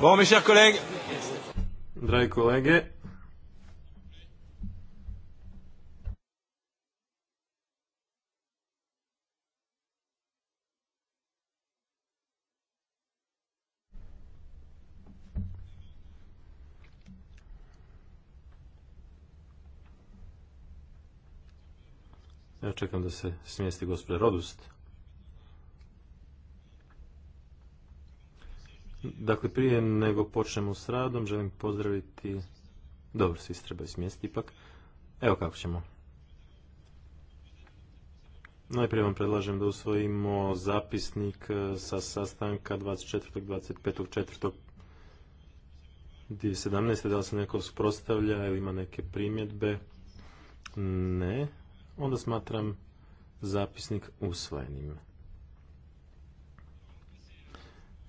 Bon, mes chers collègues. Dragi kolege. Ja čekam da se smijesti gospodin Rodust. Dakle, prije nego počnemo s radom, želim pozdraviti... Dobro, svi se trebaju smjestiti ipak. Evo kako ćemo. Najprije vam predlažem da usvojimo zapisnik e, sa sastanka 24.25.4.2017. 2017. Da li se neko suprostavlja ili ima neke primjedbe? Ne. Onda smatram zapisnik usvojenim.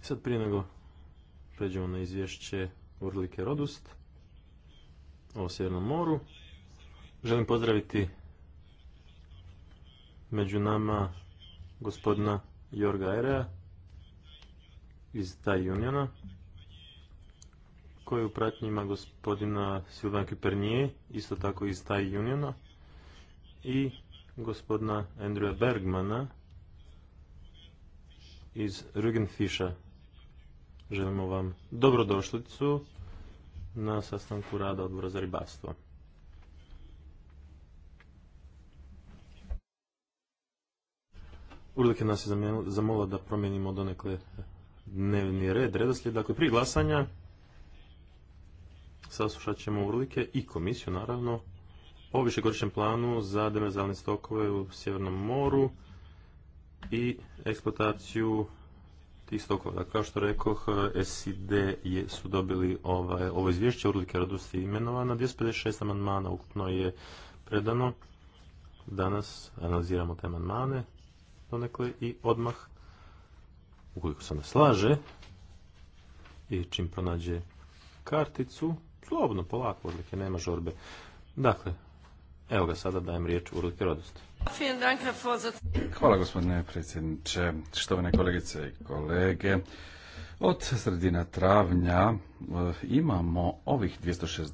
Sad prije nego pređemo na izvješće Urlike Rodust o Sjevernom moru. Želim pozdraviti među nama gospodina Jorga Erea iz Taj Uniona koji je u pratnjima gospodina Silvan Kipernije, isto tako iz Taj Uniona i gospodina Andrewa Bergmana iz Rugenfisha Želimo vam dobrodošlicu na sastanku rada odbora za ribarstvo. Urlike nas je zamola da promijenimo donekle dnevni red, redoslijed. Dakle, prije glasanja saslušat ćemo Urlike i komisiju, naravno, o višegodišnjem planu za demerzalne stokove u Sjevernom moru i eksploataciju tih stokova. Kao što rekoh, SID su dobili ovaj, ovo izvješće, odlike radosti je imenovana, 256 amandmana ukupno je predano. Danas analiziramo te amandmane donekle i odmah, ukoliko se ne slaže, i čim pronađe karticu, slobno, polako, odlike, nema žorbe. Dakle, Evo ga, sada dajem riječ Urlike Rodost. Hvala gospodine predsjedniče, štovane kolegice i kolege. Od sredina travnja eh, imamo ovih 260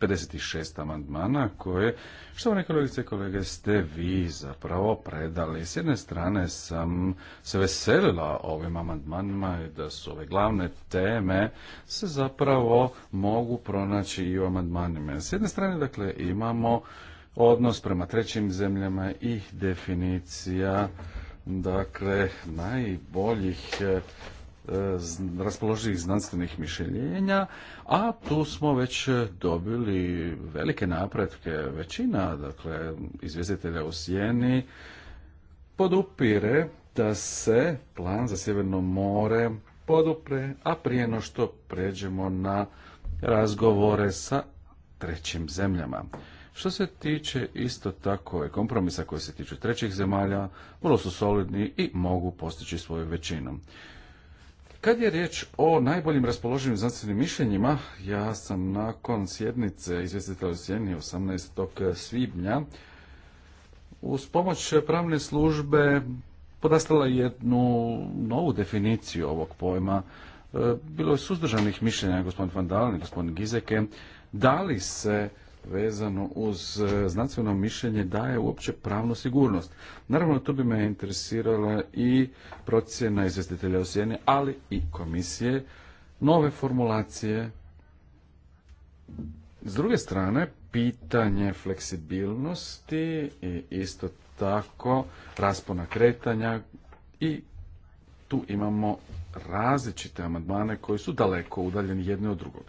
56 amandmana koje, štovane kolegice i kolege, ste vi zapravo predali. S jedne strane sam se veselila ovim amandmanima i da su ove glavne teme se zapravo mogu pronaći i u amandmanima. S jedne strane, dakle, imamo odnos prema trećim zemljama i definicija dakle najboljih E, raspoloživih znanstvenih mišljenja, a tu smo već dobili velike napretke. Većina, dakle, izvjestitelja u Sjeni podupire da se plan za Sjeverno more podupre, a prije no što pređemo na razgovore sa trećim zemljama. Što se tiče isto tako e, kompromisa koji se tiču trećih zemalja, vrlo su solidni i mogu postići svoju većinu. Kad je riječ o najboljim raspoloženim znanstvenim mišljenjima, ja sam nakon sjednice izvjestitelja u 18. svibnja uz pomoć pravne službe podastala jednu novu definiciju ovog pojma. E, bilo je suzdržanih mišljenja gospodin Van Dalen i gospodin Gizeke. Da li se vezano uz e, znanstveno mišljenje daje uopće pravnu sigurnost. Naravno, to bi me interesirala i procjena izvjestitelja u ali i komisije, nove formulacije. S druge strane, pitanje fleksibilnosti i isto tako raspona kretanja i tu imamo različite amandmane koji su daleko udaljeni jedni od drugog.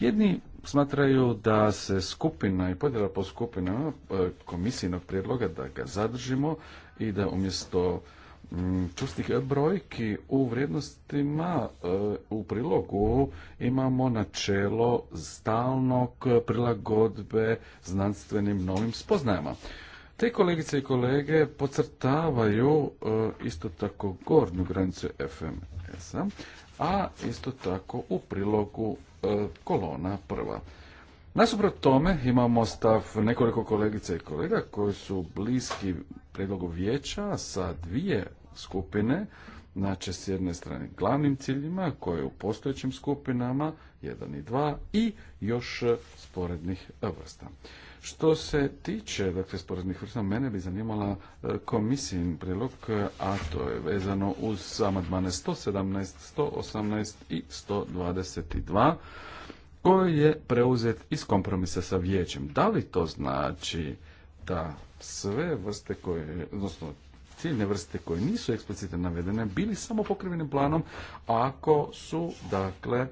Jedni smatraju da se skupina i podjela po skupinama e, komisijnog prijedloga da ga zadržimo i da umjesto mm, čustih brojki u vrijednostima e, u prilogu imamo načelo stalnog prilagodbe znanstvenim novim spoznajama. Te kolegice i kolege pocrtavaju e, isto tako gornju granicu FMS-a, a isto tako u prilogu E, kolona prva. Nasuprot tome imamo stav nekoliko kolegica i kolega koji su bliski predlogu vijeća sa dvije skupine, znači s jedne strane glavnim ciljima koje u postojećim skupinama jedan i dva i još sporednih vrsta. Što se tiče dakle, sporaznih vrsta, mene bi zanimala e, komisijin prilog, e, a to je vezano uz amadmane 117, 118 i 122 koji je preuzet iz kompromisa sa vijećem. Da li to znači da sve vrste koje, odnosno ciljne vrste koje nisu eksplicitno navedene bili samo pokrivenim planom ako su dakle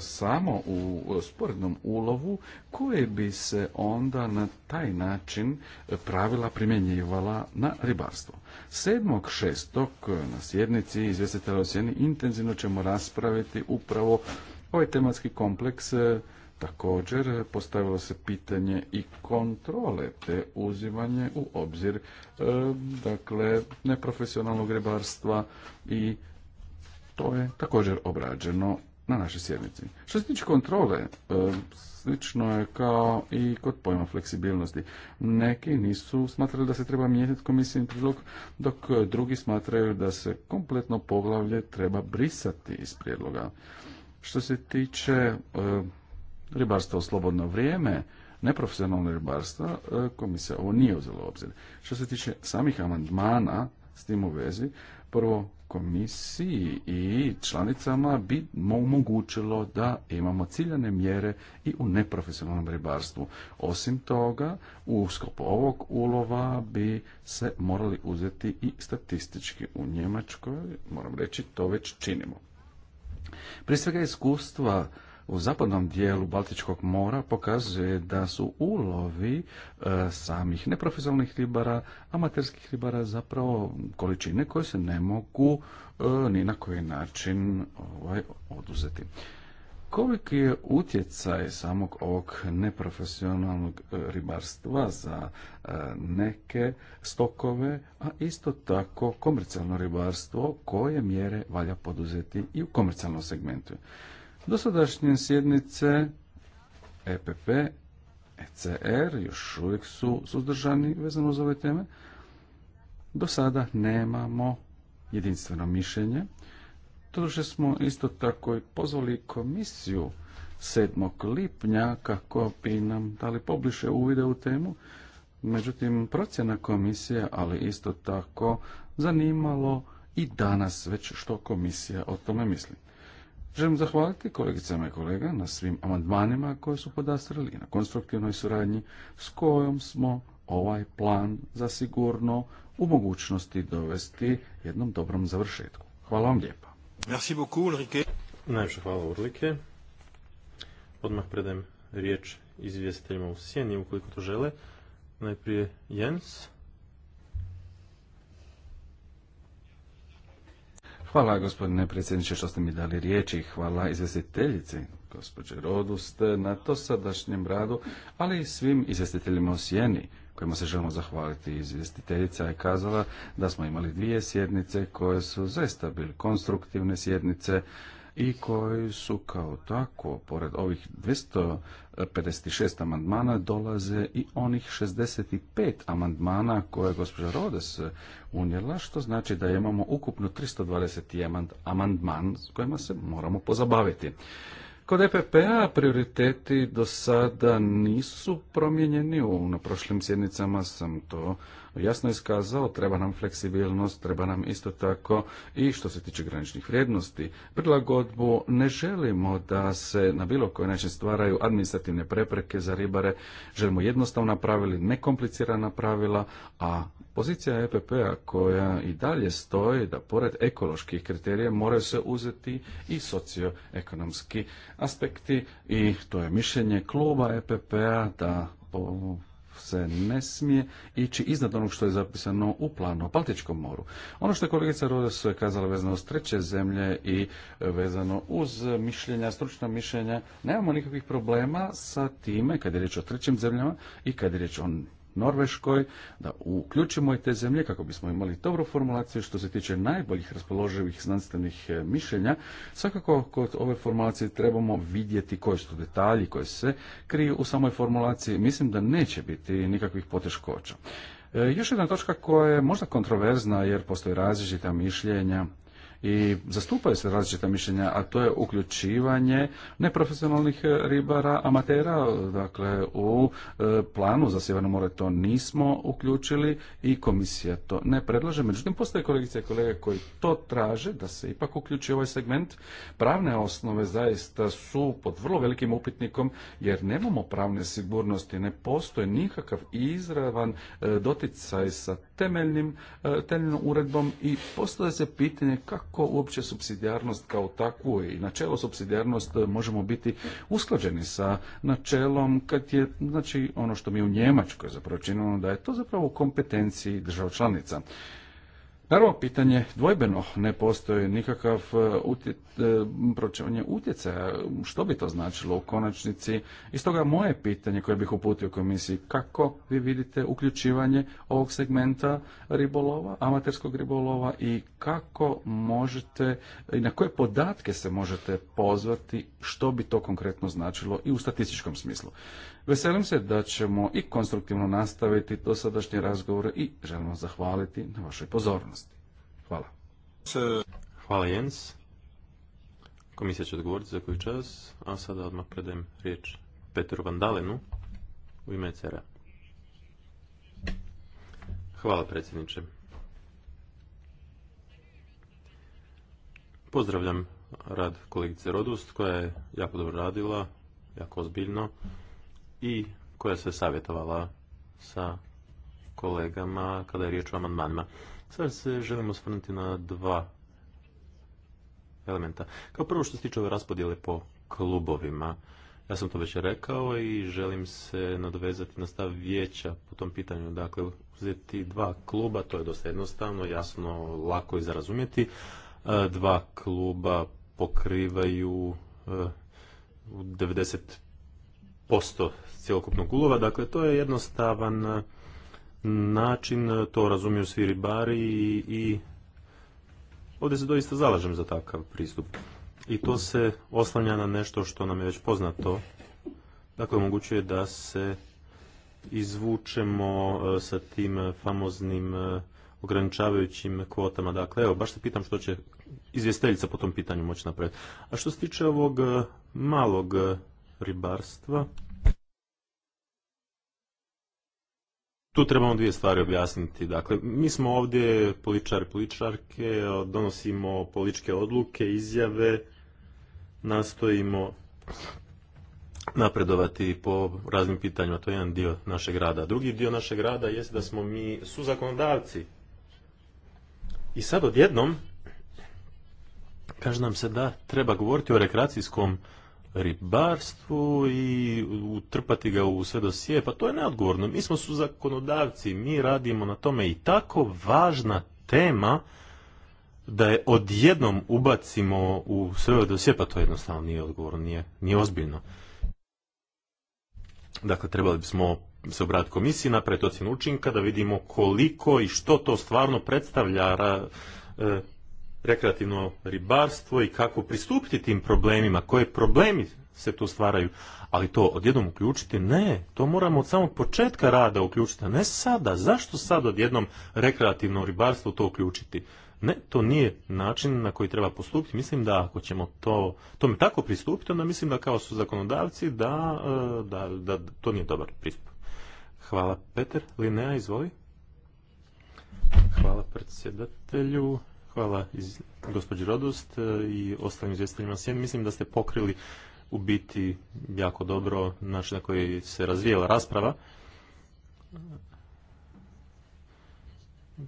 samo u sporednom ulovu koje bi se onda na taj način pravila primjenjivala na ribarstvo. 7.6. na sjednici izvjestitelja o sjeni intenzivno ćemo raspraviti upravo Ovaj tematski kompleks e, Također postavilo se pitanje i kontrole te uzimanje u obzir e, dakle neprofesionalnog ribarstva i to je također obrađeno na našoj sjednici. Što se tiče kontrole, e, slično je kao i kod pojma fleksibilnosti. Neki nisu smatrali da se treba mijenjati komisijni prilog, dok drugi smatraju da se kompletno poglavlje treba brisati iz prijedloga. Što se tiče e, ribarstva u slobodno vrijeme, neprofesionalno ribarstva, e, komisija ovo nije uzelo u obzir. Što se tiče samih amandmana s tim u vezi, prvo komisiji i članicama bi omogućilo da imamo ciljane mjere i u neprofesionalnom ribarstvu. Osim toga, u sklopu ovog ulova bi se morali uzeti i statistički u Njemačkoj, moram reći, to već činimo. Prije svega iskustva u zapadnom dijelu Baltičkog mora pokazuje da su ulovi e, samih neprofesionalnih ribara, amaterskih ribara zapravo količine koje se ne mogu e, ni na koji način ovaj, oduzeti koliki je utjecaj samog ovog neprofesionalnog e, ribarstva za e, neke stokove, a isto tako komercijalno ribarstvo, koje mjere valja poduzeti i u komercijalnom segmentu. Dosadašnje sjednice EPP, ECR još uvijek su suzdržani vezano uz ove teme. Do sada nemamo jedinstveno mišljenje Doduše smo isto tako i pozvali komisiju 7. lipnja kako bi nam dali pobliše uvide u temu. Međutim, procjena komisije, ali isto tako zanimalo i danas već što komisija o tome misli. Želim zahvaliti kolegicama i kolega na svim amandmanima koje su podastrali i na konstruktivnoj suradnji s kojom smo ovaj plan za sigurno u mogućnosti dovesti jednom dobrom završetku. Hvala vam lijepa. Merci beaucoup, Ulrike. hvala Urlike. Odmah predajem riječ izvjestiteljima u sjeni ukoliko to žele. Najprije Jens. Hvala gospodine predsjedniče što ste mi dali i Hvala izvjestiteljici gospođe Rodust na to sadašnjem radu, ali i svim izvjestiteljima u sjeni kojima se želimo zahvaliti. Izvjestiteljica je kazala da smo imali dvije sjednice koje su zaista bili konstruktivne sjednice i koji su kao tako, pored ovih 256 amandmana, dolaze i onih 65 amandmana koje je gospođa Rodes unijela, što znači da imamo ukupno 320 amandman s kojima se moramo pozabaviti. Kod epp p-a prioriteti do sada nisu promijenjeni, u, na prošlim sjednicama sam to jasno iskazao, treba nam fleksibilnost, treba nam isto tako i što se tiče graničnih vrijednosti. Prilagodbu ne želimo da se na bilo koji način stvaraju administrativne prepreke za ribare, želimo jednostavna pravila, nekomplicirana pravila, a pozicija EPP-a koja i dalje stoji da pored ekoloških kriterija moraju se uzeti i socioekonomski aspekti i to je mišljenje kluba EPP-a da po se ne smije ići iznad onog što je zapisano u planu o moru. Ono što je kolegica Rodas kazala vezano uz treće zemlje i vezano uz mišljenja, stručna mišljenja, nemamo nikakvih problema sa time kad je riječ o trećim zemljama i kad je riječ o Norveškoj, da uključimo i te zemlje kako bismo imali dobru formulaciju što se tiče najboljih raspoloživih znanstvenih e, mišljenja. Svakako kod ove formulacije trebamo vidjeti koji su detalji koji se kriju u samoj formulaciji. Mislim da neće biti nikakvih poteškoća. E, još jedna točka koja je možda kontroverzna jer postoje različita mišljenja i zastupaju se različita mišljenja, a to je uključivanje neprofesionalnih e, ribara, amatera, dakle u e, planu za Sjeverno more to nismo uključili i komisija to ne predlaže. Međutim, postoje kolegice i kolege koji to traže da se ipak uključi ovaj segment. Pravne osnove zaista su pod vrlo velikim upitnikom jer nemamo pravne sigurnosti, ne postoje nikakav izravan e, doticaj sa temeljnim, temeljnom uredbom i postoje se pitanje kako kako uopće subsidijarnost kao takvu i načelo subsidijarnost e, možemo biti usklađeni sa načelom kad je, znači ono što mi u Njemačkoj zapravo činimo, da je to zapravo u kompetenciji država članica. Naravno, pitanje dvojbeno, ne postoji nikakav e, utje, e, pročevanje utjecaja, što bi to značilo u konačnici. I stoga moje pitanje koje bih uputio komisiji, kako vi vidite uključivanje ovog segmenta ribolova, amaterskog ribolova i kako možete i na koje podatke se možete pozvati, što bi to konkretno značilo i u statističkom smislu. Veselim se da ćemo i konstruktivno nastaviti to sadašnje razgovore i želimo zahvaliti na vašoj pozornosti. Hvala. Hvala Jens. Komisija će odgovoriti za koji čas, a sada odmah predajem riječ Petru Vandalenu u ime e CERA. Hvala predsjedniče. Pozdravljam rad kolegice Rodust koja je jako dobro radila, jako ozbiljno i koja se savjetovala sa kolegama kada je riječ o amandmanima. Sad se želimo osvrnuti na dva elementa. Kao prvo što se tiče ove raspodjele po klubovima, ja sam to već rekao i želim se nadovezati na stav vijeća po tom pitanju. Dakle, uzeti dva kluba, to je dosta jednostavno, jasno, lako i zarazumjeti, E, dva kluba pokrivaju 90% e, cjelokupnog ulova. Dakle, to je jednostavan e, način, to razumiju svi ribari i, i ovdje se doista zalažem za takav pristup. I to se oslanja na nešto što nam je već poznato. Dakle, omogućuje da se izvučemo sa tim famoznim ograničavajućim kvotama. Dakle, evo, baš se pitam što će izvjesteljica po tom pitanju moći napraviti. A što se tiče ovog e, malog e, ribarstva, Tu trebamo dvije stvari objasniti. Dakle, mi smo ovdje i političarke, donosimo političke odluke, izjave, nastojimo napredovati po raznim pitanjima. To je jedan dio našeg rada. Drugi dio našeg rada jest da smo mi suzakonodavci i sad odjednom kaže nam se da treba govoriti o rekreacijskom ribarstvu i utrpati ga u sve dosije, pa to je neodgovorno. Mi smo su zakonodavci, mi radimo na tome i tako važna tema da je odjednom ubacimo u sve dosije, pa to jednostavno nije odgovorno, nije, nije ozbiljno. Dakle, trebali bismo se obratiti komisiji, napraviti ocjenu učinka, da vidimo koliko i što to stvarno predstavlja eh, rekreativno ribarstvo i kako pristupiti tim problemima, koje problemi se tu stvaraju, ali to odjednom uključiti, ne, to moramo od samog početka rada uključiti, a ne sada, zašto sad odjednom rekreativno ribarstvo to uključiti? Ne, to nije način na koji treba postupiti. Mislim da ako ćemo to, tome tako pristupiti, onda mislim da kao su zakonodavci da, eh, da, da to nije dobar pristup. Hvala Peter. Linea, izvoli. Hvala predsjedatelju. Hvala gospođi Rodost e, i ostalim izvjestiteljima Mislim da ste pokrili u biti jako dobro način na koji se razvijela rasprava.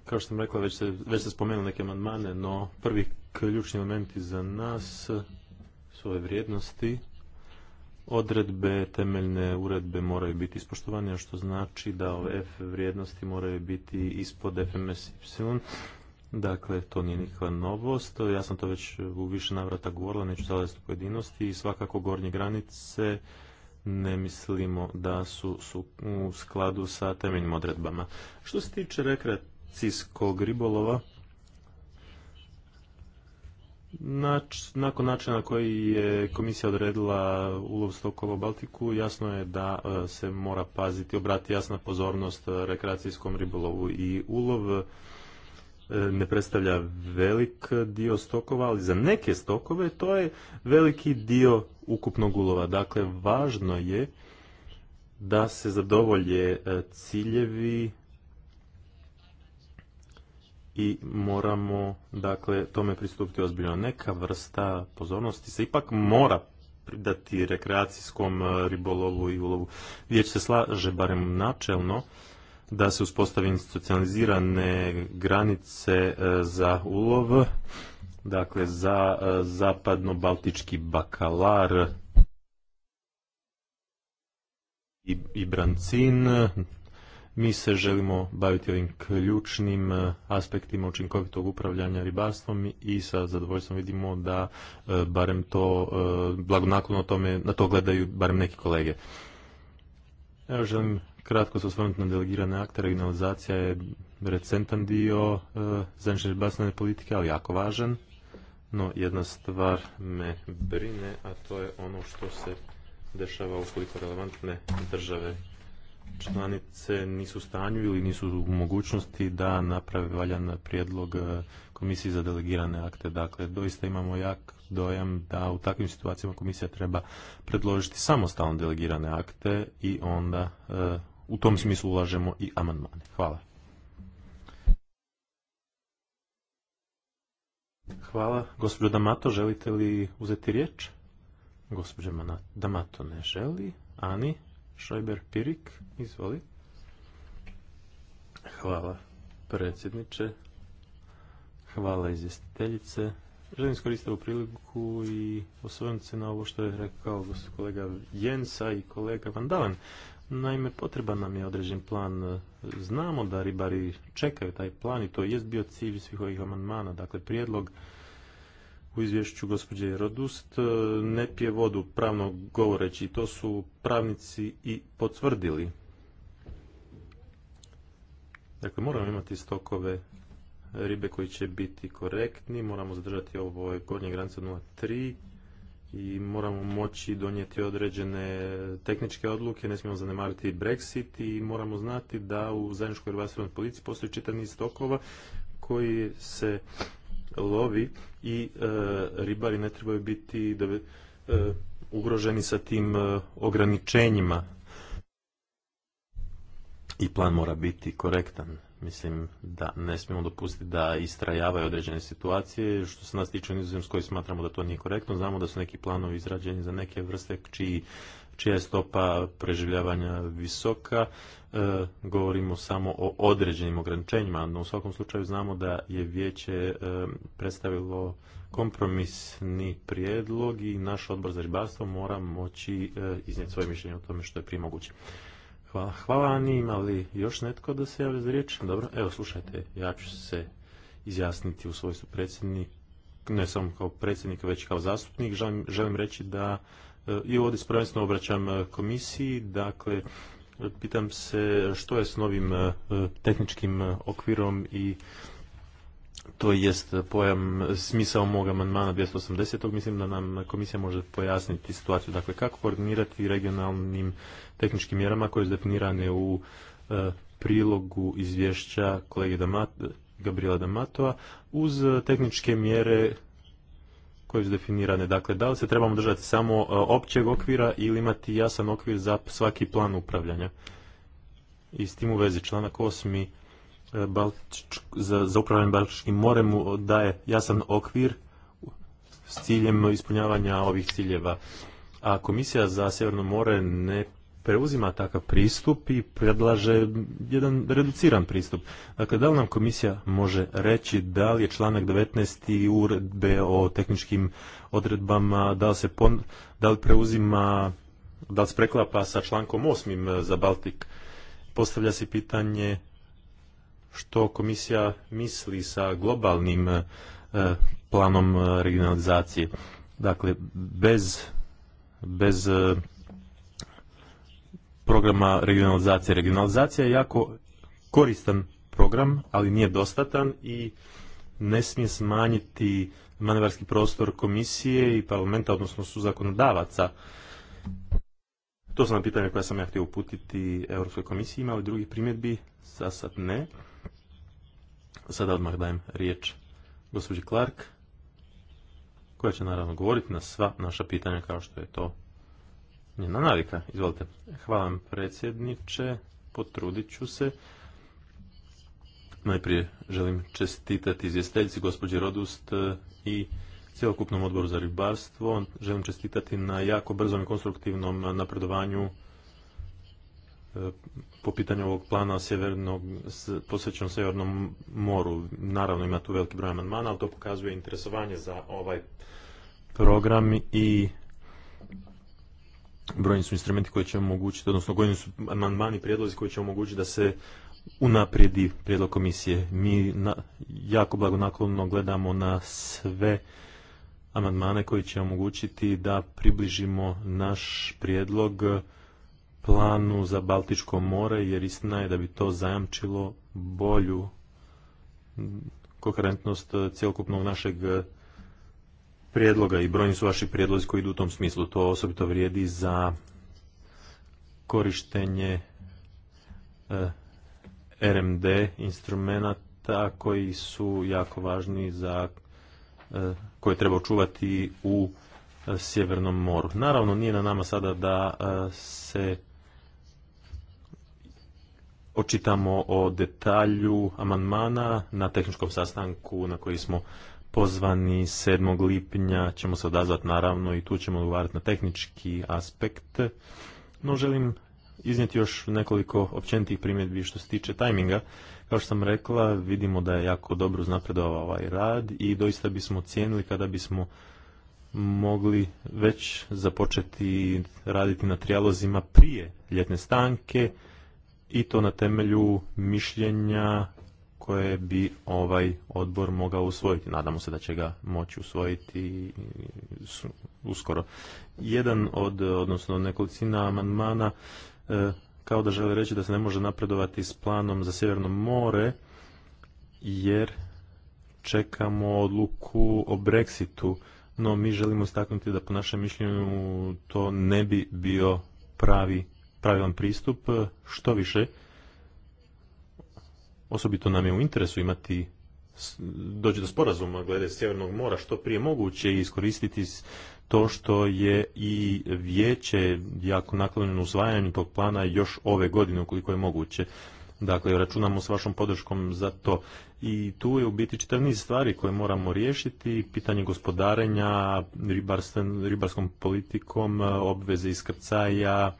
Kao što sam rekla, već ste, već spomenuli neke amandmane, no prvi ključni elementi za nas su ove vrijednosti odredbe temeljne uredbe moraju biti ispoštovane, što znači da ove F vrijednosti moraju biti ispod FMS Y. Dakle, to nije nikakva novost. Ja sam to već u više navrata govorila, neću zalaziti u pojedinosti i svakako gornje granice ne mislimo da su, su u skladu sa temeljnim odredbama. Što se tiče rekreacijskog ribolova, Nač, nakon načina koji je komisija odredila ulov stokova u Baltiku, jasno je da e, se mora paziti, obrati jasna pozornost e, rekreacijskom ribolovu i ulov e, ne predstavlja velik dio stokova, ali za neke stokove to je veliki dio ukupnog ulova. Dakle, važno je da se zadovolje ciljevi i moramo dakle tome pristupiti ozbiljno. Neka vrsta pozornosti se ipak mora pridati rekreacijskom e, ribolovu i ulovu. Vijeć se slaže, barem načelno, da se uspostavi institucionalizirane granice e, za ulov, dakle za e, zapadno-baltički bakalar i brancin, mi se želimo baviti ovim ključnim e, aspektima učinkovitog upravljanja ribarstvom i sa zadovoljstvom vidimo da e, barem to e, blagonaklono tome, na to gledaju barem neki kolege. Evo želim kratko se osvrnuti na delegirane akte. Regionalizacija je recentan dio zajedničke ribarstvene politike, ali jako važan. No, jedna stvar me brine, a to je ono što se dešava ukoliko relevantne države članice nisu u stanju ili nisu u mogućnosti da naprave valjan prijedlog e, komisiji za delegirane akte. Dakle, doista imamo jak dojam da u takvim situacijama komisija treba predložiti samostalno delegirane akte i onda e, u tom smislu ulažemo i amandmane. Hvala. Hvala. Gospođo Damato, želite li uzeti riječ? Gospođa Damato ne želi. Ani? šajber Pirik, izvoli. Hvala predsjedniče. Hvala izvjestiteljice. Želim skoristiti ovu priliku i osvrnuti se na ovo što je rekao kolega Jensa i kolega Van Dalen. Naime, potreban nam je određen plan. Znamo da ribari čekaju taj plan i to jest bio cilj svih ovih amandmana. Dakle, prijedlog u izvješću gospođe Rodust e, ne pije vodu pravno govoreći. To su pravnici i potvrdili. Dakle, moramo imati stokove ribe koji će biti korektni, moramo zadržati ovo gornje granice 0,3 i moramo moći donijeti određene tehničke odluke, ne smijemo zanemariti Brexit i moramo znati da u zajedničkoj ribarstvenoj policiji postoji čitav stokova koji se lovi i e, ribari ne trebaju biti e, ugroženi sa tim e, ograničenjima. I plan mora biti korektan. Mislim da ne smijemo dopustiti da istrajavaju određene situacije. Što se nas tiče u nizozemskoj smatramo da to nije korektno. Znamo da su neki planovi izrađeni za neke vrste čiji čija je stopa preživljavanja visoka, e, govorimo samo o određenim ograničenjima, no u svakom slučaju znamo da je vijeće e, predstavilo kompromisni prijedlog i naš odbor za ribarstvo mora moći e, iznijeti svoje mišljenje o tome što je prije moguće. Hvala. Hvala Ani, ima li još netko da se javi za riječ? Dobro, evo slušajte, ja ću se izjasniti u svojstvu predsjednika ne samo kao predsjednik, već kao zastupnik, želim reći da E, i ovdje se obraćam e, komisiji, dakle pitam se što je s novim e, tehničkim okvirom i to jest pojam smisao mog amandmana 280. Mislim da nam komisija može pojasniti situaciju. Dakle, kako koordinirati regionalnim tehničkim mjerama koje su definirane u prilogu izvješća kolege Gabriela Damatova uz tehničke mjere koje su definirane. Dakle, da li se trebamo držati samo e, općeg okvira ili imati jasan okvir za svaki plan upravljanja? I s tim u vezi članak 8. E, za, za upravljanje Baltičkim morem daje jasan okvir s ciljem ispunjavanja ovih ciljeva. A komisija za Sjeverno more ne preuzima takav pristup i predlaže jedan reduciran pristup. Dakle, da li nam komisija može reći da li je članak 19. uredbe o tehničkim odredbama, da li, se pon, preuzima, da li se preklapa sa člankom 8. E, za Baltik? Postavlja se pitanje što komisija misli sa globalnim e, planom e, regionalizacije. Dakle, bez, bez programa regionalizacije. Regionalizacija je jako koristan program, ali nije dostatan i ne smije smanjiti manevarski prostor komisije i parlamenta, odnosno su zakonodavaca. To su na pitanja koja sam ja htio uputiti Europskoj komisiji. Ima li drugih primjedbi? Za sad ne. Sada odmah dajem riječ gospođi Clark, koja će naravno govoriti na sva naša pitanja kao što je to njena navika. Izvolite. Hvala vam predsjedniče, potrudit ću se. Najprije želim čestitati izvjestiteljici gospođi Rodust e, i cijelokupnom odboru za ribarstvo. Želim čestitati na jako brzom i konstruktivnom napredovanju e, po pitanju ovog plana sjevernog, posvećenom Sjevernom moru. Naravno ima tu veliki broj amandmana, ali to pokazuje interesovanje za ovaj program i brojni su instrumenti koji će omogućiti, odnosno brojni su amandmani prijedlozi koji će omogućiti da se unaprijedi prijedlog komisije. Mi na, jako blagonaklonno gledamo na sve amandmane koji će omogućiti da približimo naš prijedlog planu za Baltičko more, jer istina je da bi to zajamčilo bolju koherentnost cjelokupnog našeg prijedloga i brojni su vaši prijedlozi koji idu u tom smislu. To osobito vrijedi za korištenje eh, RMD instrumenta koji su jako važni za eh, koje treba očuvati u eh, Sjevernom moru. Naravno, nije na nama sada da se očitamo o detalju amandmana na tehničkom sastanku na koji smo pozvani 7. lipnja ćemo se odazvati naravno i tu ćemo odgovarati na tehnički aspekt. No želim iznijeti još nekoliko općenitih primjedbi što se tiče tajminga. Kao što sam rekla, vidimo da je jako dobro uznapredovao ovaj rad i doista bismo cijenili kada bismo mogli već započeti raditi na trijalozima prije ljetne stanke i to na temelju mišljenja koje bi ovaj odbor mogao usvojiti. Nadamo se da će ga moći usvojiti uskoro. Jedan od, odnosno nekolicina amandmana e, kao da žele reći da se ne može napredovati s planom za Sjeverno more jer čekamo odluku o Brexitu, no mi želimo istaknuti da po našem mišljenju to ne bi bio pravi, pravilan pristup. Što više, Osobito nam je u interesu imati doći do sporazuma glede Sjevernog mora što prije moguće i iskoristiti to što je i vijeće jako naklonjeno usvajanju tog plana još ove godine ukoliko je moguće. Dakle, računamo s vašom podrškom za to. I tu je u biti čitav niz stvari koje moramo riješiti, pitanje gospodarenja, ribarskom politikom, obveze iskrcaja.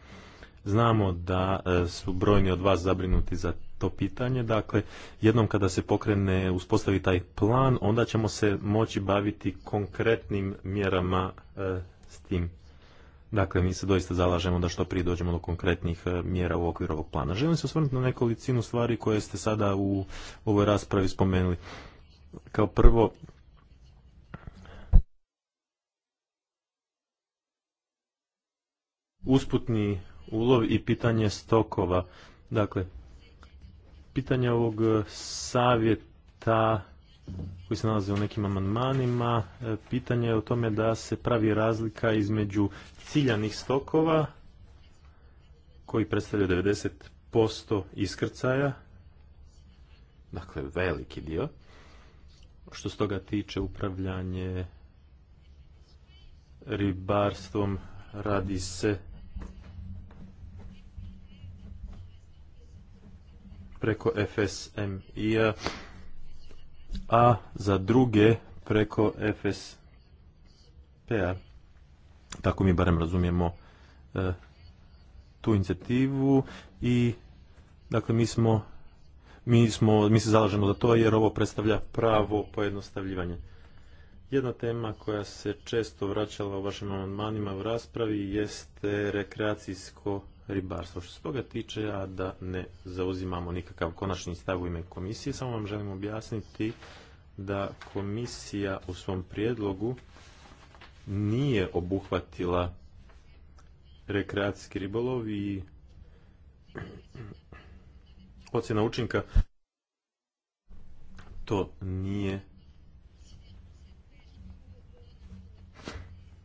Znamo da e, su brojni od vas zabrinuti za to pitanje. Dakle, jednom kada se pokrene, uspostavi taj plan, onda ćemo se moći baviti konkretnim mjerama e, s tim. Dakle, mi se doista zalažemo da što prije dođemo do konkretnih e, mjera u okviru ovog plana. Želim se osvrnuti na nekolicinu stvari koje ste sada u ovoj raspravi spomenuli. Kao prvo, usputni ulov i pitanje stokova. Dakle, pitanja ovog e, savjeta koji se nalazi u nekim amandmanima, e, pitanje je o tome da se pravi razlika između ciljanih stokova koji predstavljaju 90% iskrcaja, dakle veliki dio, što se toga tiče upravljanje ribarstvom radi se preko FSMI-a, a za druge preko FSP-a. Tako mi barem razumijemo e, tu inicijativu i dakle mi smo mi, smo, mi se zalažemo za to jer ovo predstavlja pravo pojednostavljivanje. Jedna tema koja se često vraćala u vašim amandmanima u raspravi jeste rekreacijsko ribarstvo. Što se toga tiče, ja da ne zauzimamo nikakav konačni stav u ime komisije, samo vam želim objasniti da komisija u svom prijedlogu nije obuhvatila rekreacijski ribolov i ocjena učinka to nije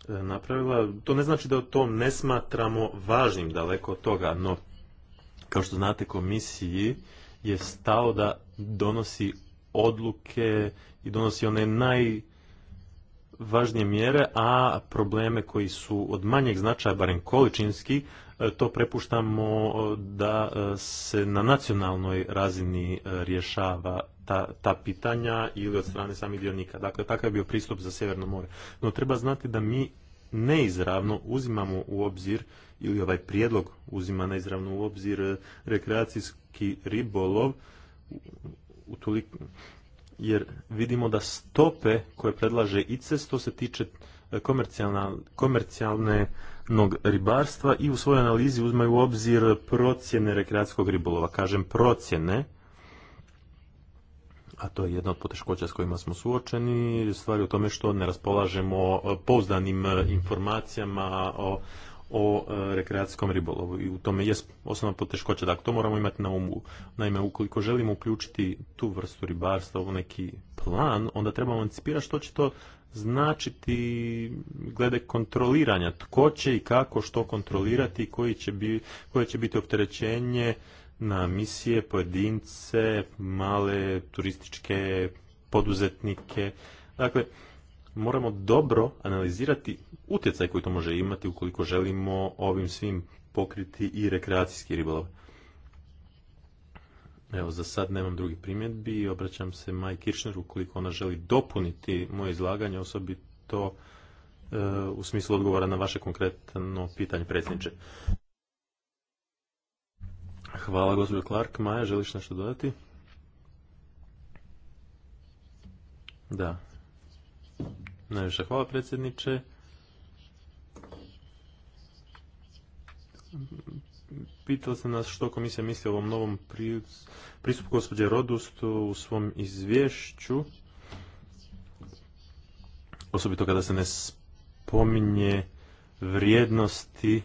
napravila. To ne znači da to ne smatramo važnim daleko od toga, no kao što znate komisiji je stao da donosi odluke i donosi one najvažnije mjere, a probleme koji su od manjeg značaja, barem količinski, e, to prepuštamo e, da e, se na nacionalnoj razini rješava ta, ta pitanja ili od strane samih dionika. Dakle, takav je bio pristup za Sjeverno more. No treba znati da mi neizravno uzimamo u obzir ili ovaj prijedlog uzima neizravno u obzir e, rekreacijski ribolov u tolik, jer vidimo da stope koje predlaže ICES to se tiče e, komercijalnog ribarstva i u svojoj analizi uzmaju u obzir procjene rekreacijskog ribolova. Kažem procjene, a to je jedna od poteškoća s kojima smo suočeni, stvari u tome što ne raspolažemo e, pouzdanim e, informacijama o, o e, rekreacijskom ribolovu i u tome je osnovna poteškoća. Dakle, to moramo imati na umu. Naime, ukoliko želimo uključiti tu vrstu ribarstva u neki plan, onda trebamo anticipirati što će to značiti glede kontroliranja. Tko će i kako što kontrolirati, koji će bi, koje će biti opterećenje na misije, pojedince, male turističke poduzetnike. Dakle, moramo dobro analizirati utjecaj koji to može imati ukoliko želimo ovim svim pokriti i rekreacijski ribolov. Evo, za sad nemam drugi primjedbi i obraćam se Maj Kiršner ukoliko ona želi dopuniti moje izlaganje, osobito e, u smislu odgovora na vaše konkretno pitanje predsjedniče. Hvala gospođo Clark. Maja, želiš nešto dodati? Da. Najviše hvala predsjedniče. Pitao sam nas što komisija misli o ovom novom pristupu gospođe Rodustu u svom izvješću. Osobito kada se ne spominje vrijednosti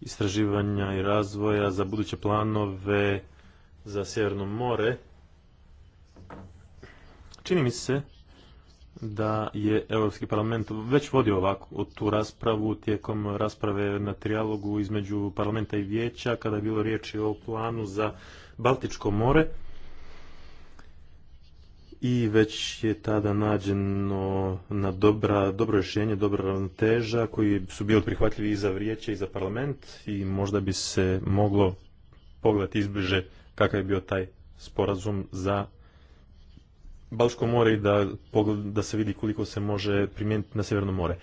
istraživanja i razvoja, za buduće planove za Sjeverno more. Čini mi se da je Europski parlament već vodio ovako tu raspravu tijekom rasprave na trijalogu između parlamenta i vijeća kada je bilo riječi o planu za Baltičko more i već je tada nađeno na dobra, dobro rješenje, dobra ravnoteža koji su bili prihvatljivi i za vrijeće i za parlament i možda bi se moglo pogledati izbliže kakav je bio taj sporazum za Balško more i da, da se vidi koliko se može primijeniti na Sjeverno more.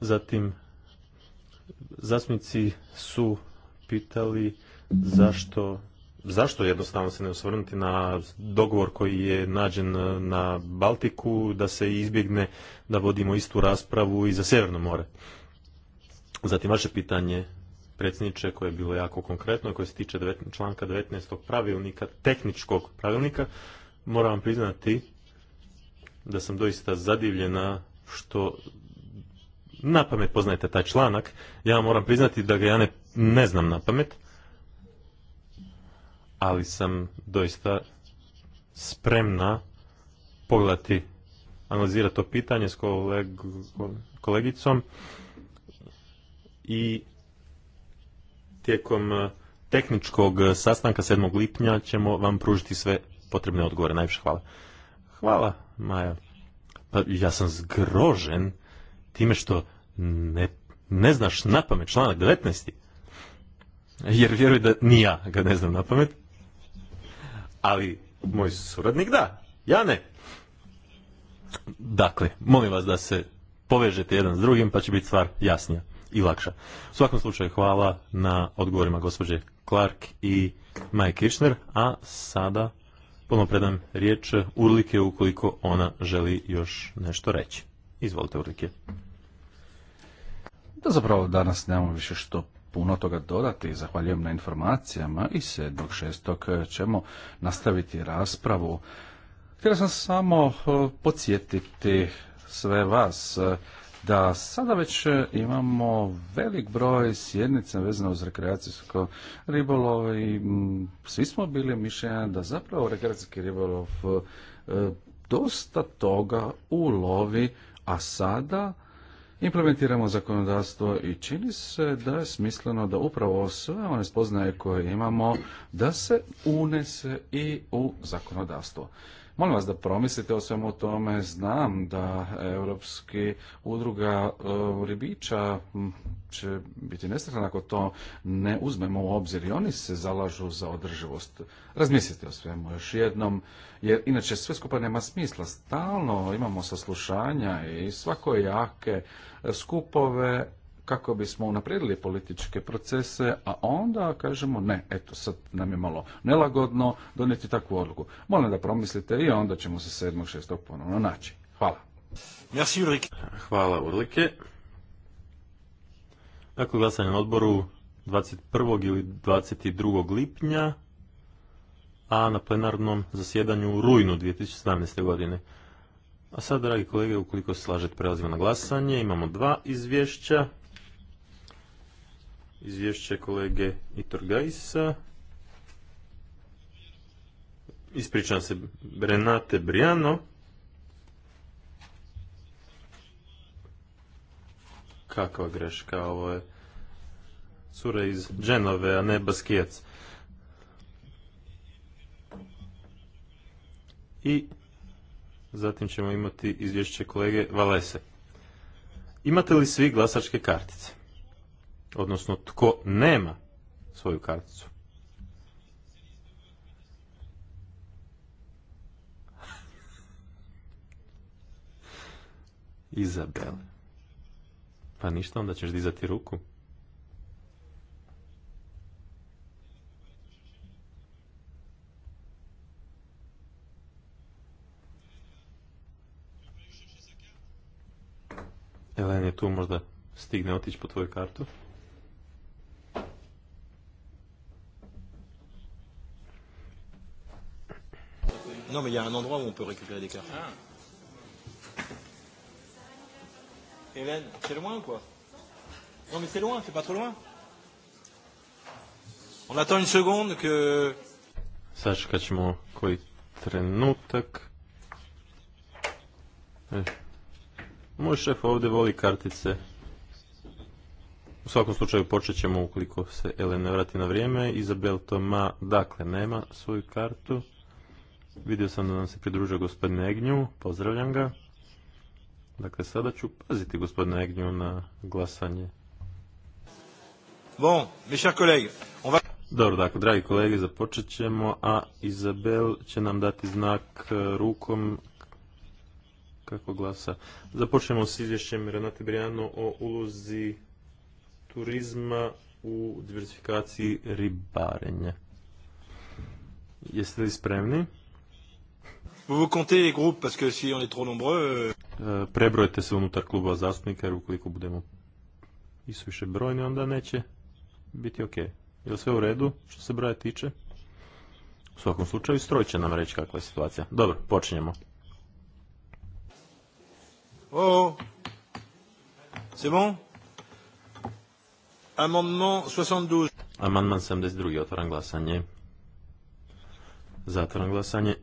Zatim, zastupnici su pitali zašto zašto jednostavno se ne osvrnuti na dogovor koji je nađen e, na Baltiku da se izbjegne da vodimo istu raspravu i za Sjeverno more. Zatim vaše pitanje predsjedniče koje je bilo jako konkretno i koje se tiče članka 19. pravilnika, tehničkog pravilnika, moram vam priznati da sam doista zadivljena što na pamet poznajete taj članak. Ja moram priznati da ga ja ne, ne znam na pamet ali sam doista spremna pogledati, analizirati to pitanje s kolegicom i tijekom eh, tehničkog sastanka 7. lipnja ćemo vam pružiti sve potrebne odgovore. Najviše hvala. Hvala, Maja. Pa ja sam zgrožen time što ne, ne znaš na pamet članak 19. Jer vjeruj da ni ja ga ne znam na pamet ali moj suradnik da, ja ne. Dakle, molim vas da se povežete jedan s drugim pa će biti stvar jasnija i lakša. U svakom slučaju hvala na odgovorima gospođe Clark i Maje Kirchner, a sada ponopredam predam riječ Urlike ukoliko ona želi još nešto reći. Izvolite Urlike. Da zapravo danas nemamo više što puno toga dodati. Zahvaljujem na informacijama i 7.6. ćemo nastaviti raspravu. Htjela sam samo e, podsjetiti sve vas e, da sada već imamo velik broj sjednica vezano uz rekreacijsko ribolov i svi smo bili mišljenja da zapravo rekreacijski ribolov e, dosta toga ulovi, a sada implementiramo zakonodavstvo i čini se da je smisleno da upravo sve one spoznaje koje imamo da se unese i u zakonodavstvo. Molim vas da promislite o svemu tome. Znam da Europski udruga um, ribiča će biti nestretan ako to ne uzmemo u obzir i oni se zalažu za održivost. Razmislite o svemu još jednom, jer inače sve skupa nema smisla. Stalno imamo saslušanja i svako svakojake skupove, kako bismo unaprijedili političke procese, a onda kažemo ne, eto sad nam je malo nelagodno donijeti takvu odluku. Molim da promislite i onda ćemo se 7. 6. ponovno naći. Hvala. Merci Ulrike. Hvala Ulrike. Dakle, glasanje na odboru 21. ili 22. lipnja, a na plenarnom zasjedanju u rujnu 2017. godine. A sad, dragi kolege, ukoliko se slažete, prelazimo na glasanje. Imamo dva izvješća izvješće kolege Itorgajsa. Ispričam se, Renate Briano. Kakva greška, ovo je cura iz Dženove, a ne Baskijac. I zatim ćemo imati izvješće kolege Valese. Imate li svi glasačke kartice? odnosno tko nema svoju karticu. Izabel. Pa ništa, onda ćeš dizati ruku. Elen je tu možda stigne otići po tvoju kartu. Non, mais il y a un endroit où on peut récupérer des cartes. Ah. Hélène, c'est loin ou quoi Non, mais c'est loin, c'est pas trop loin. On attend une seconde que... Sačekat ćemo koji trenutak. E. Moj šef ovdje voli kartice. U svakom slučaju počet ćemo ukoliko se Elena vrati na vrijeme. Izabel Toma dakle nema svoju kartu. Vidio sam da nam se pridružio gospodin Egnju, pozdravljam ga. Dakle, sada ću paziti gospodina Egnju na glasanje. Bon, mes chers collègues, Dobro, dakle, dragi kolege, započet ćemo, a Izabel će nam dati znak e, rukom kako glasa. Započnemo s izvješćem Renate Brijano o ulozi turizma u diversifikaciji ribarenja. Jeste li spremni? Vous vous les groupes parce que si on est trop nombreux... Euh, e, prebrojte se unutar kluba zastupnika jer ukoliko budemo više brojni onda neće biti ok. Je li sve u redu što se broja tiče? U svakom slučaju stroj će nam reći kakva je situacija. Dobro, počinjemo. Oh, oh. c'est bon? Amendement 72. Amandman 72. Otvaram glasanje. Zatvaram glasanje.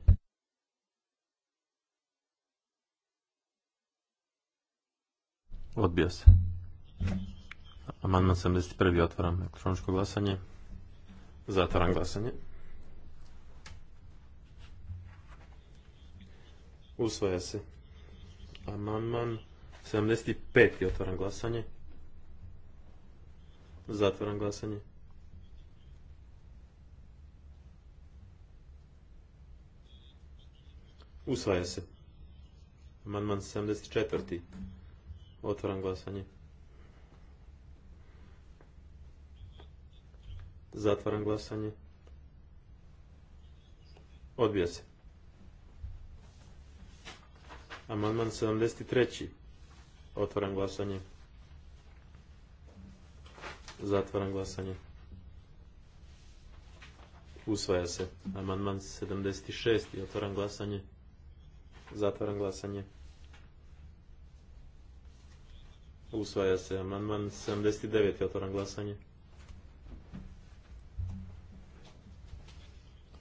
Odbija se. Amandman 71. otvaram elektroničko glasanje. Zatvaram glasanje. Usvaja se. Amandman 75. otvaram glasanje. Zatvaram glasanje. Usvaja se. Amandman 74. Otvaram glasanje. Zatvaram glasanje. Odbija se. Amandman 73. Otvaram glasanje. Zatvaram glasanje. Usvaja se. Amandman 76. Otvaram glasanje. Zatvaram glasanje. Usvaja se amandman 79. Otvoram glasanje.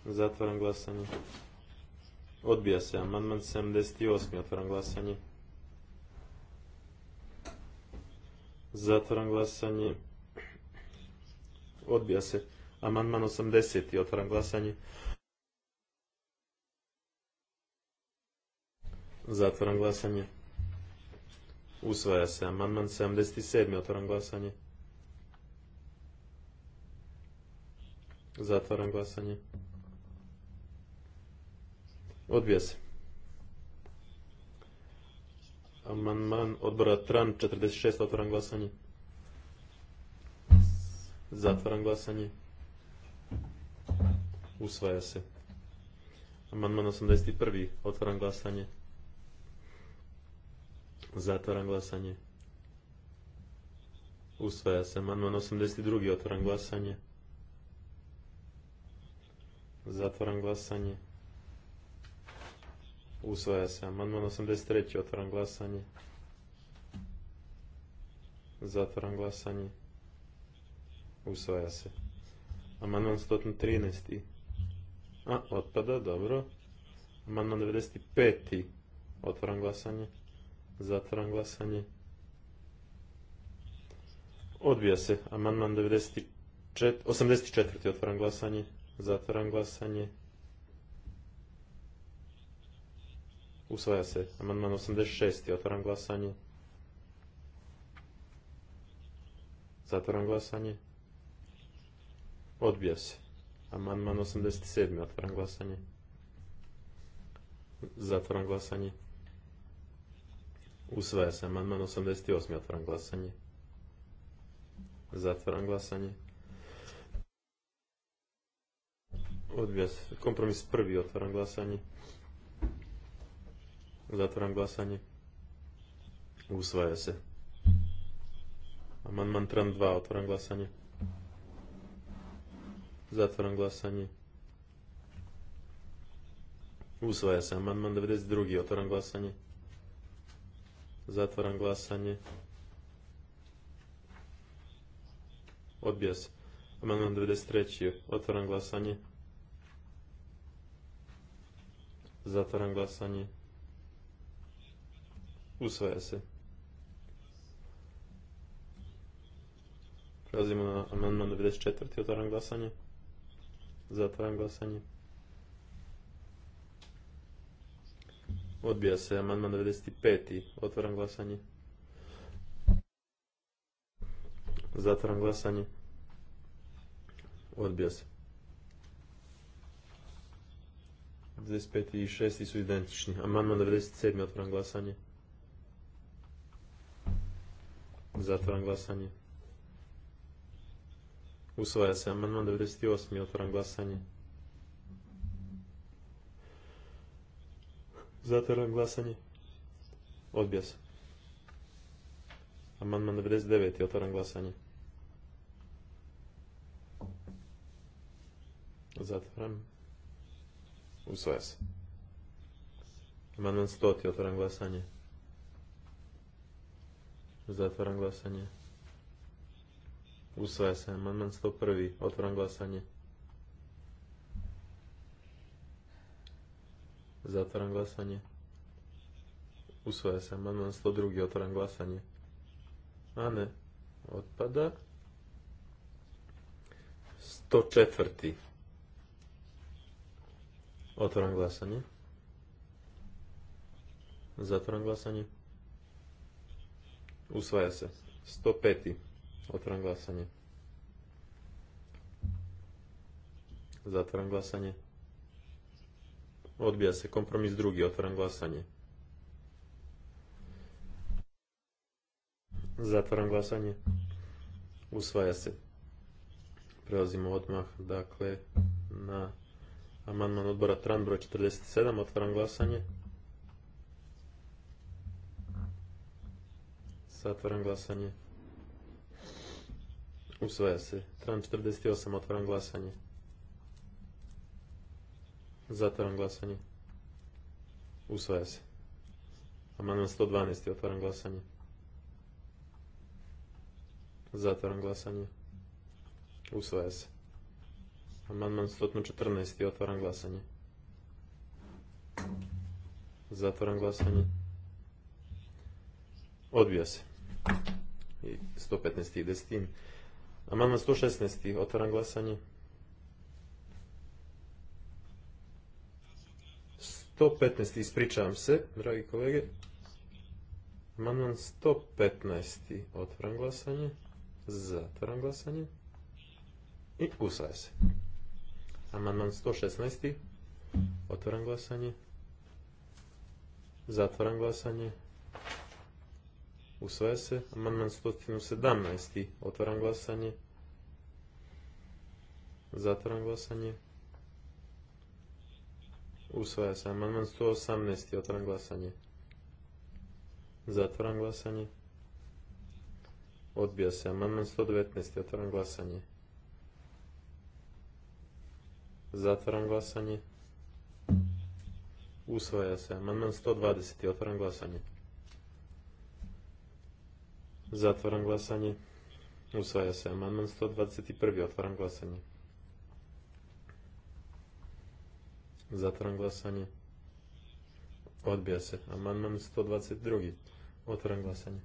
Zatvaram glasanje. Odbija se amandman 78. Otvaram glasanje. Zatvaram glasanje. Odbija se amandman 80. Otvaram glasanje. Zatvaram glasanje. Usvaja se amandman 77. Otvaram glasanje. Zatvaram glasanje. Odbija se. Amandman odbora TRAN 46. Otvaram glasanje. Zatvaram glasanje. Usvaja se. Amandman 81. Otvaram glasanje. Zatvaram glasanje. Usvaja se amandman 82. Otvaram glasanje. Zatvaram glasanje. Usvaja se amandman 83. Otvaram glasanje. Zatvaram glasanje. Usvaja se. Amandman 113. A, otpada, dobro. Amandman 95. Otvaram glasanje. Zatvaram glasanje. Odbija se. Amandman 94. 84. Otvaram glasanje. Zatvaram glasanje. Usvaja se. Amandman 86. Otvaram glasanje. Zatvaram glasanje. Odbija se. Amandman 87. Otvaram glasanje. Zatvaram glasanje. Usvaja se amandman 88. Otvaram glasanje. Zatvaram glasanje. Odbija Kompromis prvi. Otvaram glasanje. Zatvaram glasanje. Usvaja se. Amandman tran 2. Otvaram glasanje. Zatvaram glasanje. Usvaja se. Amandman 92. Otvaram glasanje. Zatvaram glasanje. Odbija se. Amandman 93. Otvaram glasanje. Zatvaram glasanje. Usvaja se. Prelazimo na amandman 94. Otvaram glasanje. Zatvaram glasanje. Odbija se amandman 95. Otvaram glasanje. Zatvaram glasanje. Odbija se. 95. i 6. su identični. Amandman 97. Otvaram glasanje. Zatvaram glasanje. Usvaja se amandman 98. Otvaram glasanje. Zatvaram glasanje. Odbija se. Amandman 99. Otvaram glasanje. Zatvaram. Usvaja se. Amandman 100. Otvaram glasanje. Zatvaram glasanje. Usvaja se. Amandman 101. Otvaram glasanje. Zatvaram glasanje. Usvaja se amandman 102. Otvaram glasanje. A ne, otpada. 104. Otvaram glasanje. Zatvaram glasanje. Usvaja se. 105. Otvaram glasanje. Zatvaram glasanje. Odbija se kompromis drugi. Otvaram glasanje. Zatvaram glasanje. Usvaja se. Prelazimo odmah, dakle, na amandman odbora Tran broj 47. Otvaram glasanje. Zatvaram glasanje. Usvaja se. Tran 48. Otvaram glasanje. Zatvaram glasanje. Usvaja se. Amandman 112. Otvaram glasanje. Zatvaram glasanje. Usvaja se. Amandman 114. Otvaram glasanje. Zatvaram glasanje. Odbija se. I 115. ide s tim. Amandman 116. Otvaram glasanje. 115. Ispričavam se, dragi kolege. Amandman 115. Otvaram glasanje. Zatvaram glasanje. I usvaja se. Amandman 116. Otvaram glasanje. Zatvaram glasanje. Usvaja se. Amandman 117. Otvaram glasanje. Zatvaram glasanje. Usvaja se amandman 118. Otvaram glasanje. Zatvaram glasanje. Odbija se amandman 119. Otvaram glasanje. Zatvaram glasanje. Usvaja se amandman 120. Otvaram glasanje. Zatvaram glasanje. Usvaja se amandman 121. Otvaram glasanje. Zatvaram glasanje. Odbija se. Amandman 122. Otvaram glasanje.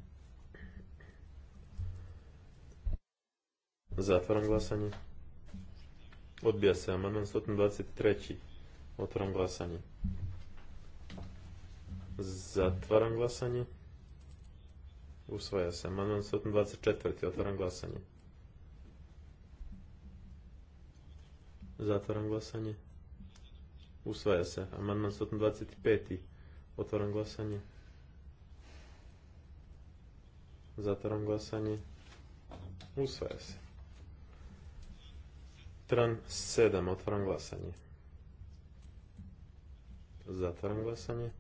Zatvaram glasanje. Odbija se. Amandman 123. Otvaram glasanje. Zatvaram glasanje. Usvaja se. Amandman 124. Otvaram glasanje. Zatvaram glasanje. Usvaja se. Amandman 125. Otvaram glasanje. Zatvaram glasanje. Usvaja se. Tran 7. Otvaram glasanje. Zatvaram glasanje.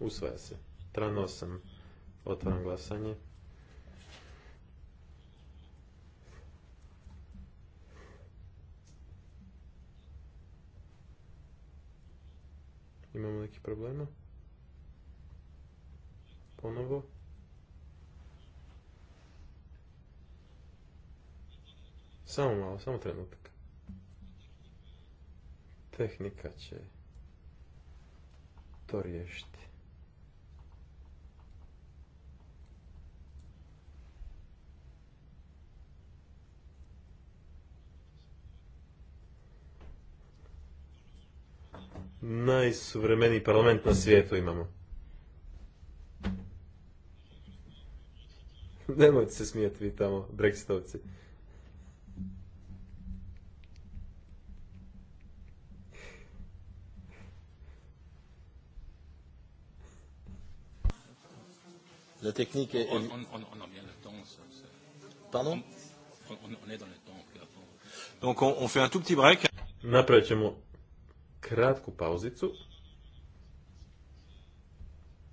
Usvaja se. Tran 8. Otvaram glasanje. Imamo neki problema? Ponovo. Samo malo, samo trenutak. Tehnika će to riješiti. najsuvremeniji parlament na svijetu imamo. Nemojte se smijeti vi tamo, brexitovci. La technique est... On, on, on, on a bien le temps. Pardon on, on, on est dans le temps. Donc on, on fait un tout petit break. Après, kratku pauzicu.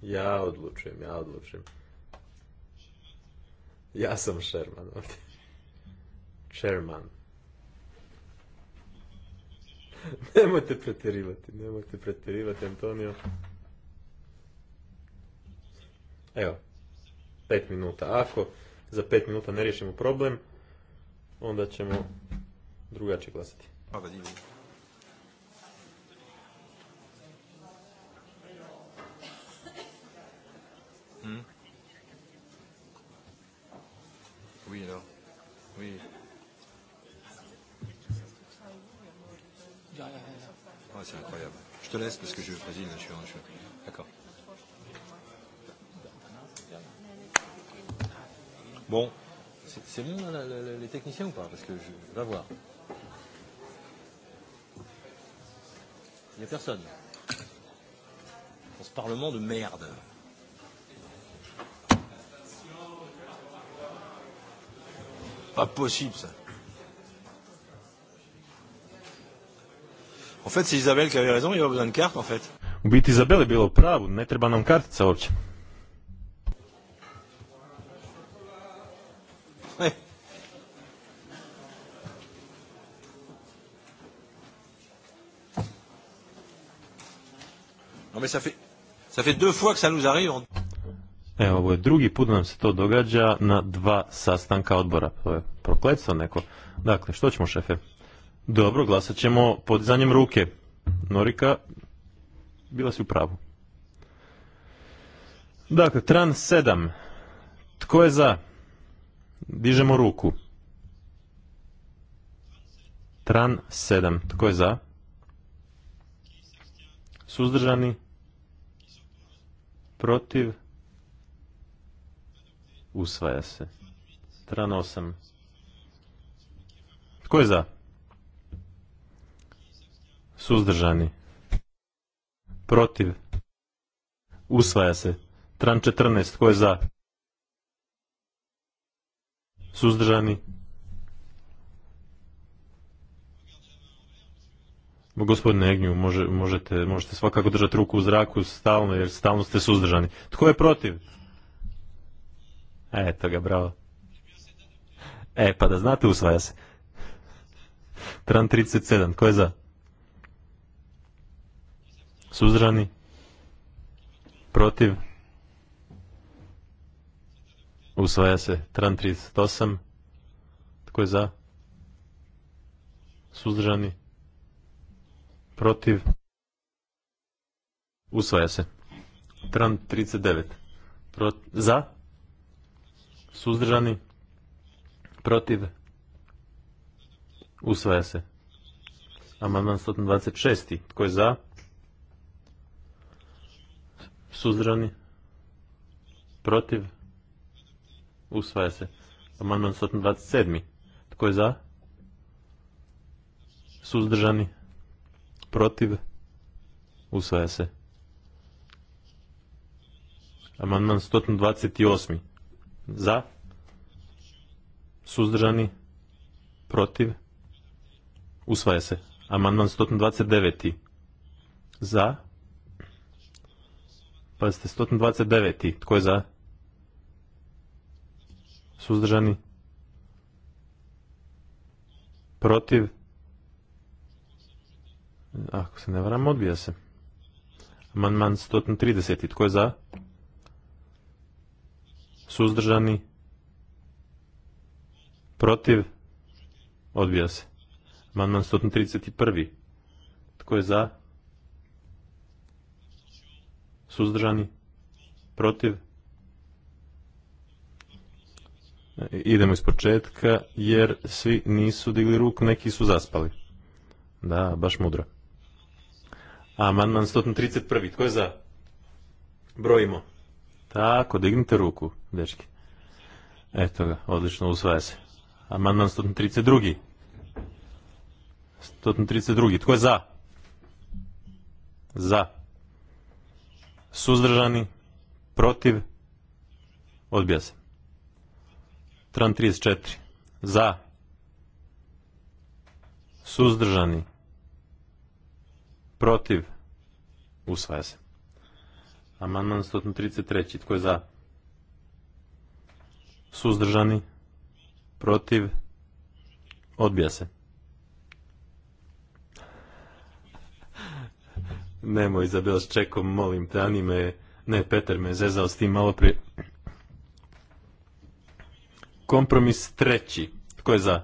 Ja odlučujem, ja odlučujem. Ja sam Sherman ovdje. Sherman. nemojte pretjerivati, nemojte pretjerivati, Antonio. Evo, pet minuta. Ako za pet minuta ne riješimo problem, onda ćemo drugačije glasati. Hvala Oui, alors. Oui. Oh, c'est incroyable. Je te laisse parce que je préside, je suis, D'accord. Bon, c'est bon là, les techniciens ou pas Parce que je va voir. Il n'y a personne. Dans ce parlement de merde. pas possible ça. En fait, c'est Isabelle qui avait raison, il n'y a pas besoin de carte en fait. U biti Isabelle je bilo pravo, ne treba nam kartica uopće. Non mais ça fait, ça fait deux fois que ça nous arrive. Evo, ovo je drugi put nam se to događa na dva sastanka odbora. To je prokletstvo neko. Dakle, što ćemo šefe? Dobro, glasat ćemo podizanjem ruke. Norika, bila si u pravu. Dakle, tran sedam. Tko je za? Dižemo ruku. Tran sedam. Tko je za? Suzdržani? Protiv? Usvaja se. Tran osam. Tko je za? Suzdržani. Protiv. Usvaja se. Tran 14. Tko je za? Suzdržani. Gospodine Egnju, možete, možete svakako držati ruku u zraku stalno, jer stalno ste suzdržani. Tko je protiv? Eto ga, bravo. E, pa da znate, usvaja se. Tran 37. Ko je za? Suzdrani? Protiv? Usvaja se. Tran 38. Tko je za? Suzdrani? Protiv? Usvaja se. Tran 39. Pro... Za? Suzdržani? Protiv? Usvaja se. Amandman 126. Tko je za? Suzdržani. Protiv? Usvaja se. Amandman 127. Tko je za? Suzdržani? Protiv? Usvaja se. Amandman 128. Za? Suzdržani? Protiv? Usvaja se. Amandman 129. Za. Pazite, 129. Tko je za? Suzdržani? Protiv? Ako se ne varam, odbija se. Amandman 130. Tko je za? Suzdržani? Protiv? Odbija se. Amandman 131. Tko je za? Suzdržani? Protiv? E, idemo iz početka, jer svi nisu digli ruku, neki su zaspali. Da, baš mudro. Amandman 131. Tko je za? Brojimo. Tako, dignite ruku, dečki. Eto ga, odlično, usvaja se. Amandman 132. 132. Tko je za? Za. Suzdržani? Protiv? Odbija se. Tran 34. Za. Suzdržani? Protiv? Usvaja se. Amandman 133. Tko je za? Suzdržani? Protiv? Odbija se. Nemoj Izabel s čekom, molim te, ani me, ne, Peter me zezao s tim malo prije. Kompromis treći. Tko je za?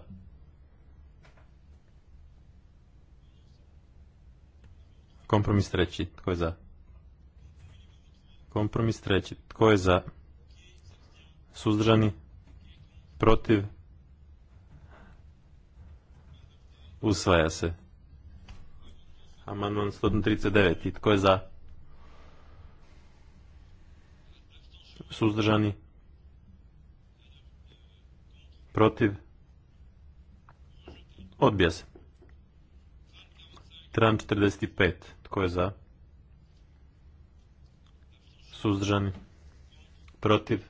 Kompromis treći. Tko je za? Kompromis treći. Tko je za? Suzdržani? Protiv? Usvaja se. Amandman 139. Tko je za? Suzdržani? Protiv? Odbija se. Tran 45. Tko je za? Suzdržani? Protiv?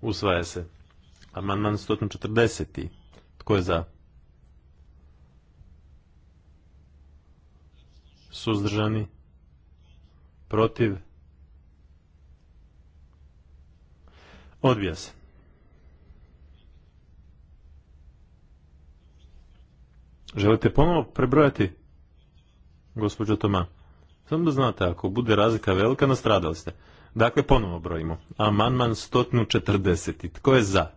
Usvaja se. Amandman 140. Tko je za? suzdržani, protiv, odbija se. Želite ponovo prebrojati, gospođo Toma? Samo da znate, ako bude razlika velika, nastradali ste. Dakle, ponovo brojimo. Amandman 140. Tko je za?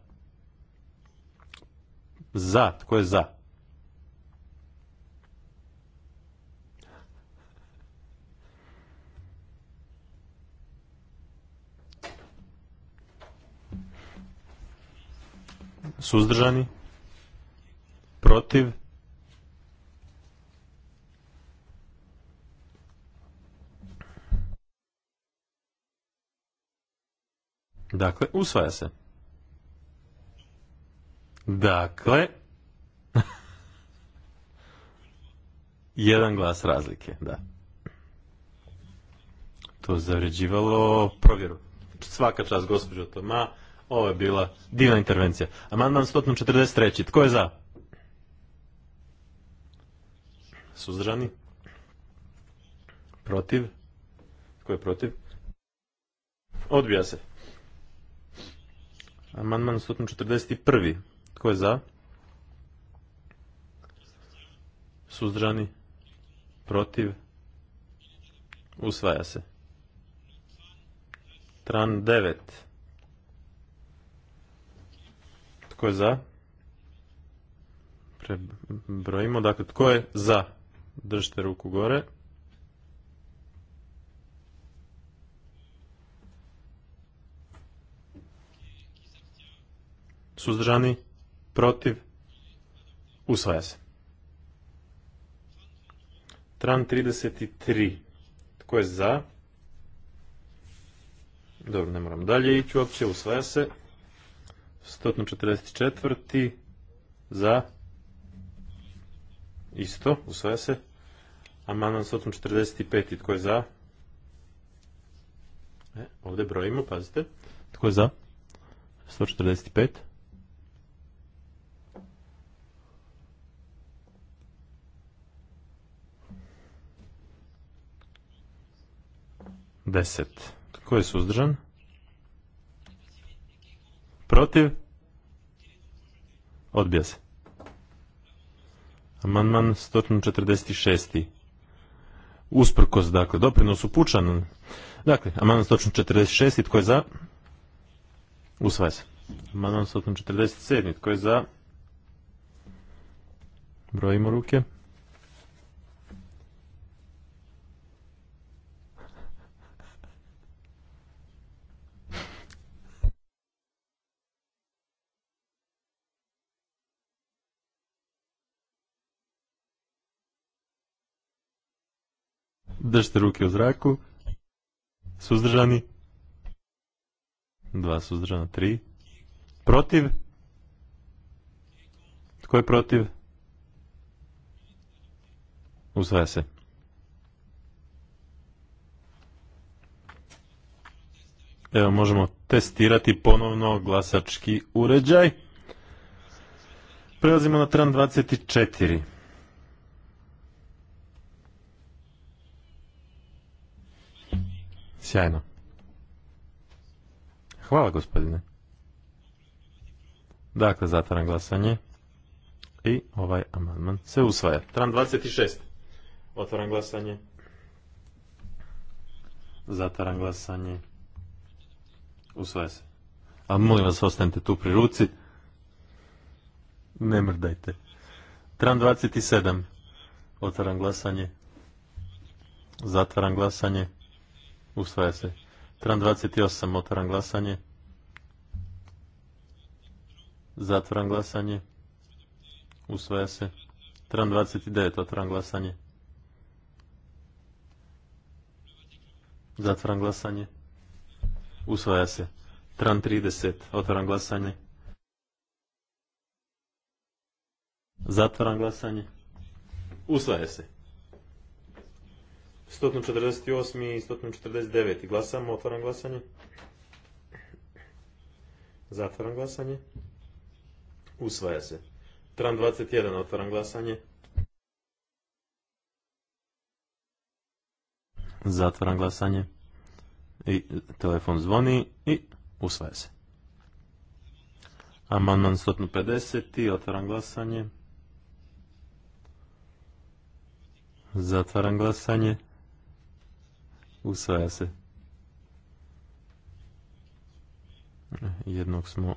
Za. Tko je za? Suzdržani? Protiv? Dakle, usvaja se. Dakle, jedan glas razlike, da. To zavređivalo provjeru. Svaka čast, gospođo Toma, ovo je bila divna intervencija. Amandman 143. Tko je za? Suzdržani? Protiv? Tko je protiv? Odbija se. Amandman 141. Tko je za? Suzdržani? Protiv? Usvaja se. Tran 9. Tko je za? Prebrojimo. Dakle, tko je za? Držite ruku gore. Suzdržani? Protiv? Usvaja se. Tran 33. Tko je za? Dobro, ne moram dalje ići uopće, usvaja se. 144. za isto, usvaja se. Amandman 145. Tko je za? E, ovdje brojimo, pazite. Tko je za? 145. 10. Tko je suzdržan? Protiv? Odbija se. Amandman 146. Usprkos, dakle, doprinos upučan. Dakle, amandman 146. Tko je za? Usvaja se. Amandman 147. Tko je za? Brojimo ruke. Držite ruke u zraku. Suzdržani. Dva suzdržana, tri. Protiv. Tko je protiv? Usvaja se. Evo, možemo testirati ponovno glasački uređaj. Prelazimo na tran 24. Sjajno. Hvala gospodine. Dakle, zatvaram glasanje. I ovaj amandman se usvaja. Tram 26. Otvaram glasanje. Zatvaram glasanje. Usvaja se. A molim vas, ostanite tu pri ruci. Ne mrdajte. Tran 27. Otvaram glasanje. Zatvaram glasanje. Usvaja se. Tran 28. Otvaram glasanje. Zatvaram glasanje. Usvaja se. Tran 29. Otvaram glasanje. Zatvaram glasanje. Usvaja se. Tran 30. Otvaram glasanje. Zatvaram glasanje. Usvaja se. 148. i 149. Glasamo, otvaram glasanje. Zatvaram glasanje. Usvaja se. Tram 21, otvaram glasanje. Zatvaram glasanje. I telefon zvoni i usvaja se. Amandman 150. Otvaram glasanje. Zatvaram glasanje. Usvaja se. Jednog smo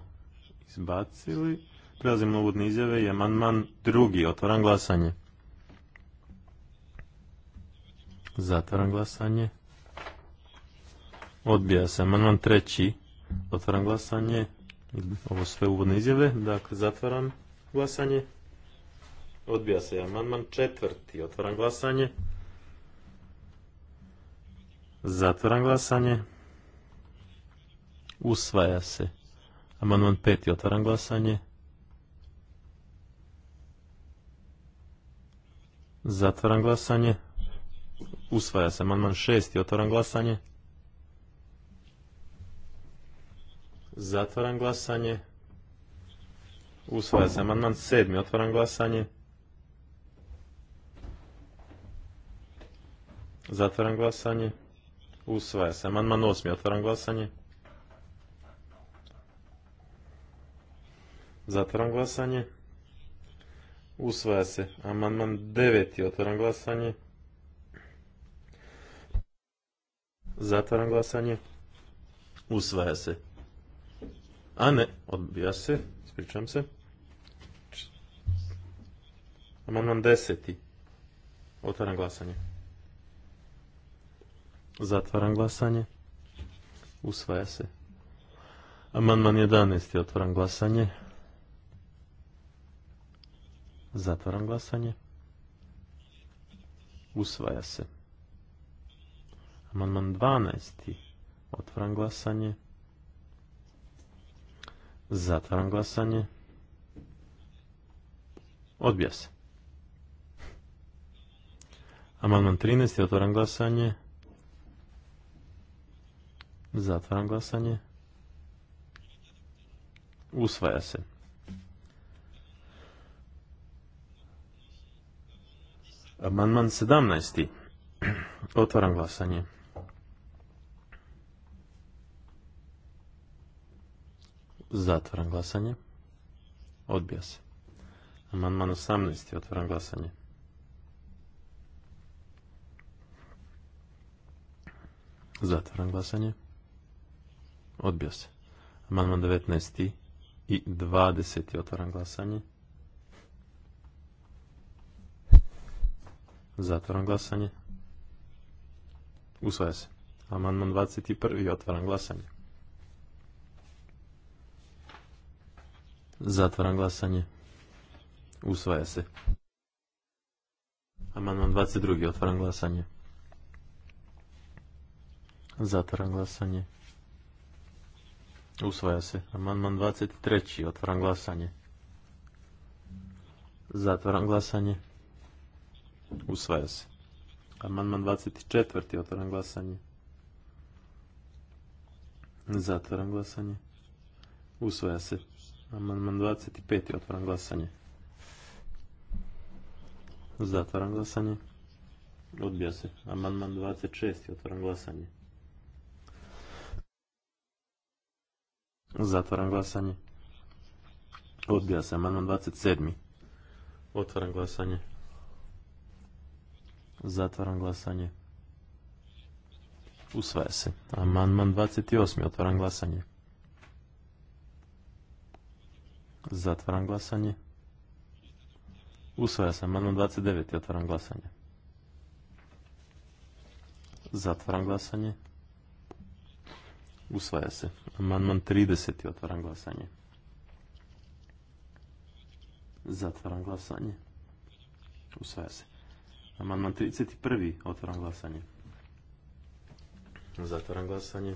izbacili. Prelazimo uvodne izjave i amandman drugi. Otvaram glasanje. Zatvaram glasanje. Odbija se amandman treći. Otvaram glasanje. Ovo sve uvodne izjave. Dakle, zatvaram glasanje. Odbija se amandman četvrti. Otvaram glasanje. Zatvaram glasanje. Usvaja se. Amandman 5. Otvaram glasanje. Zatvaram glasanje. Usvaja se. Amandman 6. Otvaram glasanje. Zatvaram glasanje. Usvaja se. Amandman 7. Otvaram glasanje. Zatvaram glasanje. Usvaja se. Amandman osmi. Otvaram glasanje. Zatvaram glasanje. Usvaja se. Amandman deveti. Otvaram glasanje. Zatvaram glasanje. Usvaja se. A ne, odbija se. Spričam se. Amandman deseti. Otvaram glasanje. Zatvaram glasanje. Usvaja se. Amandman 11. Otvaram glasanje. Zatvaram glasanje. Usvaja se. Amandman 12. Otvaram glasanje. Zatvaram glasanje. Odbija se. Amandman 13. Otvaram glasanje. Zatvaram glasanje. Usvaja se. Amandman 17. Otvaram glasanje. Zatvaram glasanje. Odbija se. Amandman 18. Otvaram glasanje. Zatvaram glasanje. Odbio se. Amandman 19. i 20. Otvaram glasanje. Zatvaram glasanje. Usvaja se. Amandman 21. Otvaram glasanje. Zatvaram glasanje. Usvaja se. Amandman 22. Otvaram glasanje. Zatvaram glasanje. Usvaja se. Amandman 23. Otvaram glasanje. Zatvaram glasanje. Usvaja se. Amandman 24. Otvaram glasanje. Zatvaram glasanje. Usvaja se. Amandman 25. Otvaram glasanje. Zatvaram glasanje. Odbija se. Amandman 26. Otvaram glasanje. Zatvaram glasanje. Odbija se amandman 27. Otvaram glasanje. Zatvaram glasanje. Usvaja se. Amandman 28. Otvaram glasanje. Zatvaram glasanje. Usvaja se. Amandman 29. Otvaram glasanje. Zatvaram glasanje. Usvaja se. Amandman 30. Otvaram glasanje. Zatvaram glasanje. Usvaja se. Amandman 31. Otvaram glasanje. Zatvaram glasanje.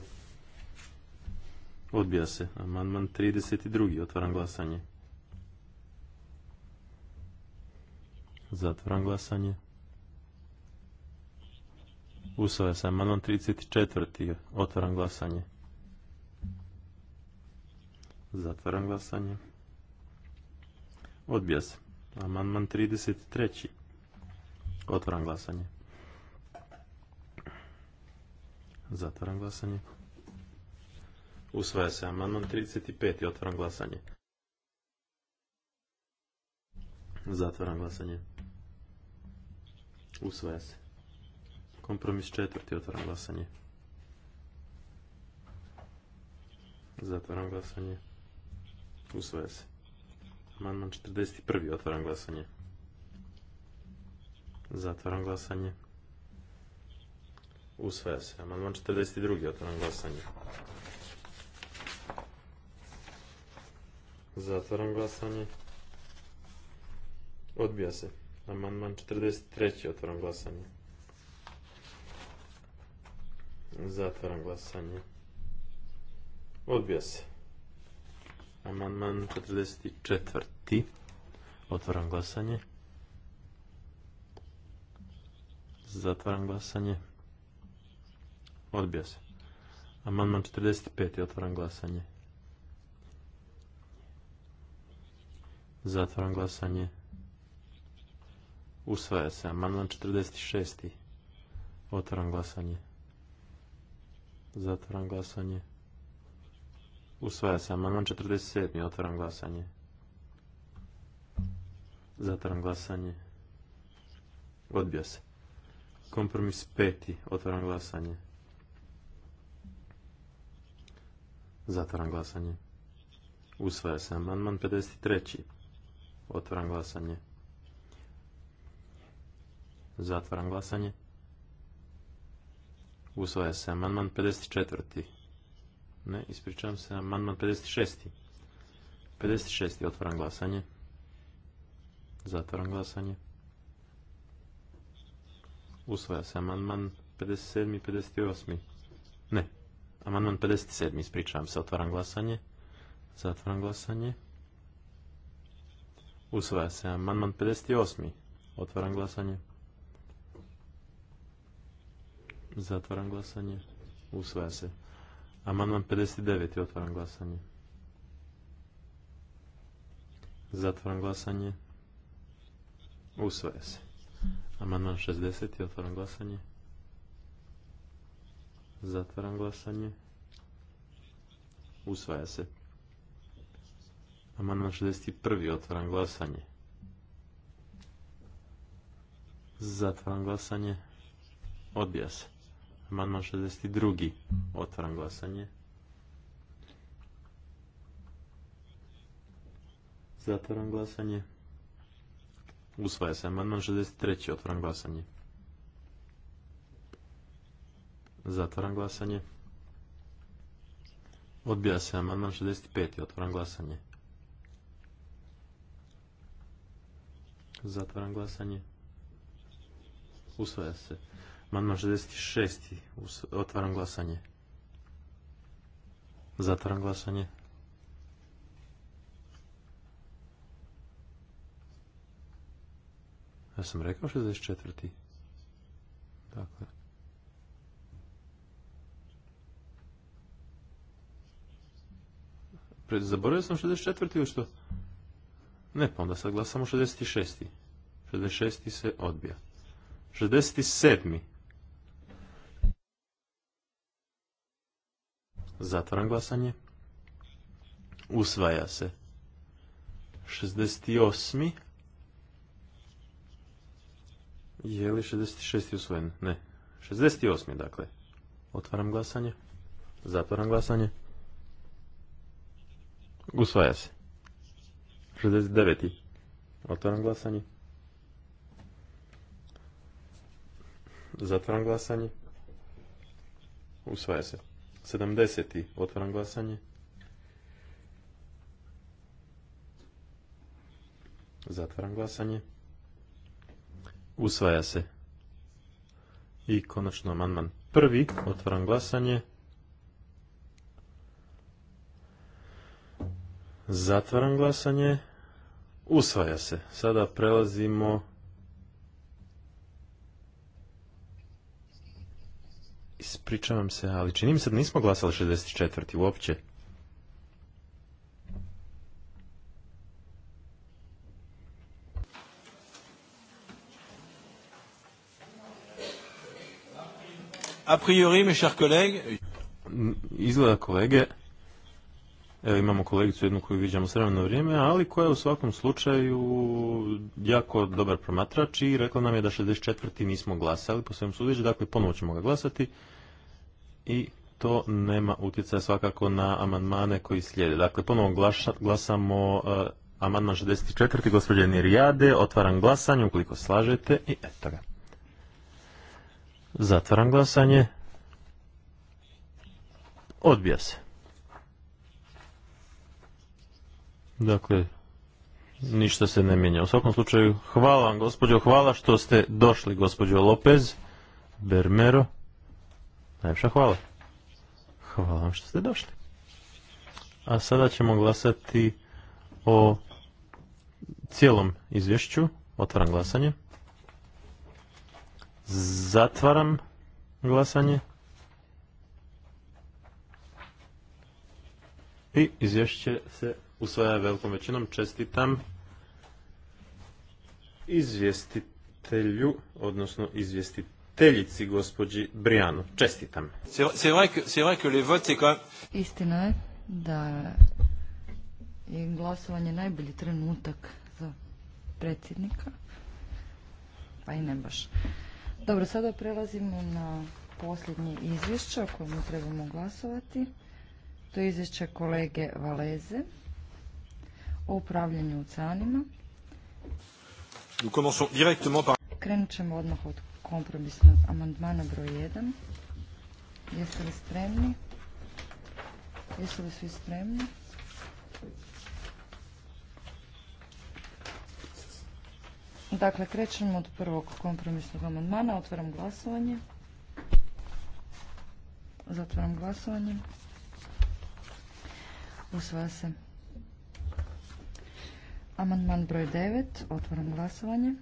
Odbija se. Amandman 32. Otvaram glasanje. Zatvaram glasanje. Usvaja se. Amandman 34. Otvaram glasanje. Zatvaram glasanje. Odbija se. Amandman 33. Otvaram glasanje. Zatvaram glasanje. Usvaja se amandman 35. Otvaram glasanje. Zatvaram glasanje. Usvaja se. Kompromis četvrti. Otvaram glasanje. Zatvaram glasanje. Usvaja se. Amandman 41. Otvaram glasanje. Zatvaram glasanje. Usvaja se. Amandman 42. Otvaram glasanje. Zatvaram glasanje. Odbija se. Amandman 43. Otvaram glasanje. Zatvaram glasanje. Odbija se. Amandman 44. Otvaram glasanje. Zatvaram glasanje. Odbija se. Amandman 45. Otvaram glasanje. Zatvaram glasanje. Usvaja se. Amandman 46. Otvaram glasanje. Zatvaram glasanje. Usvaja se amandman 47. Otvaram glasanje. Zatvaram glasanje. Odbija se. Kompromis peti. Otvaram glasanje. Zatvaram glasanje. Usvaja se amandman 53. Otvaram glasanje. Zatvaram glasanje. Usvaja se amandman 54. Ne, ispričavam se, amandman 56. 56. otvaram glasanje. Zatvaram glasanje. Usvaja se amandman 57. i 58. Ne, amandman 57. ispričavam se, otvaram glasanje. Zatvaram glasanje. Usvaja se amandman 58. Otvaram glasanje. Zatvaram glasanje. Usvaja se. Amandman 59. Otvaram glasanje. Zatvaram glasanje. Usvaja se. Amandman 60. Otvaram glasanje. Zatvaram glasanje. Usvaja se. Amandman 61. Otvaram glasanje. Zatvaram glasanje. Odbija se. Amandman 62. Otvaram glasanje. Zatvaram glasanje. Usvaja se. Amandman 63. Otvaram glasanje. Zatvaram glasanje. Odbija se. Amandman 65. Otvaram glasanje. Zatvaram glasanje. Usvaja se. Amandman 66. Otvaram glasanje. Zatvaram glasanje. Ja sam rekao 64. Dakle. zaboravio sam 64. ili što? Ne, pa onda sad glasamo 66. 66. se odbija. 67. Zatvaram glasanje. Usvaja se. 68. Je li 66. usvojen? Ne. 68. dakle. Otvaram glasanje. Zatvaram glasanje. Usvaja se. 69. Otvaram glasanje. Zatvaram glasanje. Usvaja se. 70. Otvaram glasanje. Zatvaram glasanje. Usvaja se. I konačno amandman prvi. Otvaram glasanje. Zatvaram glasanje. Usvaja se. Sada prelazimo Ispričavam se, ali čini mi se da nismo glasali 64. uopće. A priori, mes chers collègues... Izgleda kolege, Evo imamo kolegicu jednu koju viđamo s vrijeme, ali koja je u svakom slučaju jako dobar promatrač i rekla nam je da 64. nismo glasali po svemu sudeći, dakle ponovo ćemo ga glasati i to nema utjecaja svakako na amandmane koji slijede. Dakle, ponovo glasamo uh, amandman 64. gospođe Rijade otvaram glasanje ukoliko slažete i eto ga. Zatvaram glasanje. Odbija se. Dakle, ništa se ne mijenja. U svakom slučaju, hvala vam gospođo, hvala što ste došli gospođo Lopez, Bermero. Najljepša hvala. Hvala vam što ste došli. A sada ćemo glasati o cijelom izvješću. Otvaram glasanje. Zatvaram glasanje. I izvješće se usvaja velikom većinom. Čestitam izvjestitelju, odnosno izvjestiteljici gospođi Brijanu. Čestitam. Istina je da je glasovanje najbolji trenutak za predsjednika. Pa i ne baš. Dobro, sada prelazimo na posljednje izvješće o kojemu trebamo glasovati. To je izvješće kolege Valeze o upravljanju oceanima. Krenut ćemo odmah od kompromisnog amandmana broj 1. Jeste li spremni? Jesu li svi spremni? Dakle, krećemo od prvog kompromisnog amandmana. Otvaram glasovanje. Zatvaram glasovanje. Usvaja se. Amandman broj 9. Otvaram glasovanje.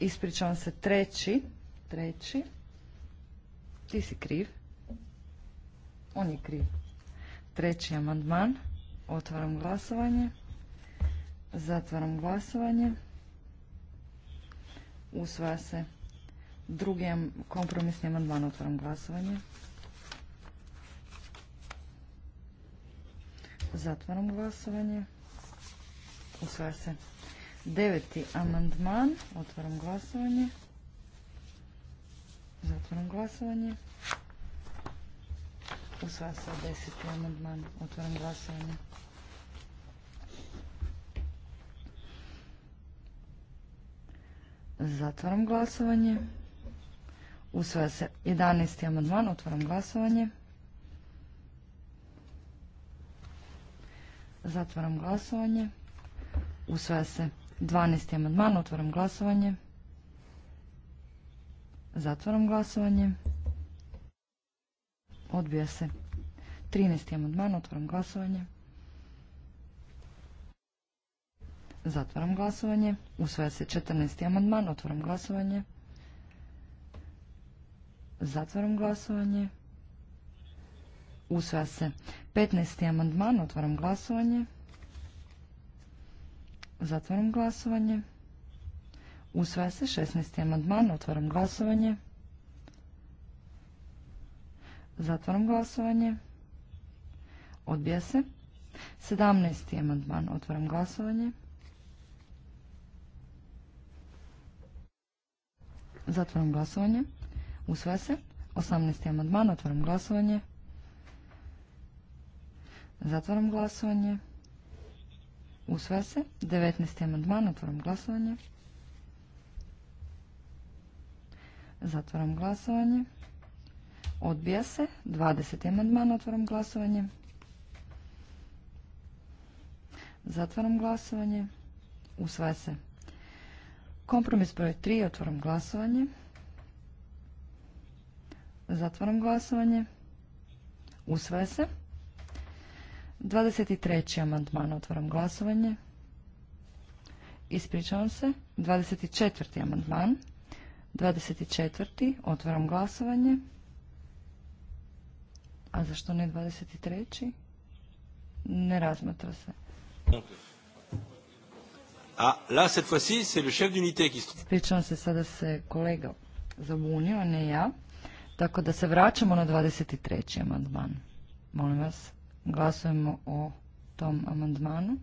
Ispričavam se treći. Treći. Ti si kriv. On je kriv. Treći amandman. Otvaram glasovanje. Zatvaram glasovanje. Usvaja se. Drugi kompromisni amandman. Otvaram glasovanje. Zatvaram glasovanje. Usvaja se. Deveti amandman. Otvaram glasovanje. Zatvaram glasovanje. Usvaja se deseti amandman. Otvaram glasovanje. Zatvaram glasovanje. Usvaja se 11. amandman. Otvaram glasovanje. Zatvaram glasovanje. Usvaja se. 12. amandman. Otvaram glasovanje. Zatvaram glasovanje. Odbija se. 13. amandman. Otvaram glasovanje. Zatvaram glasovanje. Usvaja se 14. amandman. Otvaram glasovanje. Zatvaram glasovanje. Usvaja se 15. amandman. Otvaram glasovanje. Zatvaram glasovanje. Usvaja se 16. amandman. Otvaram glasovanje. Zatvaram glasovanje. Odbija se. 17. amandman. Otvaram glasovanje. Zatvaram glasovanje. Usvaja se. 18. amandman. Otvaram glasovanje. Zatvaram glasovanje. Usvaja se. 19. amandman. Otvoram glasovanje. Zatvaram glasovanje. Odbija se. 20. amandman. Otvoram glasovanje. Zatvaram glasovanje. Usvaja se. Kompromis broj 3. Otvoram glasovanje. Zatvaram glasovanje. Usvaja se. 23. amandman otvaram glasovanje. Ispričavam se. 24. amandman. 24. otvaram glasovanje. A zašto ne 23. Ne razmatra se. A la, cette fois-ci, c'est le chef d'unité qui... Ispričavam se, sada se kolega zabunio, a ne ja. Tako da se vraćamo na 23. amandman. Molim vas. Glasujemo o tom amandmanu.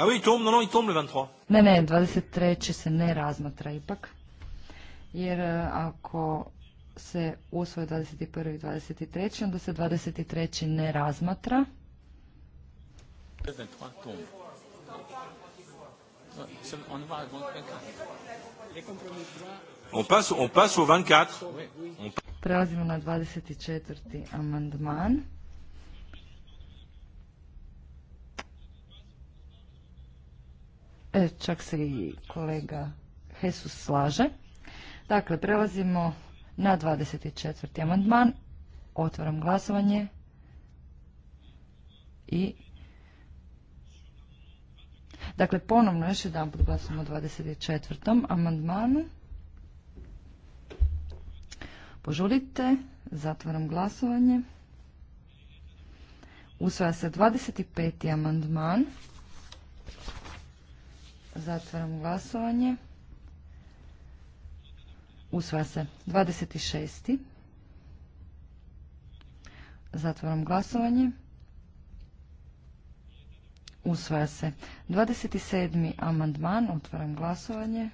Ah oui, il tombe, non, non, il tombe le 23. Ne, ne, 23. se ne razmatra ipak. Jer e, ako se usvoje 21. i 23. onda se 23. ne razmatra. 23 tombe. On passe, on passe au 24. Prelazimo na 24. amandman. E, čak se i kolega Hesus slaže. Dakle, prelazimo na 24. amandman. Otvaram glasovanje i Dakle, ponovno još jedan put glasamo o 24. amandmanu. požulite zatvaram glasovanje. Usvaja se 25. amandman. Zatvaram glasovanje. Usvaja se 26. Zatvaram glasovanje. Usvaja se. 27. amandman. Otvaram glasovanje.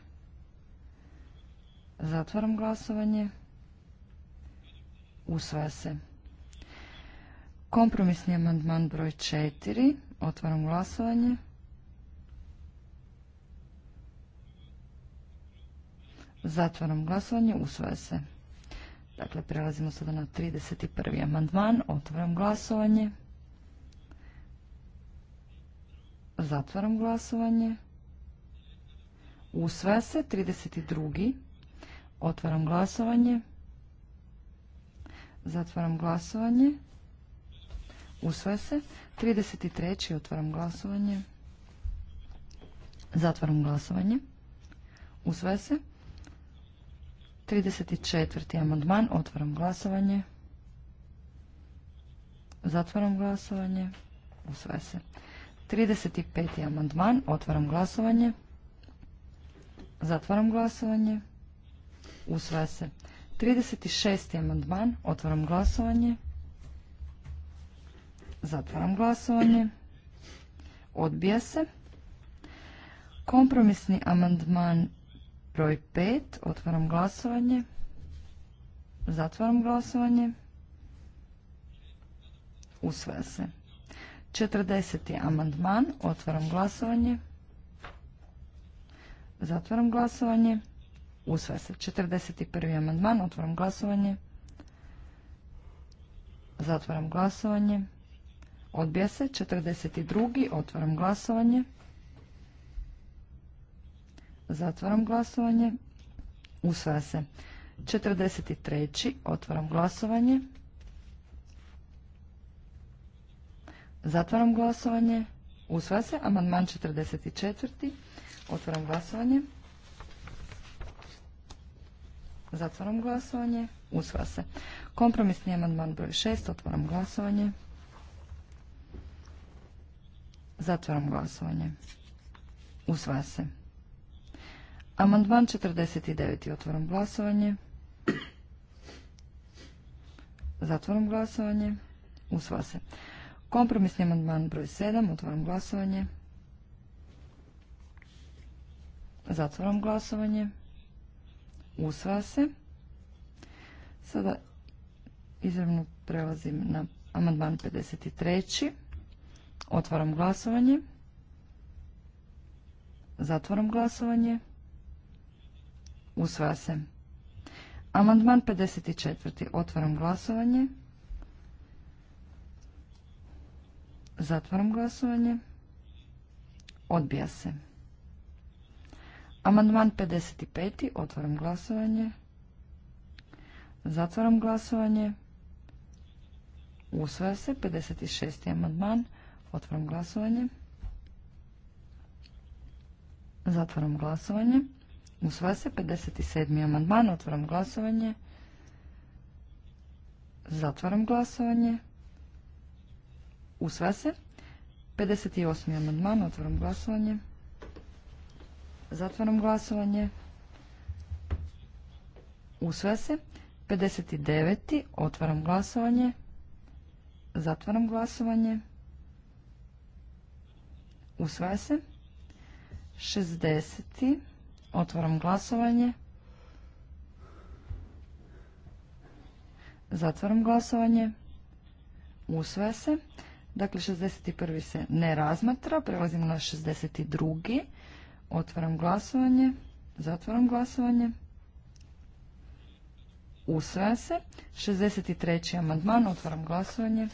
Zatvaram glasovanje. Usvaja se. Kompromisni amandman broj 4. Otvaram glasovanje. Zatvaram glasovanje. Usvaja se. Dakle, prelazimo sada na 31. amandman. Otvaram glasovanje. Zatvaram glasovanje. Usvaja se 32. Otvaram glasovanje. Zatvaram glasovanje. Usvaja se 33. Otvaram glasovanje. Zatvaram glasovanje. Usvaja se 34. amandman. Otvaram glasovanje. Zatvaram glasovanje. Usvaja se. 35. amandman. Otvaram glasovanje. Zatvaram glasovanje. Usvaja se. 36. amandman. Otvaram glasovanje. Zatvaram glasovanje. Odbija se. Kompromisni amandman broj 5. Otvaram glasovanje. Zatvaram glasovanje. Usvaja se. 40. amandman. Otvaram glasovanje. Zatvaram glasovanje. Usvaja se. 41. amandman. Otvaram glasovanje. Zatvaram glasovanje. Odbija se. 42. Otvaram glasovanje. Zatvaram glasovanje. Usvaja se. 43. Otvaram glasovanje. Zatvaram glasovanje. Usvaja se. Amandman 44. Otvaram glasovanje. Zatvaram glasovanje. Usvaja se. Kompromisni amandman broj 6. Otvaram glasovanje. Zatvaram glasovanje. Usvaja se. Amandman 49. Otvaram glasovanje. Zatvaram glasovanje. Usvaja se. Kompromisni amandman broj 7. Otvaram glasovanje. Zatvaram glasovanje. Usvaja se. Sada izravno prelazim na amandman 53. Otvaram glasovanje. Zatvaram glasovanje. Usvaja se. Amandman 54. Otvaram glasovanje. Zatvaram glasovanje. Odbija se. Amandman 55. Otvaram glasovanje. Zatvaram glasovanje. Usvaja se. 56. amandman. Otvaram glasovanje. Zatvaram glasovanje. Usvaja se. 57. amandman. Otvaram glasovanje. Zatvaram glasovanje. Usvaja se. 58. amandman. Otvaram glasovanje. Zatvaram glasovanje. Usvaja se. 59. Otvaram glasovanje. Zatvaram glasovanje. Usvaja se. 60. Otvaram glasovanje. Zatvaram glasovanje. Usvaja se. Dakle, 61. se ne razmatra. Prelazimo na 62. Otvaram glasovanje. Zatvaram glasovanje. Usvaja se. 63. amandman. Otvaram glasovanje.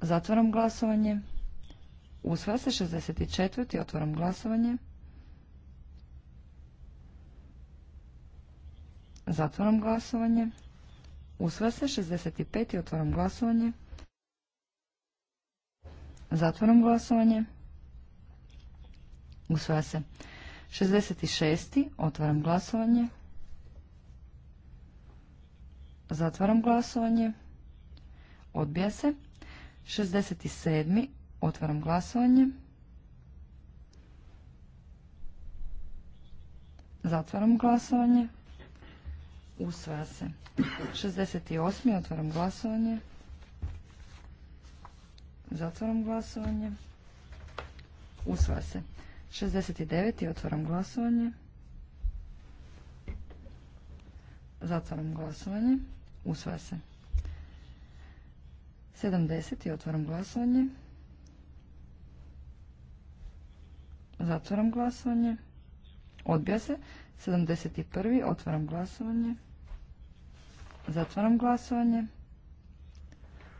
Zatvaram glasovanje. Usvaja se. 64. Otvaram glasovanje. Zatvaram glasovanje. Usvaja se. 65. Otvaram glasovanje. Zatvaram glasovanje. Usvaja se. 66. Otvaram glasovanje. Zatvaram glasovanje. Odbija se. 67. Otvaram glasovanje. Zatvaram glasovanje. Usvaja se. 68. Otvaram glasovanje. Zatvaram glasovanje. Usvaja se. 69. Otvaram glasovanje. Zatvaram glasovanje. Usvaja se. 70. Otvaram glasovanje. Zatvaram glasovanje. Odbija se. 71. Otvaram glasovanje. Zatvaram glasovanje.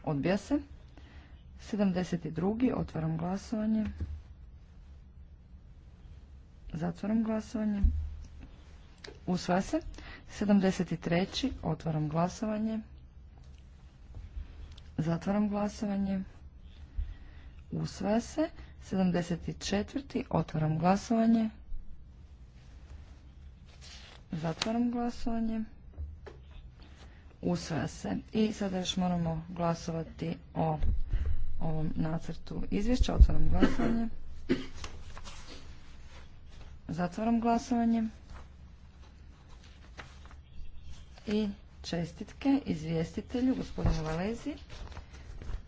Odbija se. 72. Otvaram glasovanje. Zatvaram glasovanje. Usvaja se. 73. Otvaram glasovanje. Zatvaram glasovanje. Usvaja se. 74. Otvaram glasovanje. Zatvaram glasovanje. Usvaja se. I sada još moramo glasovati o ovom nacrtu izvješća. Otvaram glasovanje. Zatvaram glasovanje. I čestitke izvjestitelju, gospodinu Valezi.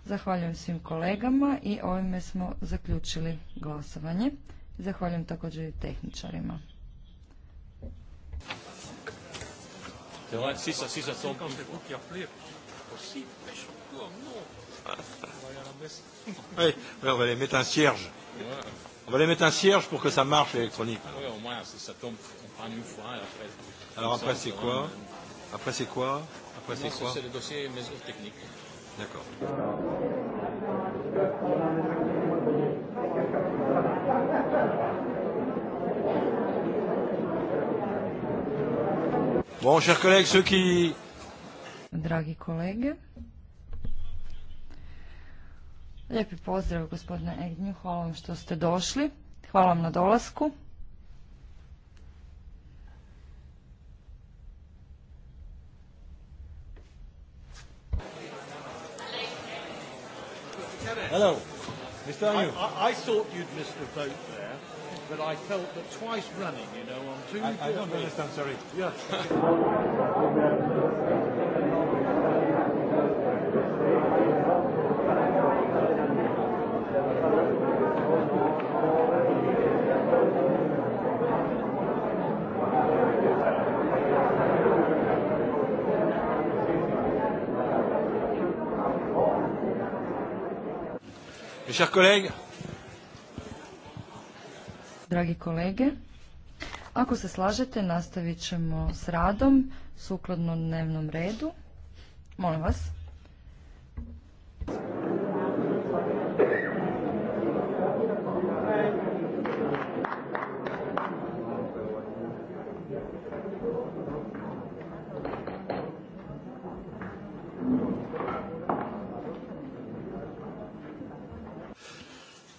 Zahvaljujem svim kolegama i ovime smo zaključili glasovanje. Zahvaljujem također i tehničarima. Oui, on va les mettre un cierge. On va les mettre un cierge pour que ça marche l'électronique. Oui, au moins, si ça tombe, on prend une fois. Et après, Alors après, c'est quoi Après, c'est quoi Après, c'est quoi C'est le dossier mesures techniques. D'accord. Bon, chers collègues, ceux qui... Dragi kolege, Lijepi pozdrav gospodine Egnju, hvala vam što ste došli, hvala vam na dolasku. Hello, Mr. Agnew. I, I, I thought you'd missed the vote there, but I felt that twice running, you know, on two. I, I don't understand, sorry. Yes. chers collègues. Dragi kolege, ako se slažete, nastavit ćemo s radom sukladno dnevnom redu. Molim vas.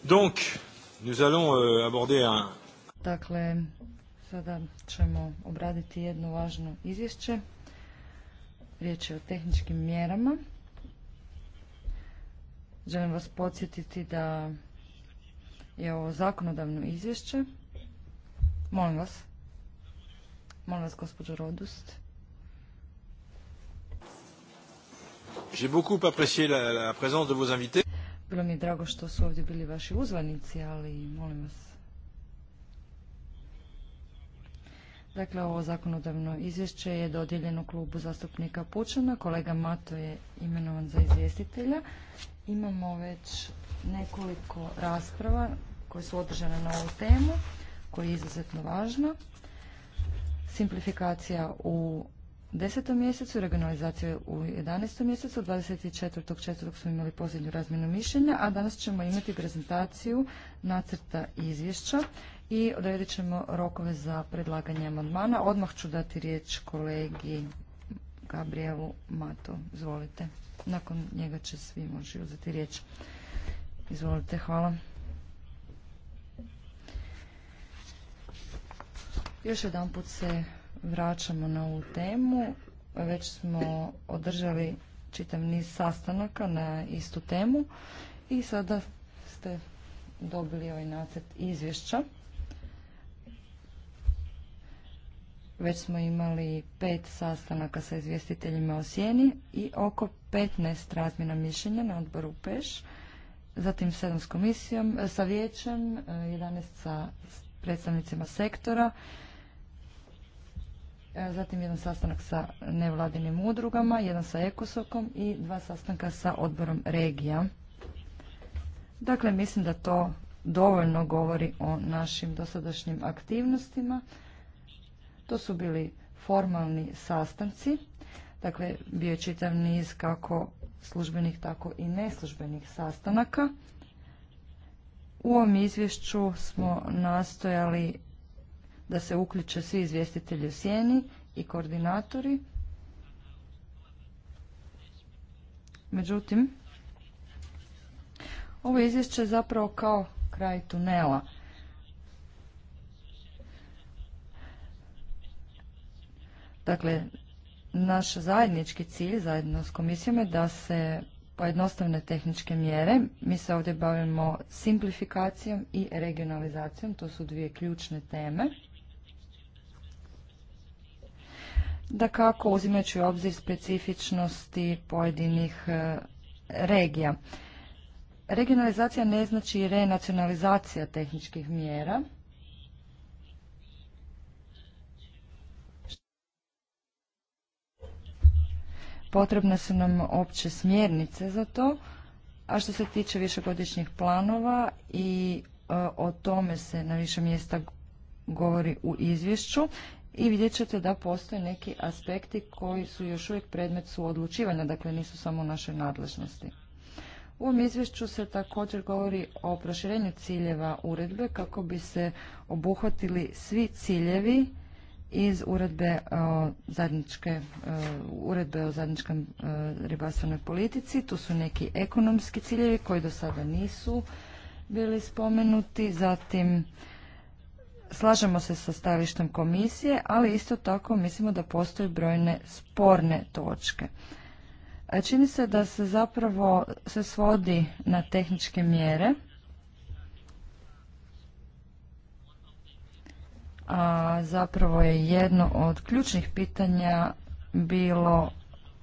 Donc, nous allons euh, aborder un... Dakle, sada ćemo obraditi jedno važno izvješće. Riječ je o tehničkim mjerama. Želim vas podsjetiti da je ovo zakonodavno izvješće. Molim vas. Molim vas, gospođo Rodust. J'ai beaucoup apprécié la, la présence de vos invités. Bilo mi je drago što su ovdje bili vaši uzvanici, ali molim vas. Dakle, ovo zakonodavno izvješće je dodijeljeno klubu zastupnika Pučana. Kolega Mato je imenovan za izvjestitelja. Imamo već nekoliko rasprava koje su održane na ovu temu, koja je izuzetno važna. Simplifikacija u desetom mjesecu, regionalizacija u 11. mjesecu, 24.4. smo imali posljednju razmjenu mišljenja, a danas ćemo imati prezentaciju nacrta izvješća i odredit ćemo rokove za predlaganje amandmana. Odmah ću dati riječ kolegi Gabrielu Mato. Izvolite. Nakon njega će svi moći uzeti riječ. Izvolite, hvala. Još jedan put se vraćamo na ovu temu. Već smo održali čitav niz sastanaka na istu temu i sada ste dobili ovaj nacrt izvješća. Već smo imali pet sastanaka sa izvjestiteljima o sjeni i oko 15 razmjena mišljenja na odboru PEŠ, zatim sedam s komisijom, sa vijećem, 11 eh, sa predstavnicima sektora, E, zatim jedan sastanak sa nevladinim udrugama, jedan sa Ekosokom i dva sastanka sa odborom regija. Dakle, mislim da to dovoljno govori o našim dosadašnjim aktivnostima. To su bili formalni sastanci, dakle bio je čitav niz kako službenih tako i neslužbenih sastanaka. U ovom izvješću smo nastojali da se uključe svi izvjestitelji u sjeni i koordinatori. Međutim, ovo izvješće je zapravo kao kraj tunela. Dakle, naš zajednički cilj zajedno s komisijom je da se pojednostavne tehničke mjere. Mi se ovdje bavimo simplifikacijom i regionalizacijom, to su dvije ključne teme. da kako uzimajući u obzir specifičnosti pojedinih e, regija. Regionalizacija ne znači renacionalizacija tehničkih mjera. Potrebne su nam opće smjernice za to, a što se tiče višegodišnjih planova i e, o tome se na više mjesta govori u izvješću i vidjet ćete da postoje neki aspekti koji su još uvijek predmet odlučivanja, dakle nisu samo naše našoj nadležnosti. U ovom izvješću se također govori o proširenju ciljeva uredbe kako bi se obuhvatili svi ciljevi iz uredbe o zajedničke, e, uredbe o zadničkom e, ribarstvenoj politici. Tu su neki ekonomski ciljevi koji do sada nisu bili spomenuti, zatim Slažemo se sa stajalištem komisije, ali isto tako mislimo da postoje brojne sporne točke. E, čini se da se zapravo se svodi na tehničke mjere, a zapravo je jedno od ključnih pitanja bilo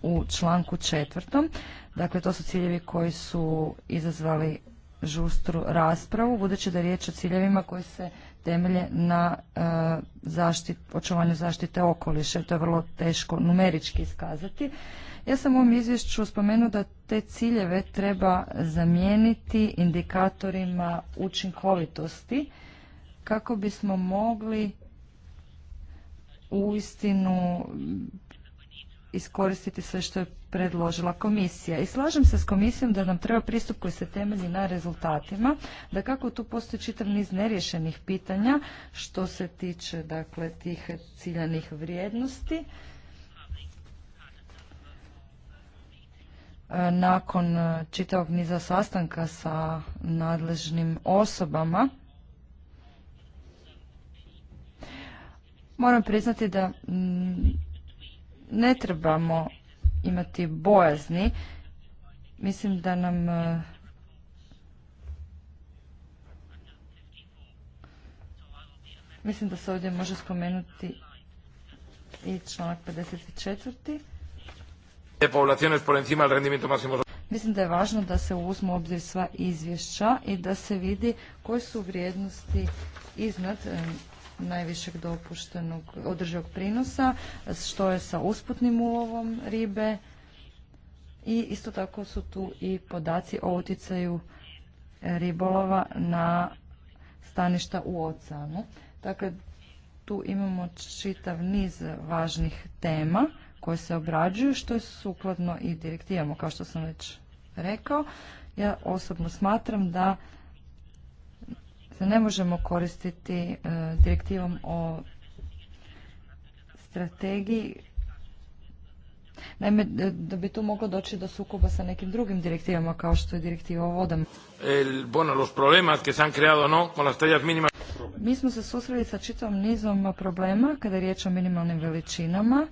u članku četvrtom. Dakle, to su ciljevi koji su izazvali žustru raspravu, budući da je riječ o ciljevima koji se temelje na e, očuvanju zaštite okoliša. To je vrlo teško numerički iskazati. Ja sam u ovom izvješću spomenuo da te ciljeve treba zamijeniti indikatorima učinkovitosti kako bismo mogli uistinu iskoristiti sve što je predložila komisija. I slažem se s komisijom da nam treba pristup koji se temelji na rezultatima, da kako tu postoji čitav niz neriješenih pitanja što se tiče dakle tih ciljanih vrijednosti. E, nakon čitavog niza sastanka sa nadležnim osobama, moram priznati da mm, ne trebamo imati bojazni. Mislim da nam e, Mislim da se ovdje može spomenuti i članak 54. Mislim da je važno da se uzmu obzir sva izvješća i da se vidi koje su vrijednosti iznad najvišeg dopuštenog održivog prinosa, što je sa usputnim ulovom ribe i isto tako su tu i podaci o utjecaju ribolova na staništa u oceanu. Dakle, tu imamo čitav niz važnih tema koje se obrađuju, što je sukladno i direktivama, kao što sam već rekao. Ja osobno smatram da se ne možemo koristiti e, direktivom o strategiji Naime, da bi tu moglo doći do sukoba sa nekim drugim direktivama, kao što je direktiva o vodama. Mi smo se susreli sa čitavom nizom problema kada je riječ o minimalnim veličinama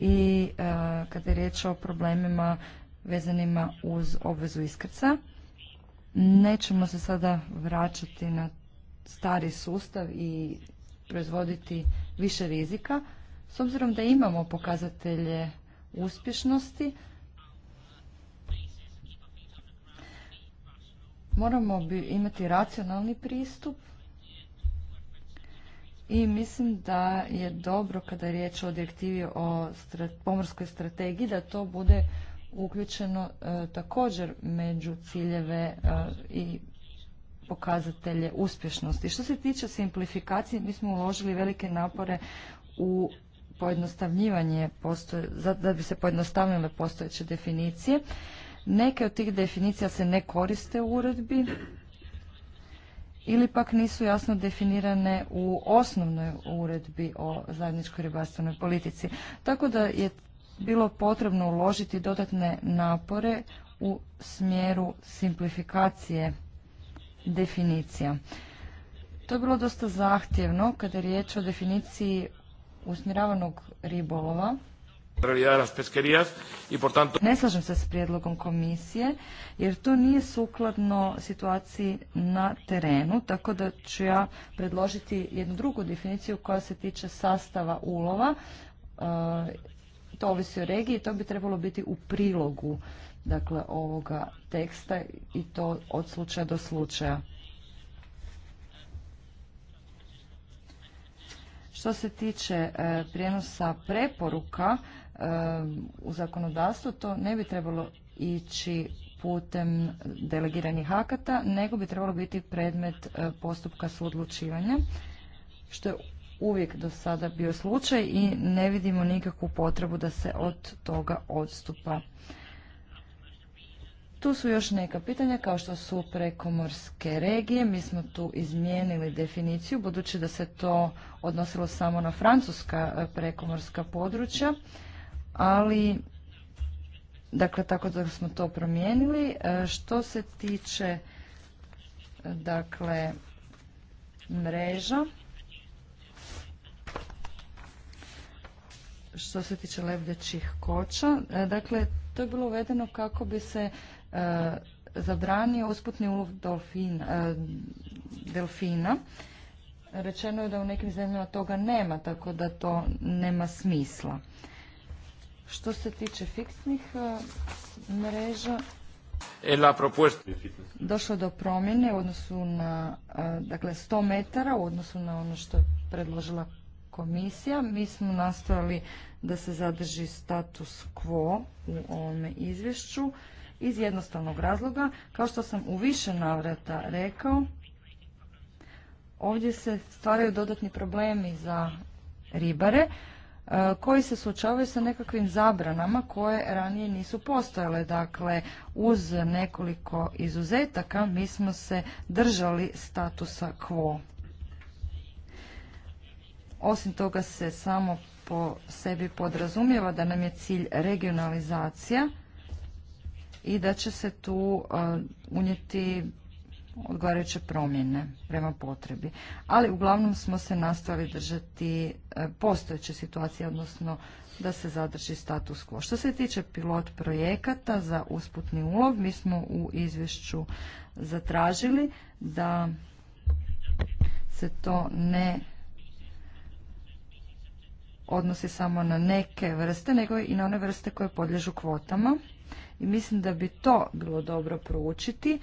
i e, kada je riječ o problemima vezanima uz obvezu iskrca. Nećemo se sada vraćati na stari sustav i proizvoditi više rizika. S obzirom da imamo pokazatelje uspješnosti, moramo bi imati racionalni pristup i mislim da je dobro kada je riječ o direktivi o pomorskoj strategiji da to bude uključeno e, također među ciljeve e, i pokazatelje uspješnosti. Što se tiče simplifikacije, mi smo uložili velike napore u pojednostavljivanje da bi se pojednostavile postojeće definicije. Neke od tih definicija se ne koriste u uredbi ili pak nisu jasno definirane u osnovnoj uredbi o zajedničkoj ribarstvenoj politici. Tako da je bilo potrebno uložiti dodatne napore u smjeru simplifikacije definicija. To je bilo dosta zahtjevno kada je riječ o definiciji usmjeravanog ribolova. Ne slažem se s prijedlogom komisije jer to nije sukladno situaciji na terenu, tako da ću ja predložiti jednu drugu definiciju koja se tiče sastava ulova. E, to ovisi o regiji, to bi trebalo biti u prilogu dakle ovoga teksta i to od slučaja do slučaja. Što se tiče e, prijenosa preporuka e, u zakonodavstvu, to ne bi trebalo ići putem delegiranih akata, nego bi trebalo biti predmet e, postupka suodlučivanja, što je uvijek do sada bio slučaj i ne vidimo nikakvu potrebu da se od toga odstupa. Tu su još neka pitanja kao što su prekomorske regije. Mi smo tu izmijenili definiciju budući da se to odnosilo samo na francuska e, prekomorska područja, ali dakle tako da smo to promijenili. E, što se tiče e, dakle mreža što se tiče lebdećih koča, dakle to je bilo uvedeno kako bi se Eh, zabranio usputni ulov dolfina, eh, delfina. Rečeno je da u nekim zemljama toga nema, tako da to nema smisla. Što se tiče fiksnih eh, mreža, došlo do promjene u odnosu na dakle, 100 metara u odnosu na ono što je predložila komisija. Mi smo nastojali da se zadrži status quo u ovome izvješću iz jednostavnog razloga. Kao što sam u više navrata rekao, ovdje se stvaraju dodatni problemi za ribare e, koji se suočavaju sa nekakvim zabranama koje ranije nisu postojale. Dakle, uz nekoliko izuzetaka mi smo se držali statusa quo. Osim toga se samo po sebi podrazumijeva da nam je cilj regionalizacija i da će se tu unijeti odgovarajuće promjene prema potrebi. Ali uglavnom smo se nastavili držati postojeće situacije, odnosno da se zadrži status quo. Što se tiče pilot projekata za usputni ulov, mi smo u izvješću zatražili da se to ne odnosi samo na neke vrste, nego i na one vrste koje podlježu kvotama i mislim da bi to bilo dobro proučiti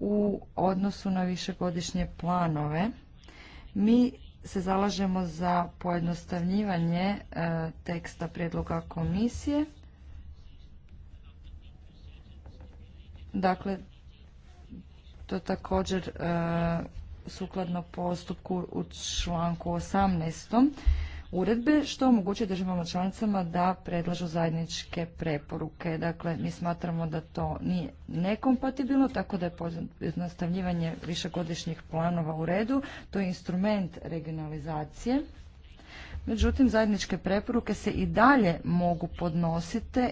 u odnosu na višegodišnje planove. Mi se zalažemo za pojednostavljivanje e, teksta prijedloga komisije. Dakle, to također e, sukladno postupku u članku 18 uredbe, što omogućuje državama članicama da predlažu zajedničke preporuke. Dakle, mi smatramo da to nije nekompatibilno, tako da je nastavljivanje višegodišnjih planova u redu. To je instrument regionalizacije. Međutim, zajedničke preporuke se i dalje mogu podnositi,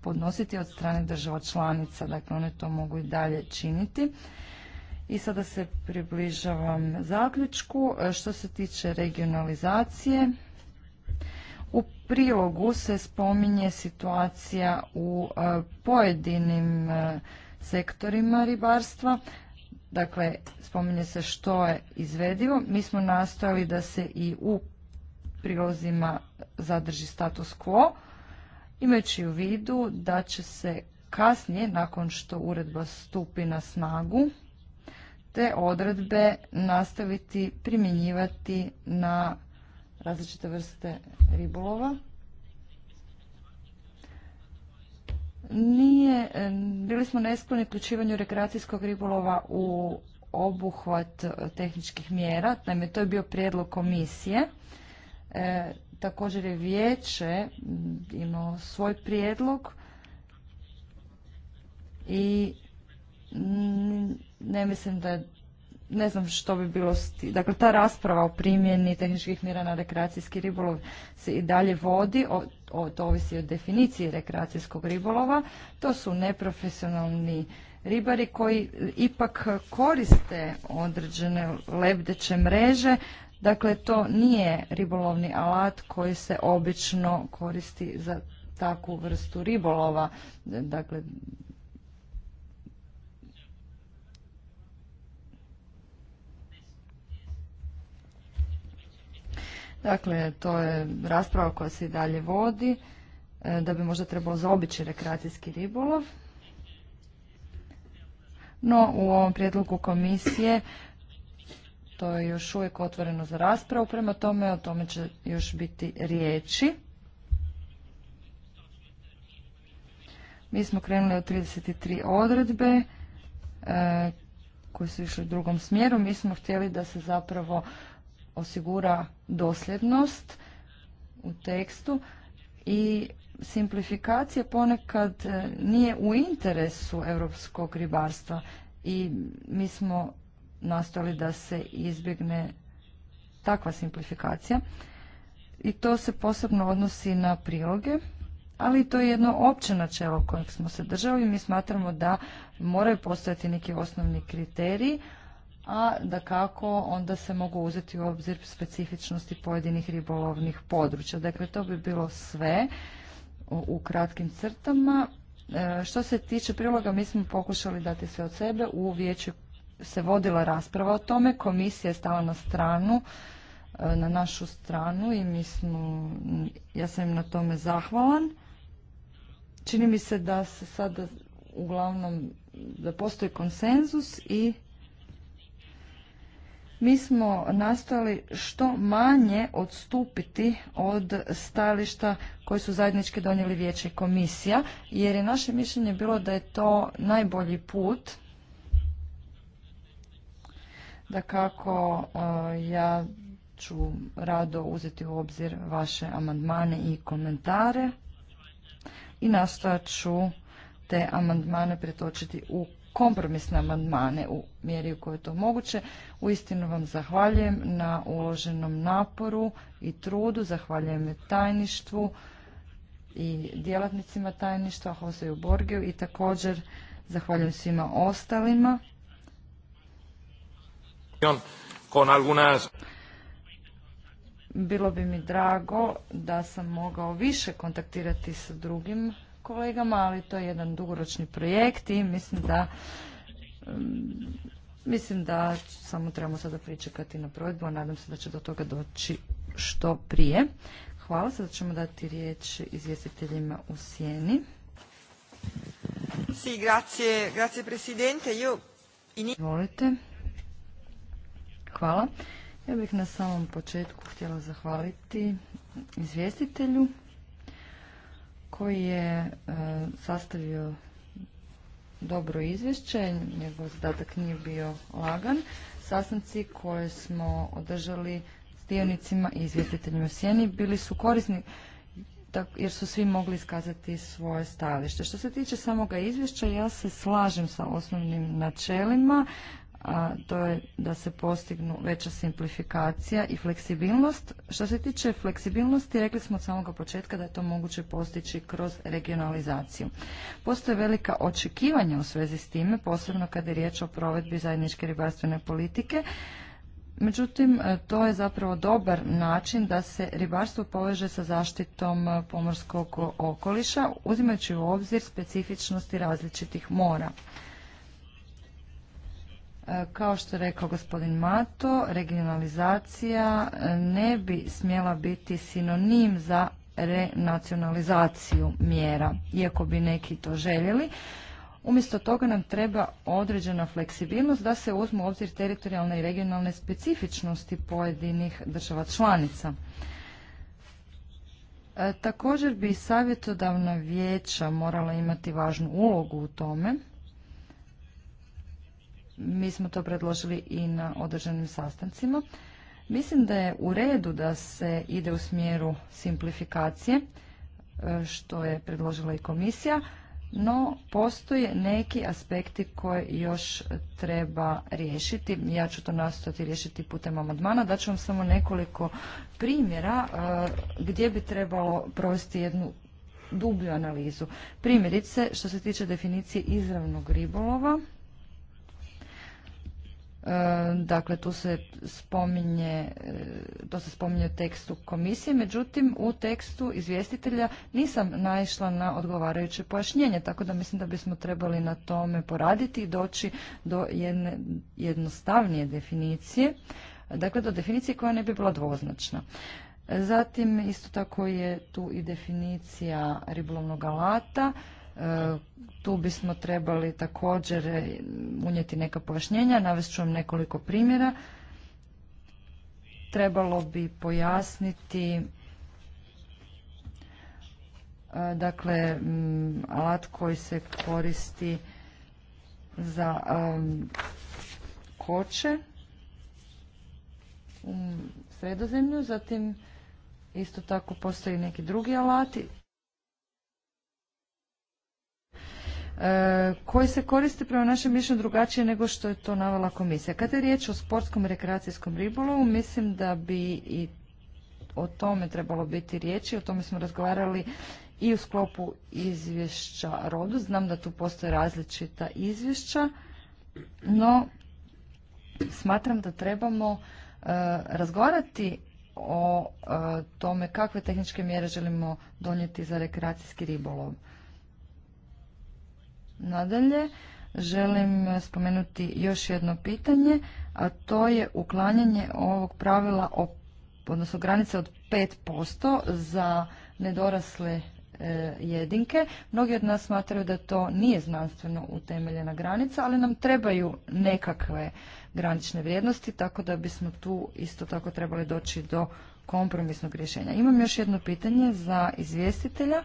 podnositi od strane država članica, dakle one to mogu i dalje činiti. I sada se približavam zaključku. E, što se tiče regionalizacije, u prilogu se spominje situacija u e, pojedinim e, sektorima ribarstva, dakle spominje se što je izvedivo. Mi smo nastojali da se i u prilozima zadrži status quo, imajući u vidu da će se kasnije, nakon što uredba stupi na snagu, te odredbe nastaviti primjenjivati na različite vrste ribolova. bili smo neskloni uključivanju rekreacijskog ribolova u obuhvat tehničkih mjera, naime to je bio prijedlog komisije. E, također je vijeće imao svoj prijedlog i ne mislim da je ne znam što bi bilo, dakle ta rasprava o primjeni tehničkih mjera na rekreacijski ribolov se i dalje vodi, o, o, to ovisi o definiciji rekreacijskog ribolova, to su neprofesionalni ribari koji ipak koriste određene lebdeće mreže, dakle to nije ribolovni alat koji se obično koristi za takvu vrstu ribolova, dakle Dakle, to je rasprava koja se i dalje vodi, e, da bi možda trebalo zaobići rekreacijski ribolov. No, u ovom prijedlogu komisije to je još uvijek otvoreno za raspravu, prema tome o tome će još biti riječi. Mi smo krenuli od 33 odredbe e, koje su išle u drugom smjeru. Mi smo htjeli da se zapravo osigura dosljednost u tekstu i simplifikacija ponekad e, nije u interesu europskog ribarstva i mi smo nastojali da se izbjegne takva simplifikacija i to se posebno odnosi na priloge, ali to je jedno opće načelo kojeg smo se držali. Mi smatramo da moraju postojati neki osnovni kriteriji, a da kako onda se mogu uzeti u obzir specifičnosti pojedinih ribolovnih područja. Dakle, to bi bilo sve u kratkim crtama. E, što se tiče priloga, mi smo pokušali dati sve od sebe. U vijeću se vodila rasprava o tome. Komisija je stala na stranu, e, na našu stranu i mi smo, ja sam im na tome zahvalan. Čini mi se da se sada uglavnom, da postoji konsenzus i mi smo nastojali što manje odstupiti od stajališta koje su zajednički donijeli vijeće i komisija, jer je naše mišljenje bilo da je to najbolji put da kako e, ja ću rado uzeti u obzir vaše amandmane i komentare i nastojat ću te amandmane pretočiti u kompromisne amandmane u mjeri u kojoj je to moguće. Uistinu vam zahvaljujem na uloženom naporu i trudu, zahvaljujem tajništvu i djelatnicima tajništva Hoseju Borgiju i također zahvaljujem svima ostalima. Bilo bi mi drago da sam mogao više kontaktirati sa drugim kolegama, ali to je jedan dugoročni projekt i mislim da mm, mislim da samo trebamo sada pričekati na provedbu, a nadam se da će do toga doći što prije. Hvala, sada ćemo dati riječ izvjestiteljima u sjeni. Sì, grazie, grazie Presidente. Io... Izvolite. Hvala. Ja bih na samom početku htjela zahvaliti izvjestitelju koji je e, sastavio dobro izvješće, njegov zadatak nije bio lagan. Sastanci koje smo održali s dionicima i u sjeni bili su korisni jer su svi mogli iskazati svoje stajalište. Što se tiče samoga izvješća, ja se slažem sa osnovnim načelima a to je da se postignu veća simplifikacija i fleksibilnost. Što se tiče fleksibilnosti, rekli smo od samoga početka da je to moguće postići kroz regionalizaciju. Postoje velika očekivanja u svezi s time, posebno kada je riječ o provedbi zajedničke ribarstvene politike. Međutim, to je zapravo dobar način da se ribarstvo poveže sa zaštitom pomorskog okoliša, uzimajući u obzir specifičnosti različitih mora. E, kao što je rekao gospodin Mato, regionalizacija e, ne bi smjela biti sinonim za renacionalizaciju mjera, iako bi neki to željeli. Umjesto toga nam treba određena fleksibilnost da se uzmu u obzir teritorijalne i regionalne specifičnosti pojedinih država članica. E, također bi savjetodavna vijeća morala imati važnu ulogu u tome mi smo to predložili i na održanim sastancima. Mislim da je u redu da se ide u smjeru simplifikacije, e, što je predložila i komisija, no postoje neki aspekti koje još treba riješiti. Ja ću to nastojati riješiti putem amandmana. Daću vam samo nekoliko primjera e, gdje bi trebalo provesti jednu dublju analizu. Primjerice, što se tiče definicije izravnog ribolova, E, dakle, tu se spominje, e, to se spominje u tekstu komisije, međutim u tekstu izvjestitelja nisam naišla na odgovarajuće pojašnjenje, tako da mislim da bismo trebali na tome poraditi i doći do jedne jednostavnije definicije, dakle do definicije koja ne bi bila dvoznačna. E, zatim isto tako je tu i definicija ribolovnog alata, E, tu bismo trebali također e, unijeti neka pojašnjenja, navest ću vam nekoliko primjera. Trebalo bi pojasniti e, dakle alat koji se koristi za koče u sredozemlju, zatim isto tako postoji neki drugi alati E, koji se koriste prema našem mišljenju drugačije nego što je to navala komisija. Kada je riječ o sportskom rekreacijskom ribolovu, mislim da bi i o tome trebalo biti riječi, o tome smo razgovarali i u sklopu izvješća rodu. Znam da tu postoje različita izvješća, no smatram da trebamo e, razgovarati o e, tome kakve tehničke mjere želimo donijeti za rekreacijski ribolov. Nadalje, želim spomenuti još jedno pitanje, a to je uklanjanje ovog pravila odnosno granice od 5% za nedorasle e, jedinke. Mnogi od nas smatraju da to nije znanstveno utemeljena granica, ali nam trebaju nekakve granične vrijednosti, tako da bismo tu isto tako trebali doći do kompromisnog rješenja. Imam još jedno pitanje za izvjestitelja.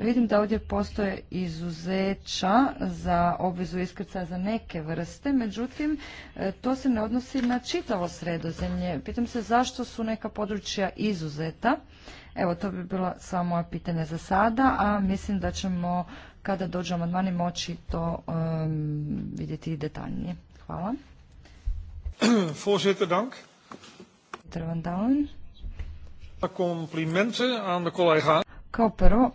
Vidim da ovdje postoje izuzeća za obvezu iskrcaja za neke vrste, međutim e, to se ne odnosi na čitavo sredozemlje. Pitam se zašto su neka područja izuzeta. Evo, to bi bila samo moja pitanja za sada, a mislim da ćemo kada dođu amandmani moći to vidjeti detaljnije. Hvala. Voorzitter, dank. aan de collega. Kao prvo,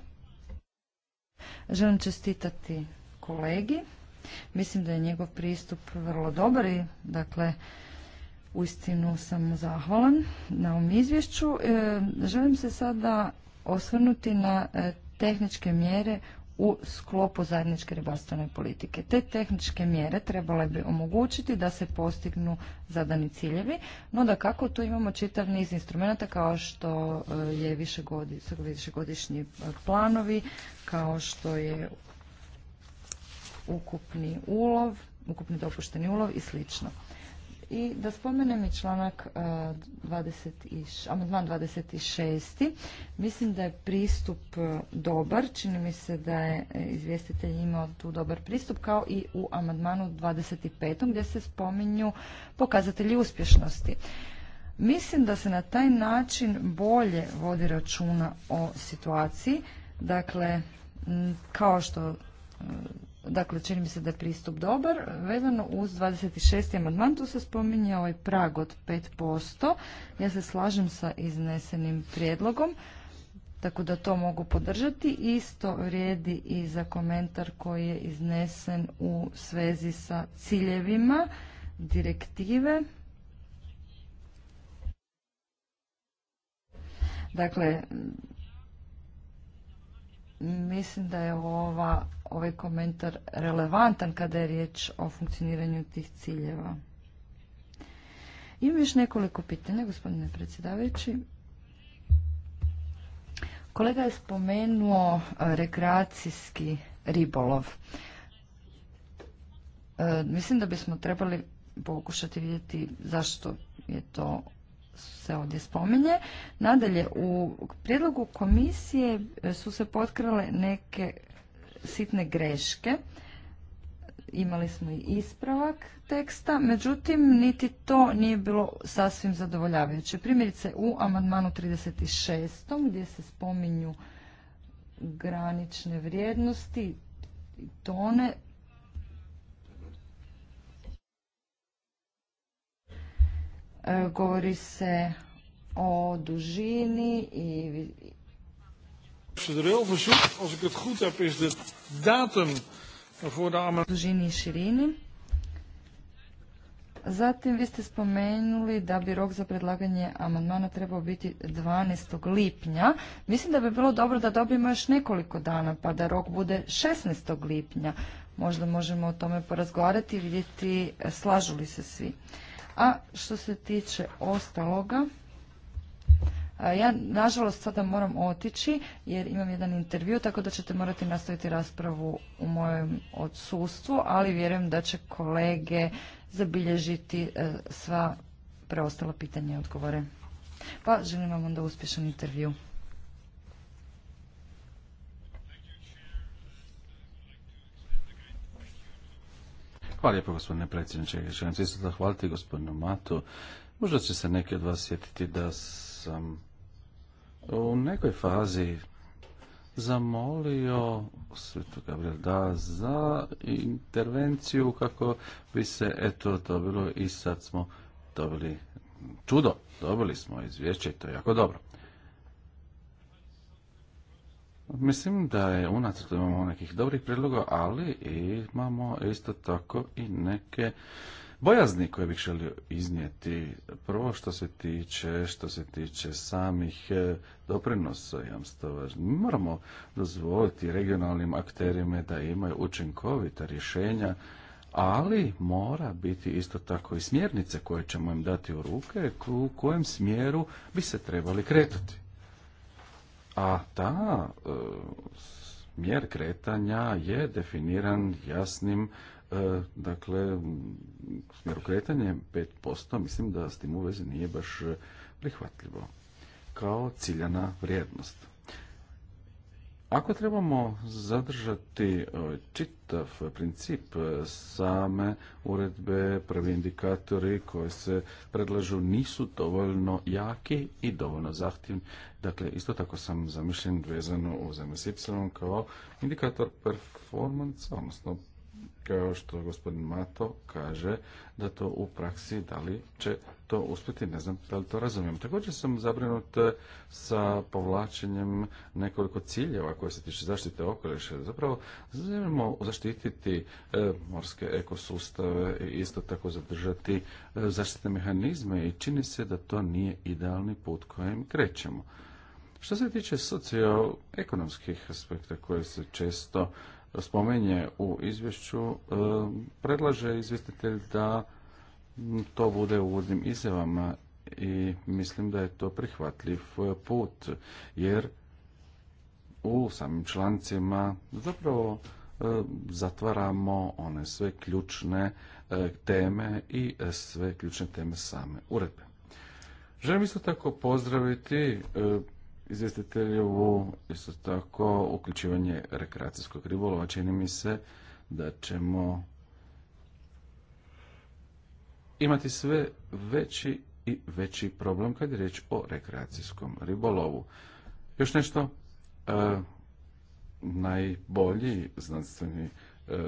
Želim čestitati kolegi. Mislim da je njegov pristup vrlo dobar i dakle uistinu sam zahvalan na ovom izvješću. E, želim se sada osvrnuti na e, tehničke mjere u sklopu zajedničke ribarstvene politike. Te tehničke mjere trebale bi omogućiti da se postignu zadani ciljevi, no da kako tu imamo čitav niz instrumenta kao što e, je višegodišnji planovi, kao što je ukupni ulov, ukupni dopušteni ulov i slično. I da spomenem i članak 20, e, amandman 26. Mislim da je pristup e, dobar. Čini mi se da je e, izvjestitelj imao tu dobar pristup kao i u amandmanu 25. gdje se spominju pokazatelji uspješnosti. Mislim da se na taj način bolje vodi računa o situaciji. Dakle, kao što Dakle, čini mi se da je pristup dobar. Vezano uz 26. amandman, tu se spominje ovaj prag od 5%. Ja se slažem sa iznesenim prijedlogom, tako da to mogu podržati. Isto vrijedi i za komentar koji je iznesen u svezi sa ciljevima direktive. Dakle, mislim da je ova, ovaj komentar relevantan kada je riječ o funkcioniranju tih ciljeva. Imam još nekoliko pitanja, gospodine predsjedavajući. Kolega je spomenuo e, rekreacijski ribolov. E, mislim da bismo trebali pokušati vidjeti zašto je to se ovdje spominje. Nadalje, u prijedlogu komisije e, su se potkrale neke sitne greške. Imali smo i ispravak teksta, međutim niti to nije bilo sasvim zadovoljavajuće. Primjerice u amandmanu 36. gdje se spominju granične vrijednosti tone, E, govori se o dužini i... Dužini i širini. Zatim vi ste spomenuli da bi rok za predlaganje amandmana trebao biti 12. lipnja. Mislim da bi bilo dobro da dobijemo još nekoliko dana pa da rok bude 16. lipnja. Možda možemo o tome porazgovarati i vidjeti slažu li se svi. A što se tiče ostaloga, ja nažalost sada moram otići jer imam jedan intervju, tako da ćete morati nastaviti raspravu u mojem odsustvu, ali vjerujem da će kolege zabilježiti e, sva preostala pitanja i odgovore. Pa želim vam onda uspješan intervju. Hvala lijepo gospodine predsjedniče. Želim se zahvaliti gospodinu Matu. Možda će se neki od vas sjetiti da sam u nekoj fazi zamolio Svetu Gabriel da za intervenciju kako bi se eto dobilo i sad smo dobili čudo, dobili smo izvješće i to je jako dobro. Mislim da je unacrt imamo nekih dobrih predloga, ali imamo isto tako i neke bojazni koje bih želio iznijeti. Prvo što se tiče, što se tiče samih e, doprinosa jamstava. Moramo dozvoliti regionalnim akterima da imaju učinkovita rješenja ali mora biti isto tako i smjernice koje ćemo im dati u ruke u kojem smjeru bi se trebali kretati. A ta e, smjer kretanja je definiran jasnim e, dakle smjeru kretanja 5%, mislim da s tim u vezi nije baš prihvatljivo kao ciljana vrijednost. Ako trebamo zadržati e, čitav princip e, same uredbe, prvi indikatori koji se predlažu nisu dovoljno jaki i dovoljno zahtjevni. Dakle, isto tako sam zamišljen vezano u ZMSY kao indikator performance, odnosno kao što gospodin Mato kaže, da to u praksi, da li će to uspjeti, ne znam da li to razumijem. Također sam zabrinut e, sa povlačenjem nekoliko ciljeva koje se tiče zaštite okoliša. Zapravo želimo zaštititi e, morske ekosustave i isto tako zadržati e, zaštitne mehanizme i čini se da to nije idealni put kojim krećemo. Što se tiče socioekonomskih aspekta koje se često spomenje u izvješću, e, predlaže izvjestitelj da to bude u uvodnim izjavama i mislim da je to prihvatljiv put, jer u samim člancima zapravo e, zatvaramo one sve ključne e, teme i sve ključne teme same uredbe. Želim isto tako pozdraviti izvjestitelju isto tako uključivanje rekreacijskog ribolova. Čini mi se da ćemo imati sve veći i veći problem kad je riječ o rekreacijskom ribolovu. Još nešto, e, najbolji znanstveni E,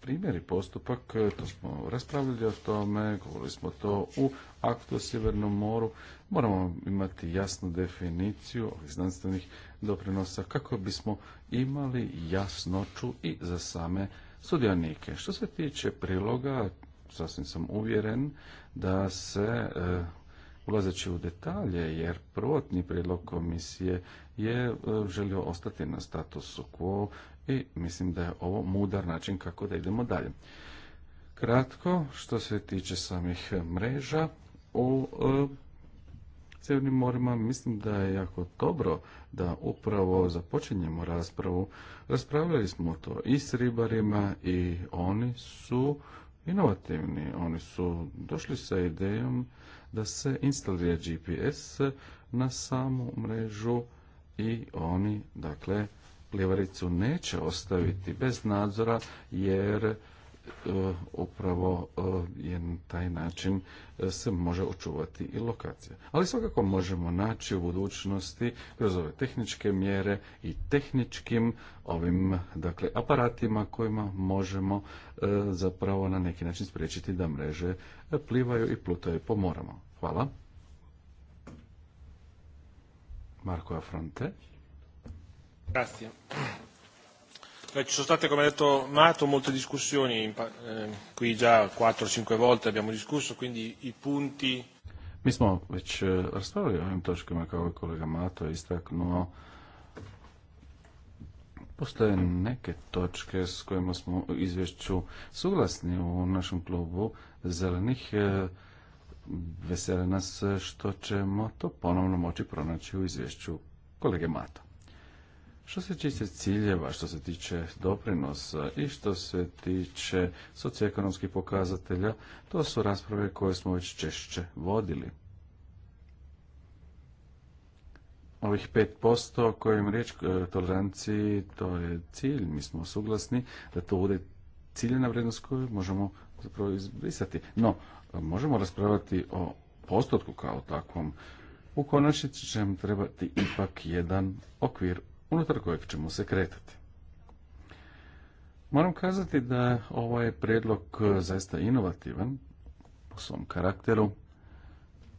primjer i postupak, e, to smo raspravljali o tome, govorili smo to u aktu o Sjevernom moru. Moramo imati jasnu definiciju ovih znanstvenih doprinosa kako bismo imali jasnoću i za same sudionike. Što se tiče priloga, sasvim sam uvjeren da se e, ulazeći u detalje, jer prvotni prijedlog komisije je želio ostati na statusu quo, i mislim da je ovo mudar način kako da idemo dalje. Kratko, što se tiče samih mreža u e, Sjevernim morima, mislim da je jako dobro da upravo započinjemo raspravu. Raspravljali smo to i s ribarima i oni su inovativni. Oni su došli sa idejom da se instalira GPS na samu mrežu i oni, dakle, plivaricu neće ostaviti bez nadzora jer e, upravo e, je na taj način e, se može očuvati i lokacija. Ali svakako možemo naći u budućnosti kroz ove tehničke mjere i tehničkim ovim dakle aparatima kojima možemo zapravo na neki način spriječiti da mreže plivaju i plutaju po morama. Hvala. Marko Afronte. Grazie. Beh, ci sono state, come ha detto Mato, molte discussioni, pa-, eh, qui già 4-5 volte abbiamo discusso, quindi i punti... Mi smo već eh, raspravili o ovim točkama kao je kolega Mato istaknuo. Postoje neke točke s kojima smo u izvješću suglasni u našem klubu zelenih. Eh, Vesele nas što ćemo to ponovno moći pronaći u izvješću kolege Mato. Što se tiče ciljeva, što se tiče doprinosa i što se tiče socioekonomskih pokazatelja, to su rasprave koje smo već češće vodili. Ovih 5% o kojem riječ e, toleranciji, to je cilj, mi smo suglasni da to bude ciljena vrijednost koju možemo zapravo izbrisati. No, možemo raspravati o postotku kao takvom. U konačnici ćemo trebati ipak jedan okvir unutar kojeg ćemo se kretati. Moram kazati da ovaj e, je ovaj predlog zaista inovativan po svom karakteru.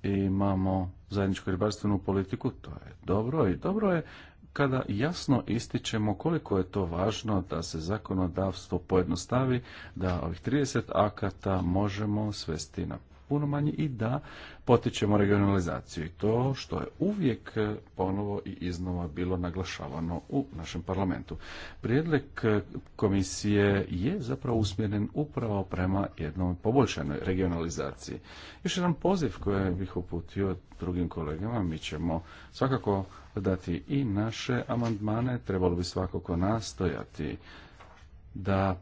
Imamo zajedničku ribarstvenu politiku, to je dobro i dobro je kada jasno ističemo koliko je to važno da se zakonodavstvo pojednostavi, da ovih 30 akata možemo svesti na puno manji i da potičemo regionalizaciju i to što je uvijek e, ponovo i iznova bilo naglašavano u našem parlamentu. Prijedlog e, komisije je zapravo usmjeren upravo prema jednom poboljšanoj regionalizaciji. Još jedan poziv koji bih uputio drugim kolegama, mi ćemo svakako dati i naše amandmane, trebalo bi svakako nastojati da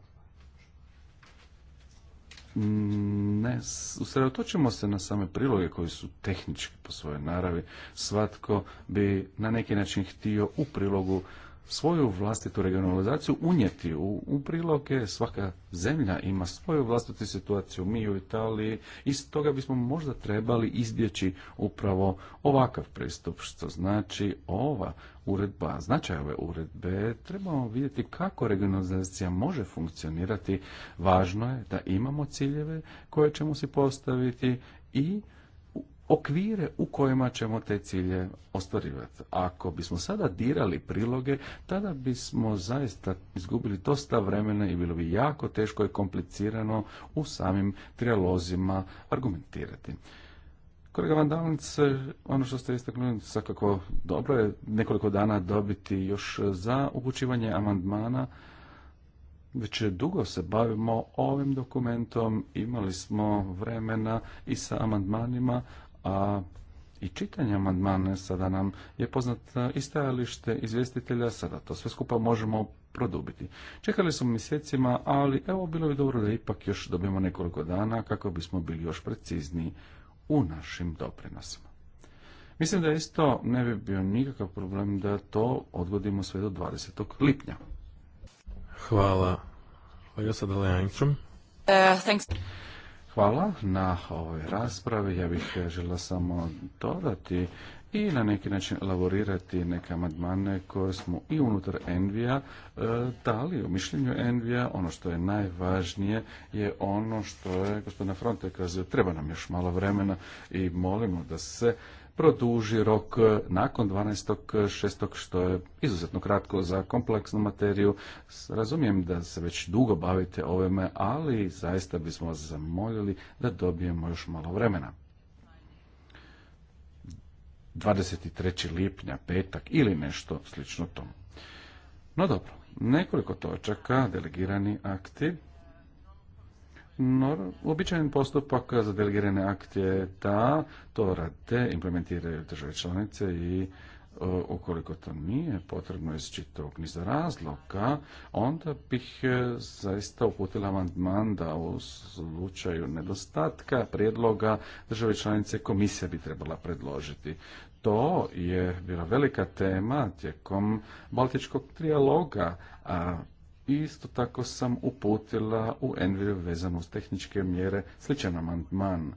ne usredotočimo se na same priloge koji su tehnički po svojoj naravi. Svatko bi na neki način htio u prilogu svoju vlastitu regionalizaciju unijeti u, u priloge. Svaka zemlja ima svoju vlastitu situaciju, mi u Italiji. I toga bismo možda trebali izbjeći upravo ovakav pristup, što znači ova uredba, značaj ove uredbe, trebamo vidjeti kako regionalizacija može funkcionirati. Važno je da imamo ciljeve koje ćemo si postaviti i okvire u kojima ćemo te cilje ostvarivati. Ako bismo sada dirali priloge, tada bismo zaista izgubili dosta vremena i bilo bi jako teško i komplicirano u samim trijalozima argumentirati. Kolega Van ono što ste istaknuli, svakako dobro je nekoliko dana dobiti još za upućivanje amandmana. Već dugo se bavimo ovim dokumentom, imali smo vremena i sa amandmanima, a i čitanje amandmane sada nam je poznat i stajalište izvjestitelja, sada to sve skupa možemo produbiti. Čekali smo mjesecima, ali evo bilo bi dobro da ipak još dobijemo nekoliko dana kako bismo bili još precizniji u našim doprinosima. Mislim da isto ne bi bio nikakav problem da to odgodimo sve do 20. lipnja. Hvala. Hvala Hvala na ovoj raspravi. Ja bih eh, žela samo dodati i na neki način elaborirati neke amandmane koje smo i unutar Envija eh, dali u mišljenju Envija. Ono što je najvažnije je ono što je gospodina Fronte kazao, treba nam još malo vremena i molimo da se produži rok e, nakon 12.6. E, što je izuzetno kratko za kompleksnu materiju. Razumijem da se već dugo bavite ovime, ali zaista bismo vas zamolili da dobijemo još malo vremena. 23. lipnja, petak ili nešto slično tomu. No dobro, nekoliko točaka, delegirani akti, Uobičajen postupak za delegirane akte je da to rade, implementiraju države članice i e, ukoliko to nije potrebno iz čitavog niza razloga, onda bih e, zaista uputila amandman da u slučaju nedostatka prijedloga države članice komisija bi trebala predložiti. To je bila velika tema tijekom Baltičkog trijaloga, a isto tako sam uputila u enviru vezano uz tehničke mjere sličan amandman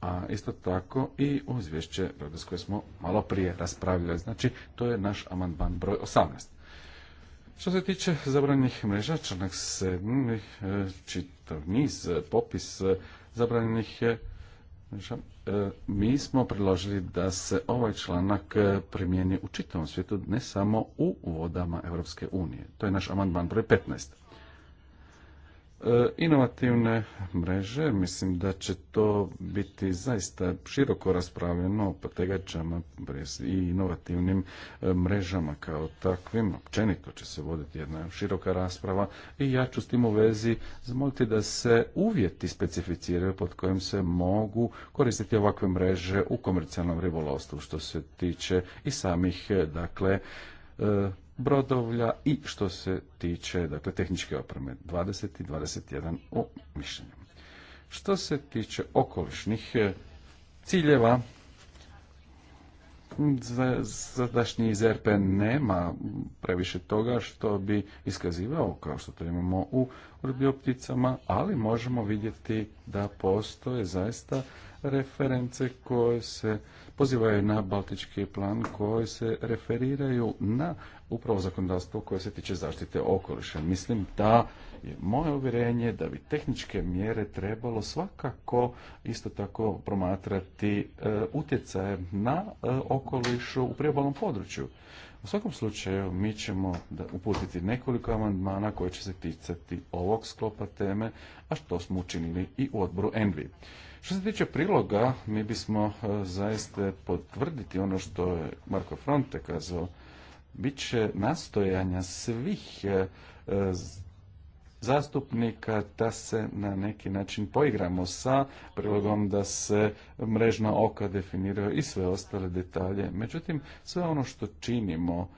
a isto tako i u izvješće koje smo malo prije raspravljali. Znači, to je naš amandman broj 18. Što se tiče zabranjenih mreža, članak 7, e, čitav niz, popis e, zabranjenih E, mi smo predložili da se ovaj članak e, primijeni u čitavom svijetu, ne samo u vodama Europske unije. To je naš amandman broj 15. E, inovativne mreže, mislim da će to biti zaista široko raspravljeno o potegačama i inovativnim e, mrežama kao takvim. Općenito će se voditi jedna široka rasprava i ja ću s tim u vezi zamoliti da se uvjeti specificiraju pod kojim se mogu koristiti ovakve mreže u komercijalnom ribolovstvu što se tiče i samih e, dakle brodovlja i što se tiče dakle, tehničke opreme 20 i 21 u mišljenju. Što se tiče okolišnih e, ciljeva, sadašnji ZRP nema previše toga što bi iskazivao kao što to imamo u uredbi ali možemo vidjeti da postoje zaista reference koje se pozivaju na baltički plan, koje se referiraju na upravo zakonodavstvo koje se tiče zaštite okoliša. Mislim da je moje uvjerenje da bi tehničke mjere trebalo svakako isto tako promatrati e, utjecaje na e, okolišu u priobalnom području. U svakom slučaju mi ćemo da uputiti nekoliko amandmana koji će se ticati ovog sklopa teme, a što smo učinili i u odboru Envi. Što se tiče priloga, mi bismo e, zaista potvrditi ono što je Marko Fronte kazao bit će nastojanja svih e, e, zastupnika da se na neki način poigramo sa prilogom da se mrežna oka definiraju i sve ostale detalje. Međutim, sve ono što činimo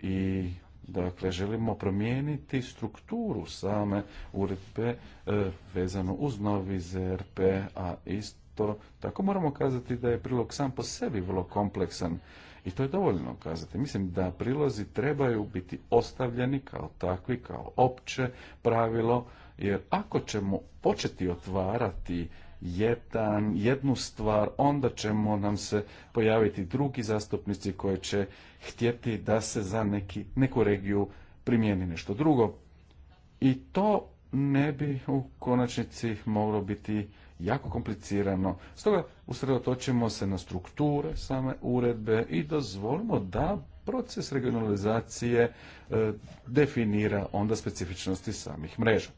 i Dakle, želimo promijeniti strukturu same uredbe e, vezano uz novi ZRP, a isto tako moramo kazati da je prilog sam po sebi vrlo kompleksan. I to je dovoljno kazati. Mislim da prilozi trebaju biti ostavljeni kao takvi, kao opće pravilo, jer ako ćemo početi otvarati jedan, jednu stvar, onda ćemo nam se pojaviti drugi zastupnici koji će htjeti da se za neki, neku regiju primijeni nešto drugo. I to ne bi u konačnici moglo biti jako komplicirano. Stoga usredotočimo se na strukture same uredbe i dozvolimo da proces regionalizacije e, definira onda specifičnosti samih mreža.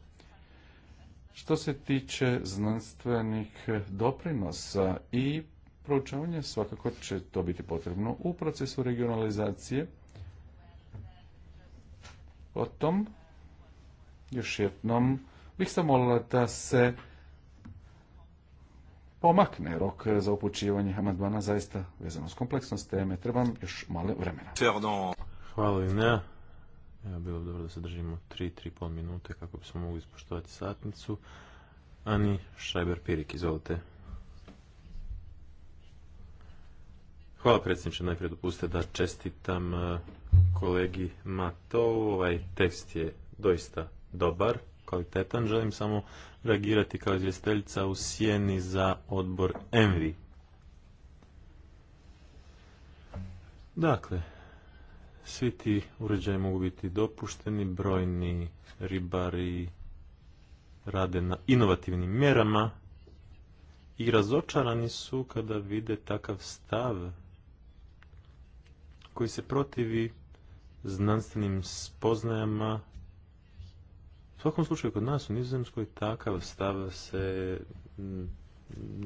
Što se tiče znanstvenih doprinosa i proučavanja, svakako će to biti potrebno u procesu regionalizacije. Potom, još jednom, bih molila da se pomakne rok za upućivanje amandmana zaista vezano s kompleksnost teme. Trebam još malo vremena. Hvala ne. Evo, bilo bi dobro da se držimo 3-3,5 minute kako bismo mogli ispoštovati satnicu. Ani Šajber-Pirik, izvolite. Hvala predsjedniče, najprije dopustite da čestitam eh, kolegi Mato. Ovaj tekst je doista dobar kvalitetan. Želim samo reagirati kao izvjestiteljica u sjeni za odbor ENVI. Dakle, svi ti uređaji mogu biti dopušteni, brojni ribari rade na inovativnim mjerama i razočarani su kada vide takav stav koji se protivi znanstvenim spoznajama u svakom slučaju kod nas u Nizozemskoj takav stav se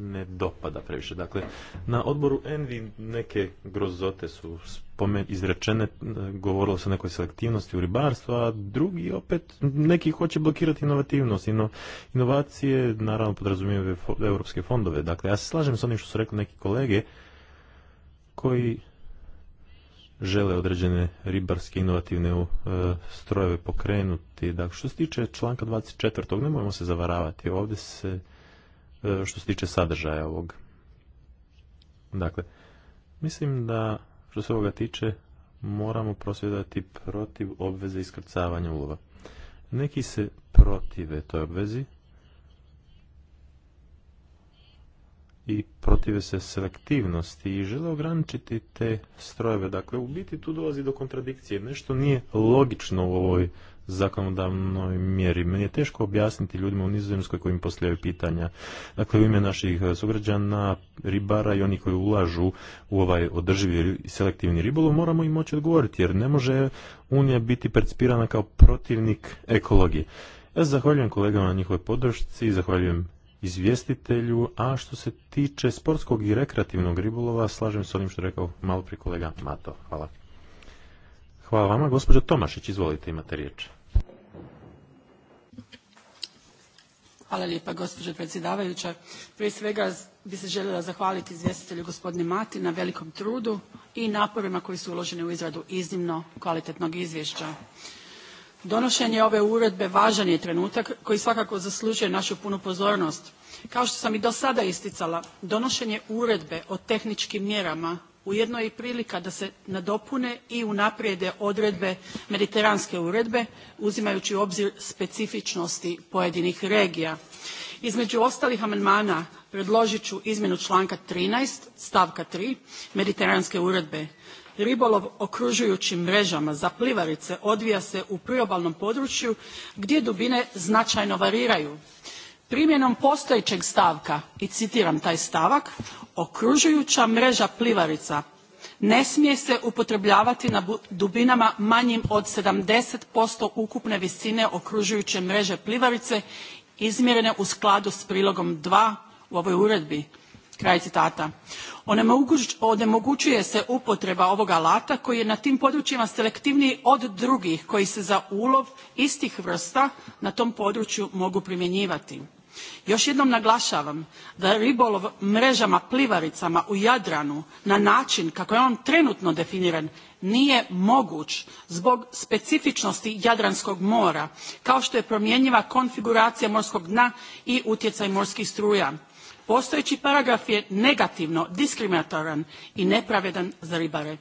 ne dopada previše. Dakle, na odboru Envi neke grozote su spomen izrečene, govorilo se o nekoj selektivnosti u ribarstvu, a drugi opet, neki hoće blokirati inovativnost. Ino, inovacije naravno podrazumijevaju europske fondove. Dakle, ja se slažem s onim što su rekli neki kolege koji žele određene ribarske inovativne uh, strojeve pokrenuti. Dakle, što se tiče članka 24. ne možemo se zavaravati. Ovdje se, uh, što se tiče sadržaja ovog. Dakle, mislim da što se ovoga tiče moramo prosvjedati protiv obveze iskrcavanja ulova. Neki se protive toj obvezi, i protive se selektivnosti i žele ograničiti te strojeve. Dakle, u biti tu dolazi do kontradikcije. Nešto nije logično u ovoj zakonodavnoj mjeri. Meni je teško objasniti ljudima u Nizozemskoj koji im postavljaju pitanja. Dakle, u ime naših e, sugrađana, ribara i oni koji ulažu u ovaj održivi i selektivni ribolov, moramo im moći odgovoriti, jer ne može Unija biti percipirana kao protivnik ekologije. Ja e, zahvaljujem kolegama na njihovoj podršci, zahvaljujem izvjestitelju, a što se tiče sportskog i rekreativnog ribolova, slažem se onim što je rekao malo kolega Mato. Hvala. Hvala vama. Gospođa Tomašić, izvolite, imate riječ. Hvala lijepa, gospođo predsjedavajuća. Prije svega bi se željela zahvaliti izvjestitelju gospodinu Mati na velikom trudu i naporima koji su uloženi u izradu iznimno kvalitetnog izvješća. Donošenje ove uredbe važan je trenutak koji svakako zaslužuje našu punu pozornost. Kao što sam i do sada isticala, donošenje uredbe o tehničkim mjerama ujedno je i prilika da se nadopune i unaprijede odredbe mediteranske uredbe uzimajući u obzir specifičnosti pojedinih regija. Između ostalih amandmana predložit ću izmjenu članka 13. stavka 3. mediteranske uredbe ribolov okružujućim mrežama za plivarice odvija se u priobalnom području gdje dubine značajno variraju. Primjenom postojećeg stavka, i citiram taj stavak, okružujuća mreža plivarica ne smije se upotrebljavati na dubinama manjim od 70% ukupne visine okružujuće mreže plivarice izmjerene u skladu s prilogom 2 u ovoj uredbi Kraj citata. Onemogućuje se upotreba ovog alata koji je na tim područjima selektivniji od drugih koji se za ulov istih vrsta na tom području mogu primjenjivati. Još jednom naglašavam da ribolov mrežama plivaricama u Jadranu na način kako je on trenutno definiran nije moguć zbog specifičnosti Jadranskog mora, kao što je promjenjiva konfiguracija morskog dna i utjecaj morskih struja. Postojeći paragraf je negativno diskriminatoran i nepravedan za ribare.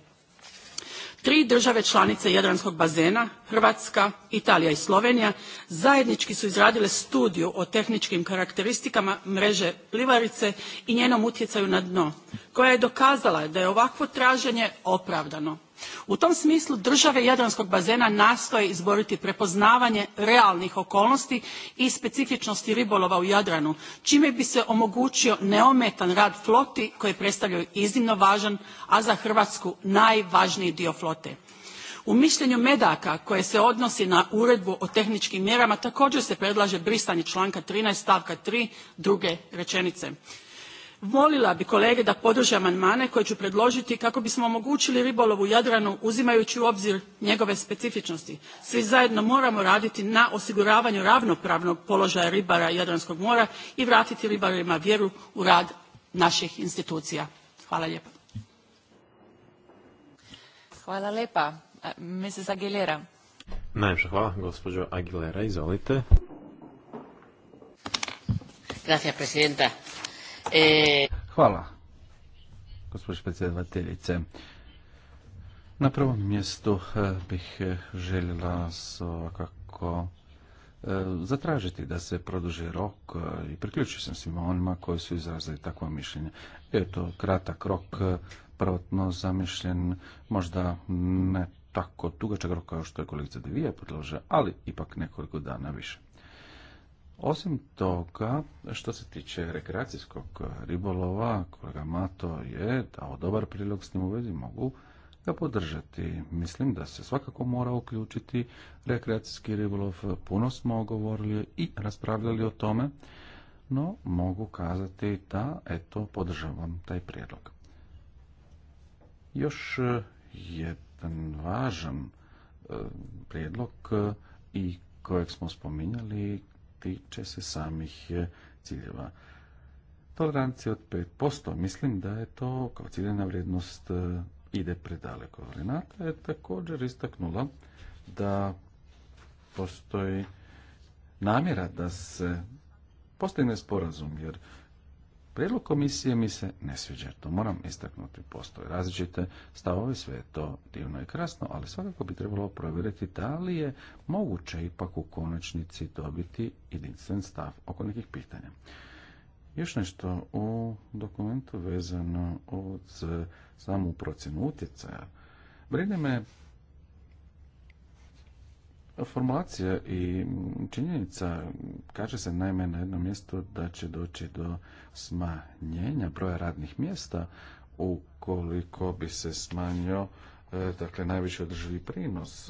Tri države članice Jadranskog bazena, Hrvatska, Italija i Slovenija, zajednički su izradile studiju o tehničkim karakteristikama mreže plivarice i njenom utjecaju na dno, koja je dokazala da je ovakvo traženje opravdano u tom smislu države jadranskog bazena nastoje izboriti prepoznavanje realnih okolnosti i specifičnosti ribolova u jadranu čime bi se omogućio neometan rad floti koje predstavljaju iznimno važan a za hrvatsku najvažniji dio flote. U mišljenju Medaka koje se odnosi na uredbu o tehničkim mjerama također se predlaže brisanje članka 13. stavka 3. druge rečenice molila bi kolege da podrže amandmane koje ću predložiti kako bismo omogućili ribolov u jadranu uzimajući u obzir njegove specifičnosti. svi zajedno moramo raditi na osiguravanju ravnopravnog položaja ribara jadranskog mora i vratiti ribarima vjeru u rad naših institucija. hvala lijepa. Hvala lijepa. E, Mrs. hvala, gospođo Aguilera, presidenta. E, Hvala, gospođo predsjedavateljice. Na prvom mjestu e, bih e, željela svakako zatražiti da se produži rok i priključio sam svima onima koji su izrazili takvo mišljenje. Eto to kratak rok, prvotno zamišljen, možda ne tako tugačak rok kao što je kolegica Devija predložila, ali ipak nekoliko dana više. Osim toga, što se tiče rekreacijskog ribolova, kolega Mato je dao dobar prilog s njim u mogu ga podržati. Mislim da se svakako mora uključiti rekreacijski ribolov. Puno smo govorili i raspravljali o tome, no mogu kazati da, eto, podržavam taj prijedlog. Još e, jedan važan e, prijedlog e, i kojeg smo spominjali tiče se samih e, ciljeva. Tolerancija od 5%, mislim da je to kao ciljena vrijednost e, ide predaleko. Renata je također istaknula da postoji namjera da se postigne sporazum, jer Prijedlog komisije mi se ne sviđa, to moram istaknuti, postoje različite stavove, sve je to divno i krasno, ali svakako bi trebalo provjeriti da li je moguće ipak u konačnici dobiti jedinstven stav oko nekih pitanja. Još nešto u dokumentu vezano od samu procjenu utjecaja. Brine me Formulacija i činjenica, kaže se naime na jednom mjestu da će doći do smanjenja broja radnih mjesta ukoliko bi se smanjio e, dakle najviše održivi prinos.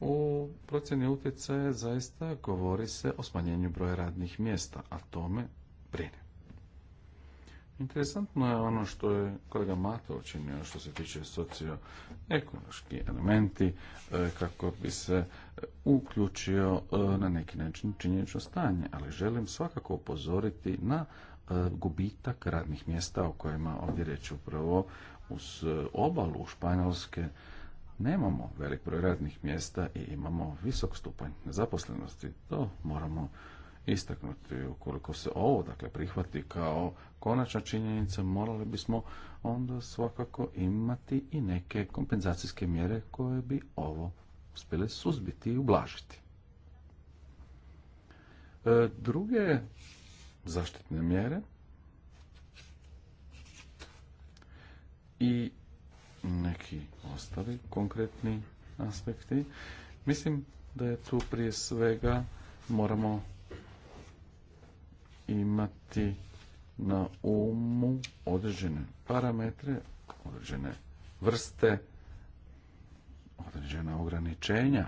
U procjeni utjecaja zaista govori se o smanjenju broja radnih mjesta, a tome prinim. Interesantno je ono što je kolega Mato učinio što se tiče socioekološki elementi e, kako bi se e, uključio e, na neki način činjenično stanje, ali želim svakako upozoriti na gubitak radnih mjesta o kojima ovdje reći upravo uz obalu Španjolske nemamo velik broj radnih mjesta i imamo visok stupanj nezaposlenosti. To moramo istaknuti. Ukoliko se ovo dakle prihvati kao konačna činjenica, morali bismo onda svakako imati i neke kompenzacijske mjere koje bi ovo uspjele suzbiti i ublažiti. E, druge zaštitne mjere i neki ostali konkretni aspekti. Mislim da je tu prije svega moramo imati na umu određene parametre, određene vrste, određena ograničenja.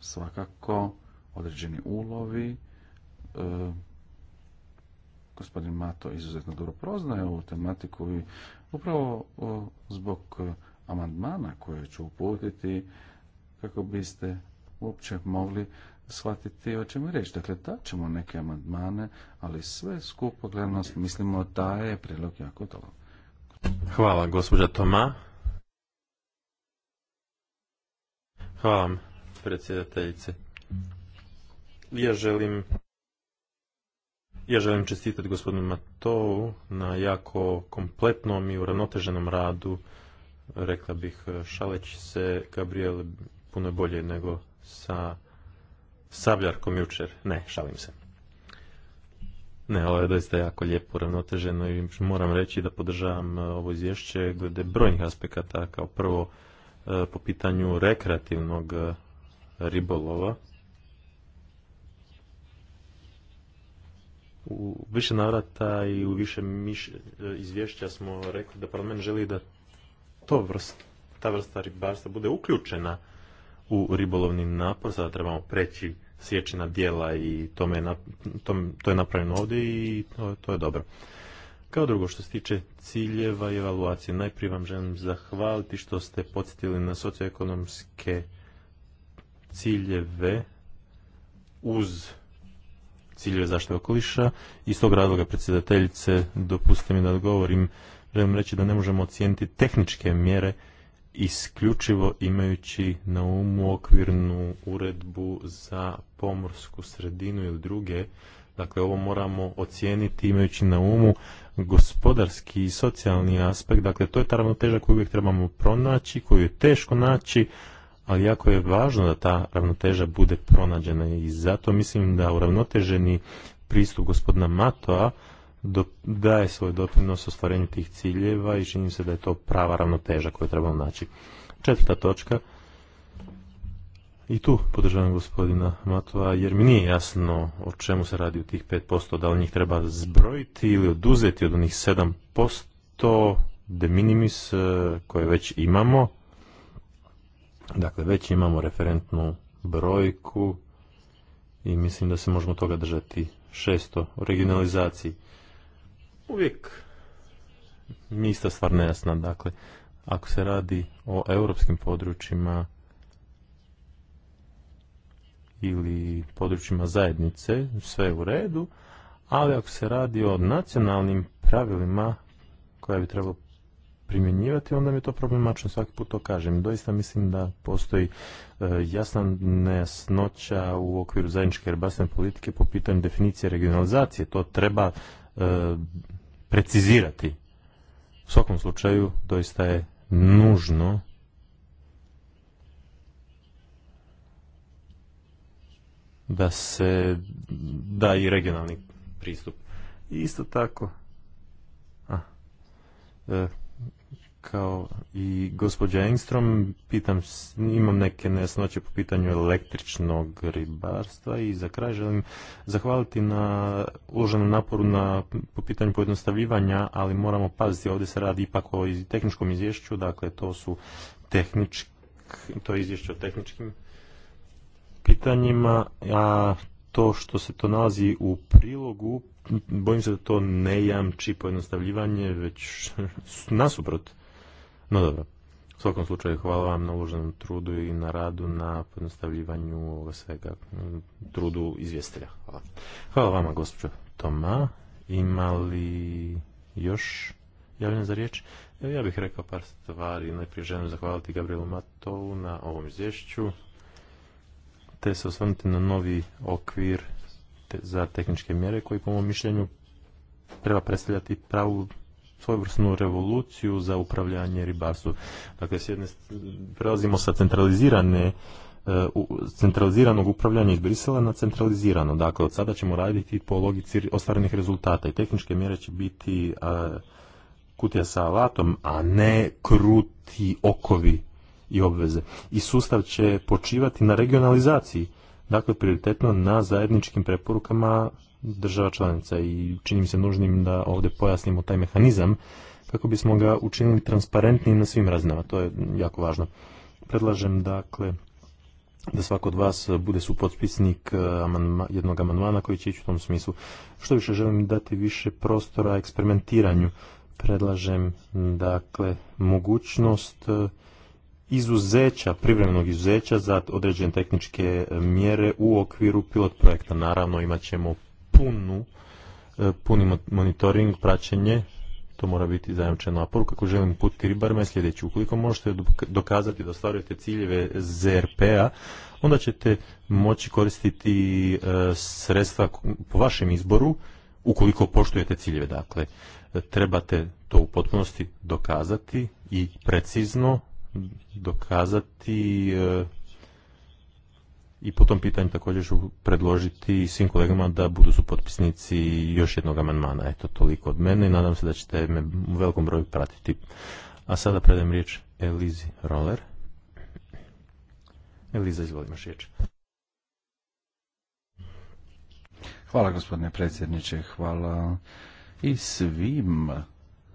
Svakako određeni ulovi. E, gospodin Mato izuzetno dobro proznaje ovu tematiku i upravo e, zbog amandmana koje ću uputiti kako biste uopće mogli shvatiti o čemu reći. Dakle, da ćemo neke amandmane, ali sve skupo gledano mislimo da je prilog jako dobro. Hvala, gospođa Toma. Hvala predsjedateljice. Ja želim ja želim čestitati gospodinu Matovu na jako kompletnom i uravnoteženom radu. Rekla bih, šaleći se, Gabriel puno bolje nego sa sabljarkom jučer. Ne, šalim se. Ne, ovo je doista jako lijepo ravnoteženo i moram reći da podržavam e, ovo izvješće glede brojnih aspekata kao prvo e, po pitanju rekreativnog e, ribolova. U više navrata i u više izvješća smo rekli da parlament želi da ta vrsta ribarstva bude uključena u ribolovni napor, sada trebamo preći sječina dijela i to, to je napravljeno ovdje i to je dobro. Kao drugo što se tiče ciljeva i evaluacije, najprije vam želim zahvaliti što ste podsjetili na socioekonomske ciljeve uz ciljeve zaštite okoliša. Iz tog razloga predsjedateljice dopustite mi da odgovorim. Želim reći da ne možemo ocijeniti tehničke mjere isključivo imajući na umu okvirnu uredbu za pomorsku sredinu ili druge. Dakle, ovo moramo ocijeniti imajući na umu gospodarski i socijalni aspekt. Dakle, to je ta ravnoteža koju uvijek trebamo pronaći, koju je teško naći, ali jako je važno da ta ravnoteža bude pronađena i zato mislim da uravnoteženi pristup gospodina Matoa do, daje svoj doprinos ostvarenju tih ciljeva i čini se da je to prava ravnoteža koju trebamo naći. Četvrta točka, i tu podržavam gospodina Matova, jer mi nije jasno o čemu se radi u tih 5%, da li njih treba zbrojiti ili oduzeti od onih 7% de minimis eh, koje već imamo. Dakle, već imamo referentnu brojku i mislim da se možemo toga držati. Šesto, o regionalizaciji uvijek mi ista stvar nejasna. Dakle, ako se radi o europskim područjima ili područjima zajednice, sve je u redu, ali ako se radi o nacionalnim pravilima koja bi trebalo primjenjivati, onda mi je to problematično, svaki put to kažem. Doista mislim da postoji e, jasna nejasnoća u okviru zajedničke ribarstvene politike po pitanju definicije regionalizacije. To treba e, precizirati. U svakom slučaju, doista je nužno da se da i regionalni pristup. Isto tako, a, e, kao i gospođa Engstrom, pitam, imam neke nesnoće po pitanju električnog ribarstva i za kraj želim zahvaliti na uloženom naporu na, po pitanju pojednostavljivanja, ali moramo paziti, ovdje se radi ipak o tehničkom izvješću, dakle to su tehnički, to je izvješće o tehničkim pitanjima, a to što se to nalazi u prilogu, bojim se da to ne jamči pojednostavljivanje, već nasuprot no dobro. U svakom slučaju hvala vam na uloženom trudu i na radu na podnostavljivanju ovoga svega trudu izvjestelja. Hvala. Hvala vama gospođo Toma. Ima li još javljanje za riječ? ja bih rekao par stvari. Najprije želim zahvaliti Gabrielu Matovu na ovom izvješću te se osvrnuti na novi okvir za tehničke mjere koji po mom mišljenju treba predstavljati pravu svojevrsnu revoluciju za upravljanje ribarstvom. Dakle, s prelazimo sa centralizirane e, centraliziranog upravljanja iz Brisela na centralizirano. Dakle, od sada ćemo raditi po logici ostvarenih rezultata i tehničke mjere će biti e, kutija sa alatom, a ne kruti okovi i obveze. I sustav će počivati na regionalizaciji, dakle prioritetno na zajedničkim preporukama država članica i čini mi se nužnim da ovdje pojasnimo taj mehanizam kako bismo ga učinili transparentnijim na svim razinama. To je jako važno. Predlažem dakle da svako od vas bude supotpisnik eh, jednog amandmana koji će ići u tom smislu. Što više želim dati više prostora eksperimentiranju. Predlažem dakle mogućnost eh, izuzeća, privremenog izuzeća za određene tehničke eh, mjere u okviru pilot projekta. Naravno imat ćemo punu, e, puni monitoring, praćenje, to mora biti zajamčeno. aporu, kako želim putiti ribarima sljedeći. Ukoliko možete dokazati da ostvarujete ciljeve ZRP-a, onda ćete moći koristiti e, sredstva po vašem izboru, ukoliko poštujete ciljeve. Dakle, trebate to u potpunosti dokazati i precizno dokazati e, i po tom pitanju također ću predložiti svim kolegama da budu su potpisnici još jednog amandmana. Eto, toliko od mene i nadam se da ćete me u velikom broju pratiti. A sada predajem riječ Elizi Roller. Eliza, izvolimo riječ. Hvala gospodine predsjedniče, hvala i svim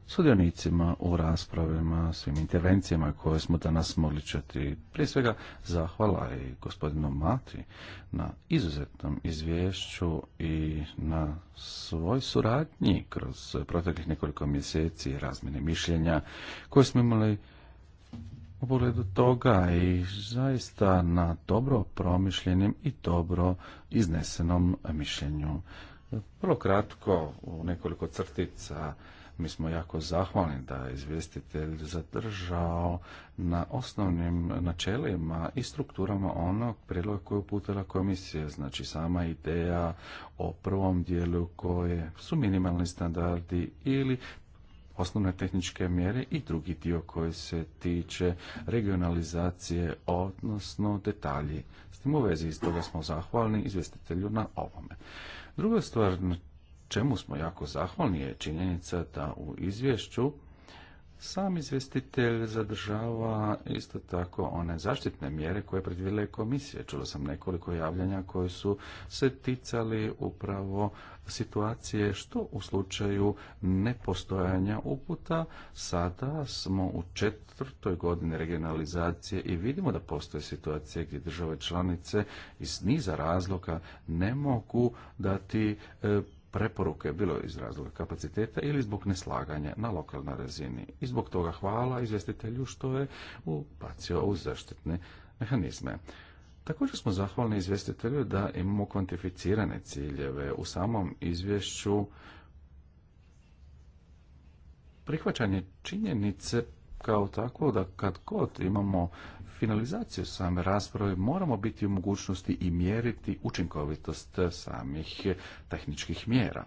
sudionicima u raspravima, svim intervencijama koje smo danas mogli čuti. Prije svega zahvala i gospodinu Mati na izuzetnom izvješću i na svoj suradnji kroz proteklih nekoliko mjeseci razmjene mišljenja koje smo imali u pogledu toga i zaista na dobro promišljenim i dobro iznesenom mišljenju. Vrlo kratko, u nekoliko crtica, mi smo jako zahvalni da je izvjestitelj zadržao na osnovnim načelima i strukturama onog prijedloga koje je uputila komisija. Znači sama ideja o prvom dijelu koje su minimalni standardi ili osnovne tehničke mjere i drugi dio koji se tiče regionalizacije, odnosno detalji. S tim u vezi iz toga smo zahvalni izvjestitelju na ovome. Druga stvar čemu smo jako zahvalni je činjenica da u izvješću sam izvjestitelj zadržava isto tako one zaštitne mjere koje predvile komisije. Čuo sam nekoliko javljanja koje su se ticali upravo situacije što u slučaju nepostojanja uputa. Sada smo u četvrtoj godini regionalizacije i vidimo da postoje situacije gdje države članice iz niza razloga ne mogu dati e, preporuke bilo iz razloga kapaciteta ili zbog neslaganja na lokalnoj razini. I zbog toga hvala izvjestitelju što je upacio u zaštitne mehanizme. Također smo zahvalni izvjestitelju da imamo kvantificirane ciljeve u samom izvješću prihvaćanje činjenice kao tako da kad god imamo finalizaciju same rasprave moramo biti u mogućnosti i mjeriti učinkovitost samih tehničkih mjera.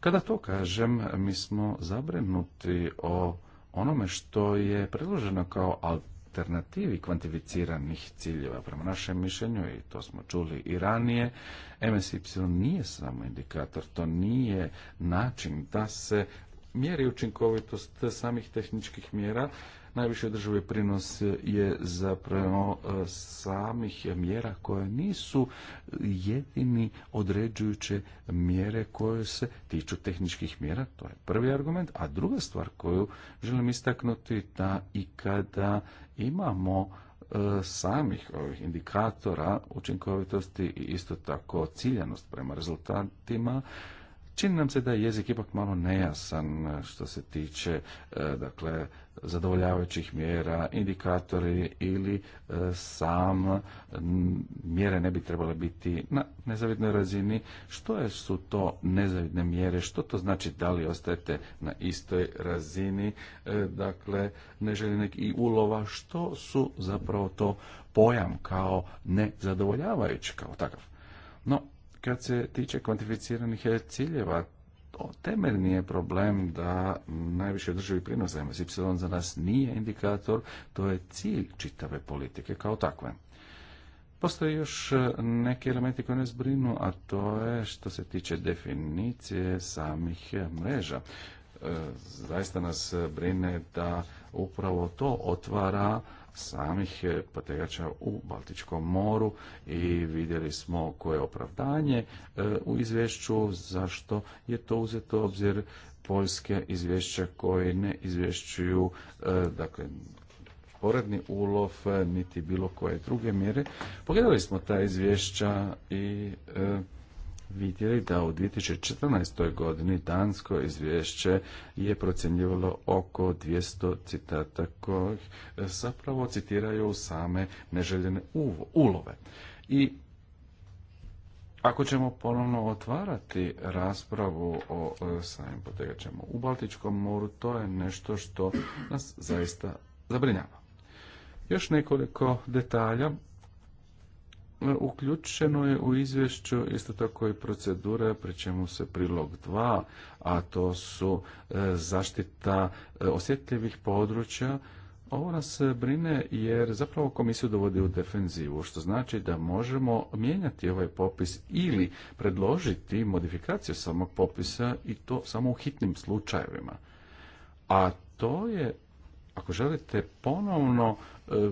Kada to kažem, mi smo zabrinuti o onome što je predloženo kao alternativi kvantificiranih ciljeva. Prema našem mišljenju, i to smo čuli i ranije, MSY nije samo indikator, to nije način da se mjeri učinkovitost samih tehničkih mjera, najviše države prinos je zapravo e, samih mjera koje nisu jedini određujuće mjere koje se tiču tehničkih mjera. To je prvi argument. A druga stvar koju želim istaknuti da i kada imamo e, samih ovih indikatora učinkovitosti i isto tako ciljanost prema rezultatima Čini nam se da je jezik ipak malo nejasan eh, što se tiče eh, dakle, zadovoljavajućih mjera, indikatori ili eh, sam mjere ne bi trebale biti na nezavidnoj razini. Što su to nezavidne mjere? Što to znači da li ostajete na istoj razini dakle, neželjenih i ulova? Što su zapravo to pojam kao nezadovoljavajući kao takav? No, kad se tiče kvantificiranih eh, ciljeva, to temeljni je problem da najviše održivi prinos za MSY za nas nije indikator, to je cilj čitave politike kao takve. Postoje još eh, neki elementi koji nas brinu, a to je što se tiče definicije samih eh, mreža. zaista nas brine da upravo to otvara samih eh, potegača u Baltičkom moru i vidjeli smo koje opravdanje eh, u izvješću zašto je to uzeto obzir poljske izvješća koje ne izvješćuju eh, dakle poredni ulov niti bilo koje druge mjere. Pogledali smo ta izvješća i vidjeli da u 2014. godini dansko izvješće je procjenjivalo oko 200 citata koji zapravo citiraju same neželjene ulove. I ako ćemo ponovno otvarati raspravu o e, samim potegačama u Baltičkom moru, to je nešto što nas zaista zabrinjava. Još nekoliko detalja uključeno je u izvješću isto tako i procedura, pri čemu se prilog dva a to su e, zaštita e, osjetljivih područja, ovo nas e, brine jer zapravo komisiju dovodi u defenzivu, što znači da možemo mijenjati ovaj popis ili predložiti modifikaciju samog popisa i to samo u hitnim slučajevima. A to je, ako želite, ponovno E,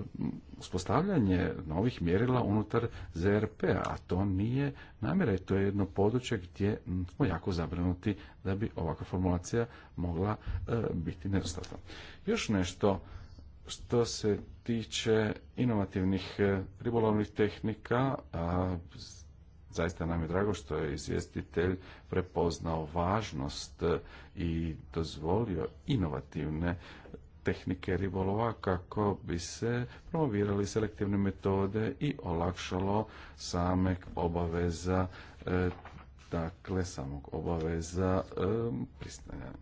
uspostavljanje novih mjerila unutar ZRP, p-a, a to nije namjera i to je jedno područje gdje smo jako zabrinuti da bi ovakva formulacija mogla e, biti nedostatna. Još nešto što se tiče inovativnih e, ribolovnih tehnika, a zaista nam je drago što je izvjestitelj prepoznao važnost i dozvolio inovativne tehnike ribolova kako bi se promovirali selektivne metode i olakšalo same obaveza e, dakle samog obaveza e, pristanja.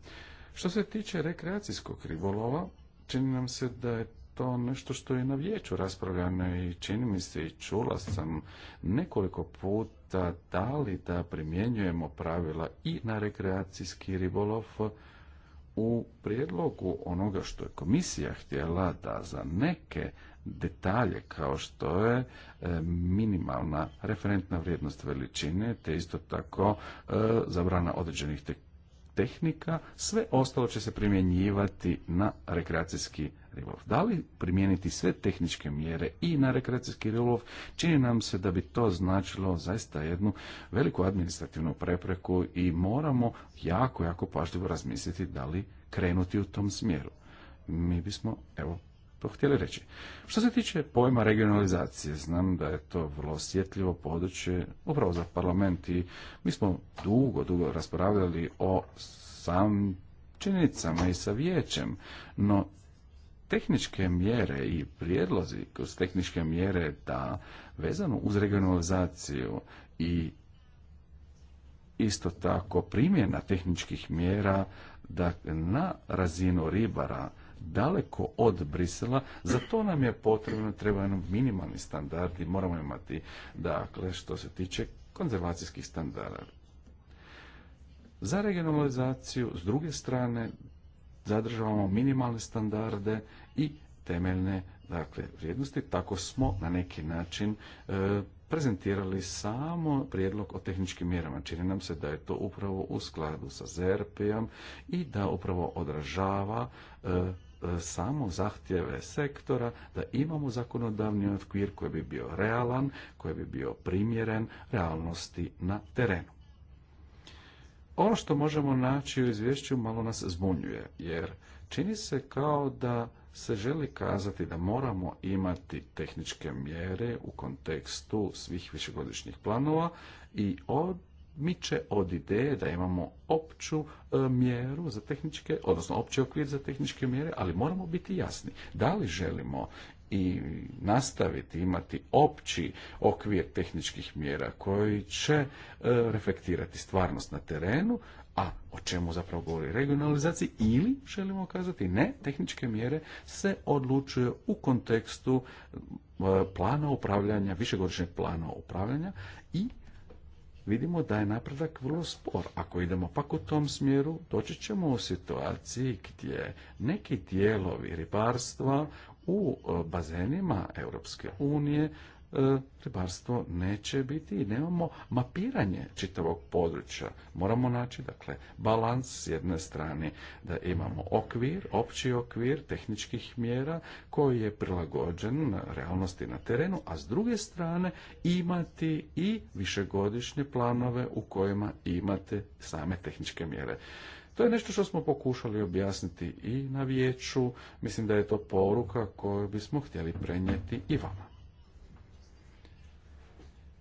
Što se tiče rekreacijskog ribolova, čini nam se da je to nešto što je na vijeću raspravljano i čini mi se i čula sam nekoliko puta da li da primjenjujemo pravila i na rekreacijski ribolov, u prijedlogu onoga što je komisija htjela da za neke detalje kao što je e, minimalna referentna vrijednost veličine, te isto tako e, zabrana određenih tehnika, sve ostalo će se primjenjivati na rekreacijski da li primijeniti sve tehničke mjere i na rekreacijski ribolov, čini nam se da bi to značilo zaista jednu veliku administrativnu prepreku i moramo jako, jako pažljivo razmisliti da li krenuti u tom smjeru. Mi bismo, evo, to htjeli reći. Što se tiče pojma regionalizacije, znam da je to vrlo osjetljivo područje upravo za parlament i mi smo dugo, dugo raspravljali o sam činjenicama i sa vijećem, no tehničke mjere i prijedlozi kroz tehničke mjere da vezano uz regionalizaciju i isto tako primjena tehničkih mjera da na razinu ribara daleko od Brisela, za to nam je potrebno, treba nam minimalni standardi, moramo imati, dakle, što se tiče konzervacijskih standarda. Za regionalizaciju, s druge strane, zadržavamo minimalne standarde i temeljne dakle, vrijednosti. Tako smo na neki način e, prezentirali samo prijedlog o tehničkim mjerama. Čini nam se da je to upravo u skladu sa ZRP-om i da upravo odražava e, e, samo zahtjeve sektora, da imamo zakonodavni okvir koji bi bio realan, koji bi bio primjeren realnosti na terenu. Ono što možemo naći u izvješću malo nas zbunjuje, jer čini se kao da se želi kazati da moramo imati tehničke mjere u kontekstu svih višegodišnjih planova i od miče od ideje da imamo opću e, mjeru za tehničke, odnosno opći okvir za tehničke mjere, ali moramo biti jasni. Da li želimo i nastaviti imati opći okvir tehničkih mjera koji će e, reflektirati stvarnost na terenu, a o čemu zapravo govori regionalizaciji ili želimo kazati ne, tehničke mjere se odlučuje u kontekstu e, plana upravljanja, višegodišnjeg plana upravljanja i vidimo da je napredak vrlo spor. Ako idemo pak u tom smjeru, doći ćemo u situaciji gdje neki dijelovi ribarstva u e, bazenima Europske unije e, ribarstvo neće biti i nemamo mapiranje čitavog područja. Moramo naći dakle balans s jedne strane da imamo okvir, opći okvir tehničkih mjera koji je prilagođen realnosti na terenu, a s druge strane imati i višegodišnje planove u kojima imate same tehničke mjere. To je nešto što smo pokušali objasniti i na vijeću. Mislim da je to poruka koju bismo htjeli prenijeti i vama.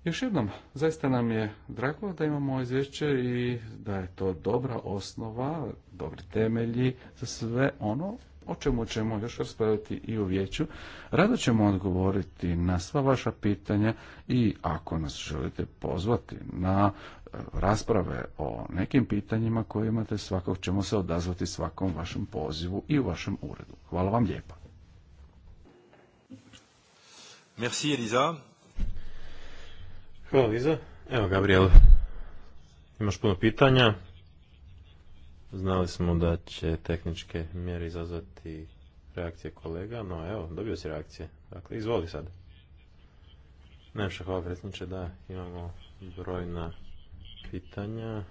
Još jednom, zaista nam je drago da imamo izvješće i da je to dobra osnova, dobri temelji za sve ono o čemu ćemo još raspraviti i u vijeću. Rado ćemo odgovoriti na sva vaša pitanja i ako nas želite pozvati na rasprave o nekim pitanjima koje imate svakog ćemo se odazvati svakom vašem pozivu i u vašem uredu. Hvala vam lijepa. Merci Eliza. Hvala Eliza. Evo Gabriel, imaš puno pitanja. Znali smo da će tehničke mjere izazvati reakcije kolega, no evo, dobio si reakcije. Dakle, izvoli sad. Najviše hvala predsjedniče da imamo brojna pitanja.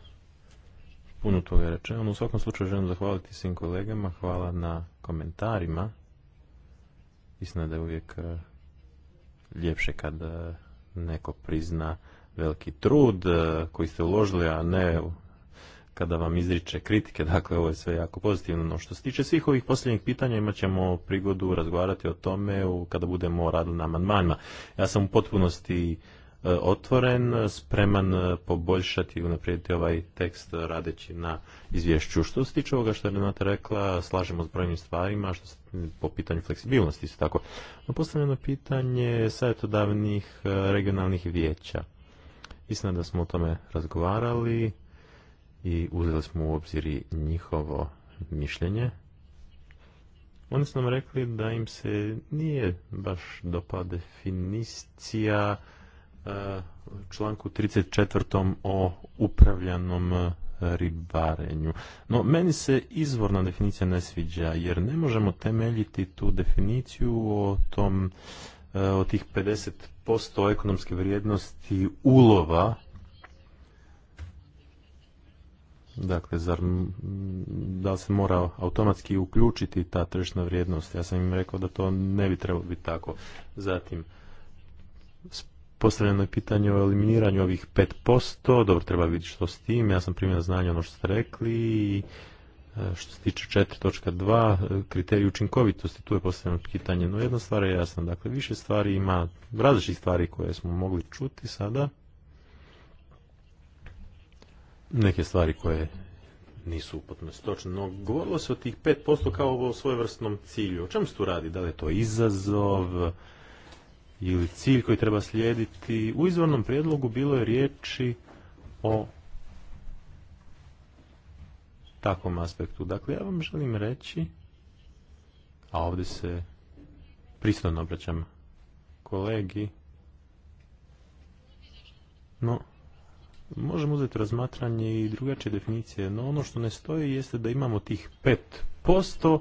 Puno toga je rečeno. U svakom slučaju želim zahvaliti svim kolegama. Hvala na komentarima. Mislim da je uvijek e, ljepše kad e, neko prizna veliki trud e, koji ste uložili, a ne kada vam izriče kritike, dakle ovo je sve jako pozitivno. No što se tiče svih ovih posljednjih pitanja imat ćemo prigodu razgovarati o tome kada budemo radili na amandmanima. Ja sam u potpunosti E, otvoren, spreman e, poboljšati i unaprijediti ovaj tekst radeći na izvješću. Što se tiče ovoga što je Renata rekla, slažemo s brojnim stvarima, što se, po pitanju fleksibilnosti isto tako. No postavljeno pitanje savjetodavnih e, regionalnih vijeća. Mislim da smo o tome razgovarali i uzeli smo u obzir njihovo mišljenje. Oni su nam rekli da im se nije baš dopao definicija E, članku 34. o upravljanom e, ribarenju. No, meni se izvorna definicija ne sviđa, jer ne možemo temeljiti tu definiciju o tom e, o tih 50% ekonomske vrijednosti ulova Dakle, zar, da li se mora automatski uključiti ta tržišna vrijednost? Ja sam im rekao da to ne bi trebalo biti tako. Zatim, postavljeno je pitanje o eliminiranju ovih 5%, dobro treba vidjeti što s tim, ja sam primio znanje ono što ste rekli i e, što se tiče 4.2 e, kriterij učinkovitosti, tu je postavljeno pitanje, no jedna stvar je jasna, dakle više stvari ima, različitih stvari koje smo mogli čuti sada, neke stvari koje nisu upotno stočne. no govorilo se o tih 5% kao o svojevrsnom cilju, o čemu se tu radi, da li je to izazov, ili cilj koji treba slijediti. U izvornom prijedlogu bilo je riječi o takvom aspektu. Dakle, ja vam želim reći, a ovdje se pristojno obraćam kolegi, no, možemo uzeti razmatranje i drugačije definicije, no ono što ne stoji jeste da imamo tih 5%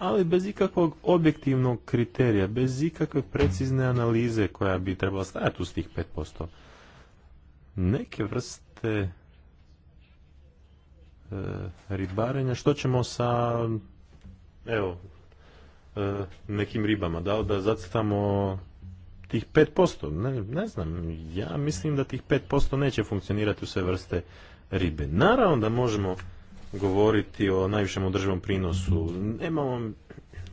ali bez ikakvog objektivnog kriterija, bez ikakve precizne analize koja bi trebala stajati uz tih 5%. Neke vrste e, ribarenja, što ćemo sa evo e, nekim ribama, da, da zacitamo tih 5%, ne, ne znam, ja mislim da tih 5% neće funkcionirati u sve vrste ribe. Naravno da možemo govoriti o najvišem održivom prinosu. Nemamo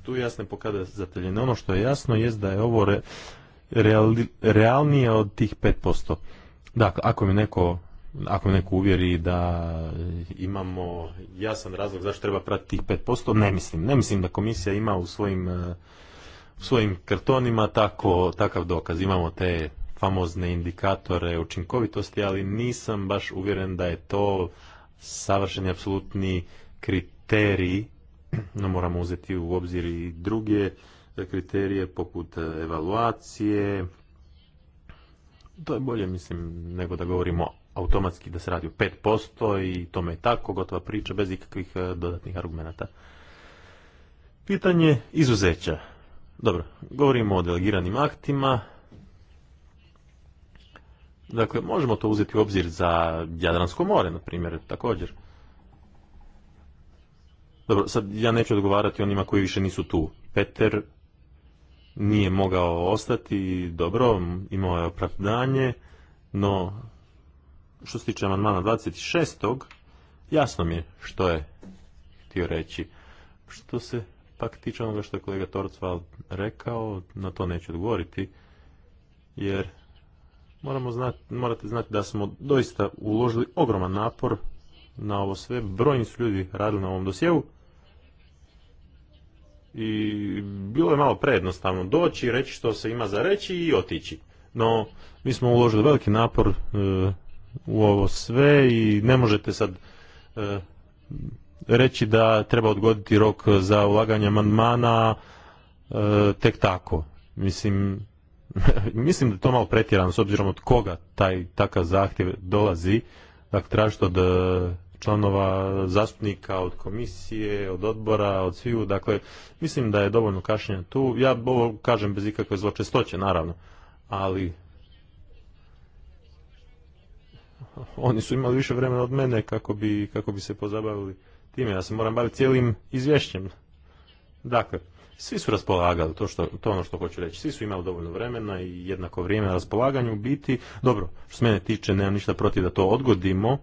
tu jasne pokazatelje. Ono što je jasno je da je ovo realnije od tih 5%. Dakle, ako mi neko ako me neko uvjeri da imamo jasan razlog zašto treba pratiti tih 5%, ne mislim. Ne mislim da komisija ima u svojim, eh, u svojim kartonima tako, takav dokaz. Imamo te famozne indikatore učinkovitosti, ali nisam baš uvjeren da je to savršeni, apsolutni kriteriji no moramo uzeti u obzir i druge kriterije poput evaluacije. To je bolje, mislim, nego da govorimo automatski da se radi o 5% i tome je tako, gotova priča bez ikakvih e, dodatnih argumenata. Pitanje izuzeća. Dobro, govorimo o delegiranim aktima, Dakle, možemo to uzeti u obzir za Jadransko more, na primjer, također. Dobro, sad ja neću odgovarati onima koji više nisu tu. Peter nije mogao ostati, dobro, imao je opravdanje, no što se tiče amandmana 26. jasno mi je što je htio reći. Što se pak tiče onoga što je kolega Torcval rekao, na to neću odgovoriti, jer Moramo znati, morate znati da smo doista uložili ogroman napor na ovo sve. Brojni su ljudi radili na ovom dosjevu i bilo je malo prejednostavno doći, reći što se ima za reći i otići. No, mi smo uložili veliki napor e, u ovo sve i ne možete sad e, reći da treba odgoditi rok za ulaganje amandmana e, tek tako. Mislim, mislim da je to malo pretjerano s obzirom od koga taj takav zahtjev dolazi. Dakle, tražite od e, članova zastupnika, od komisije, od odbora, od sviju. Dakle, mislim da je dovoljno kašnjenja tu. Ja ovo kažem bez ikakve zločestoće, naravno. Ali oni su imali više vremena od mene kako bi, kako bi se pozabavili time. Ja se moram baviti cijelim izvješćem. Dakle, svi su raspolagali, to, što, to ono što hoću reći. Svi su imali dovoljno vremena i jednako vrijeme na raspolaganju biti. Dobro, što se mene tiče, nemam ništa protiv da to odgodimo.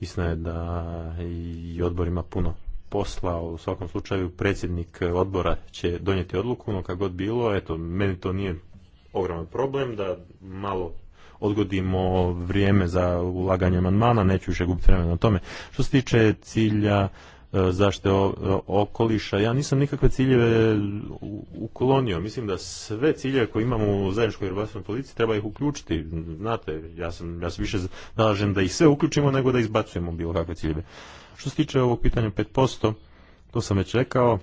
Istina je da i odbor ima puno posla, u svakom slučaju predsjednik odbora će donijeti odluku, no kako god bilo, eto, meni to nije ogroman problem, da malo odgodimo vrijeme za ulaganje amandmana, neću više gubiti vremena na tome. Što se tiče cilja E, zaštite okoliša. Ja nisam nikakve ciljeve uklonio. Mislim da sve ciljeve koje imamo u zajedničkoj ribarstvenoj policiji treba ih uključiti. Znate, ja, sam, ja se više nalažem da ih sve uključimo nego da izbacujemo bilo kakve ciljeve. Što se tiče ovog pitanja 5%, to sam već rekao.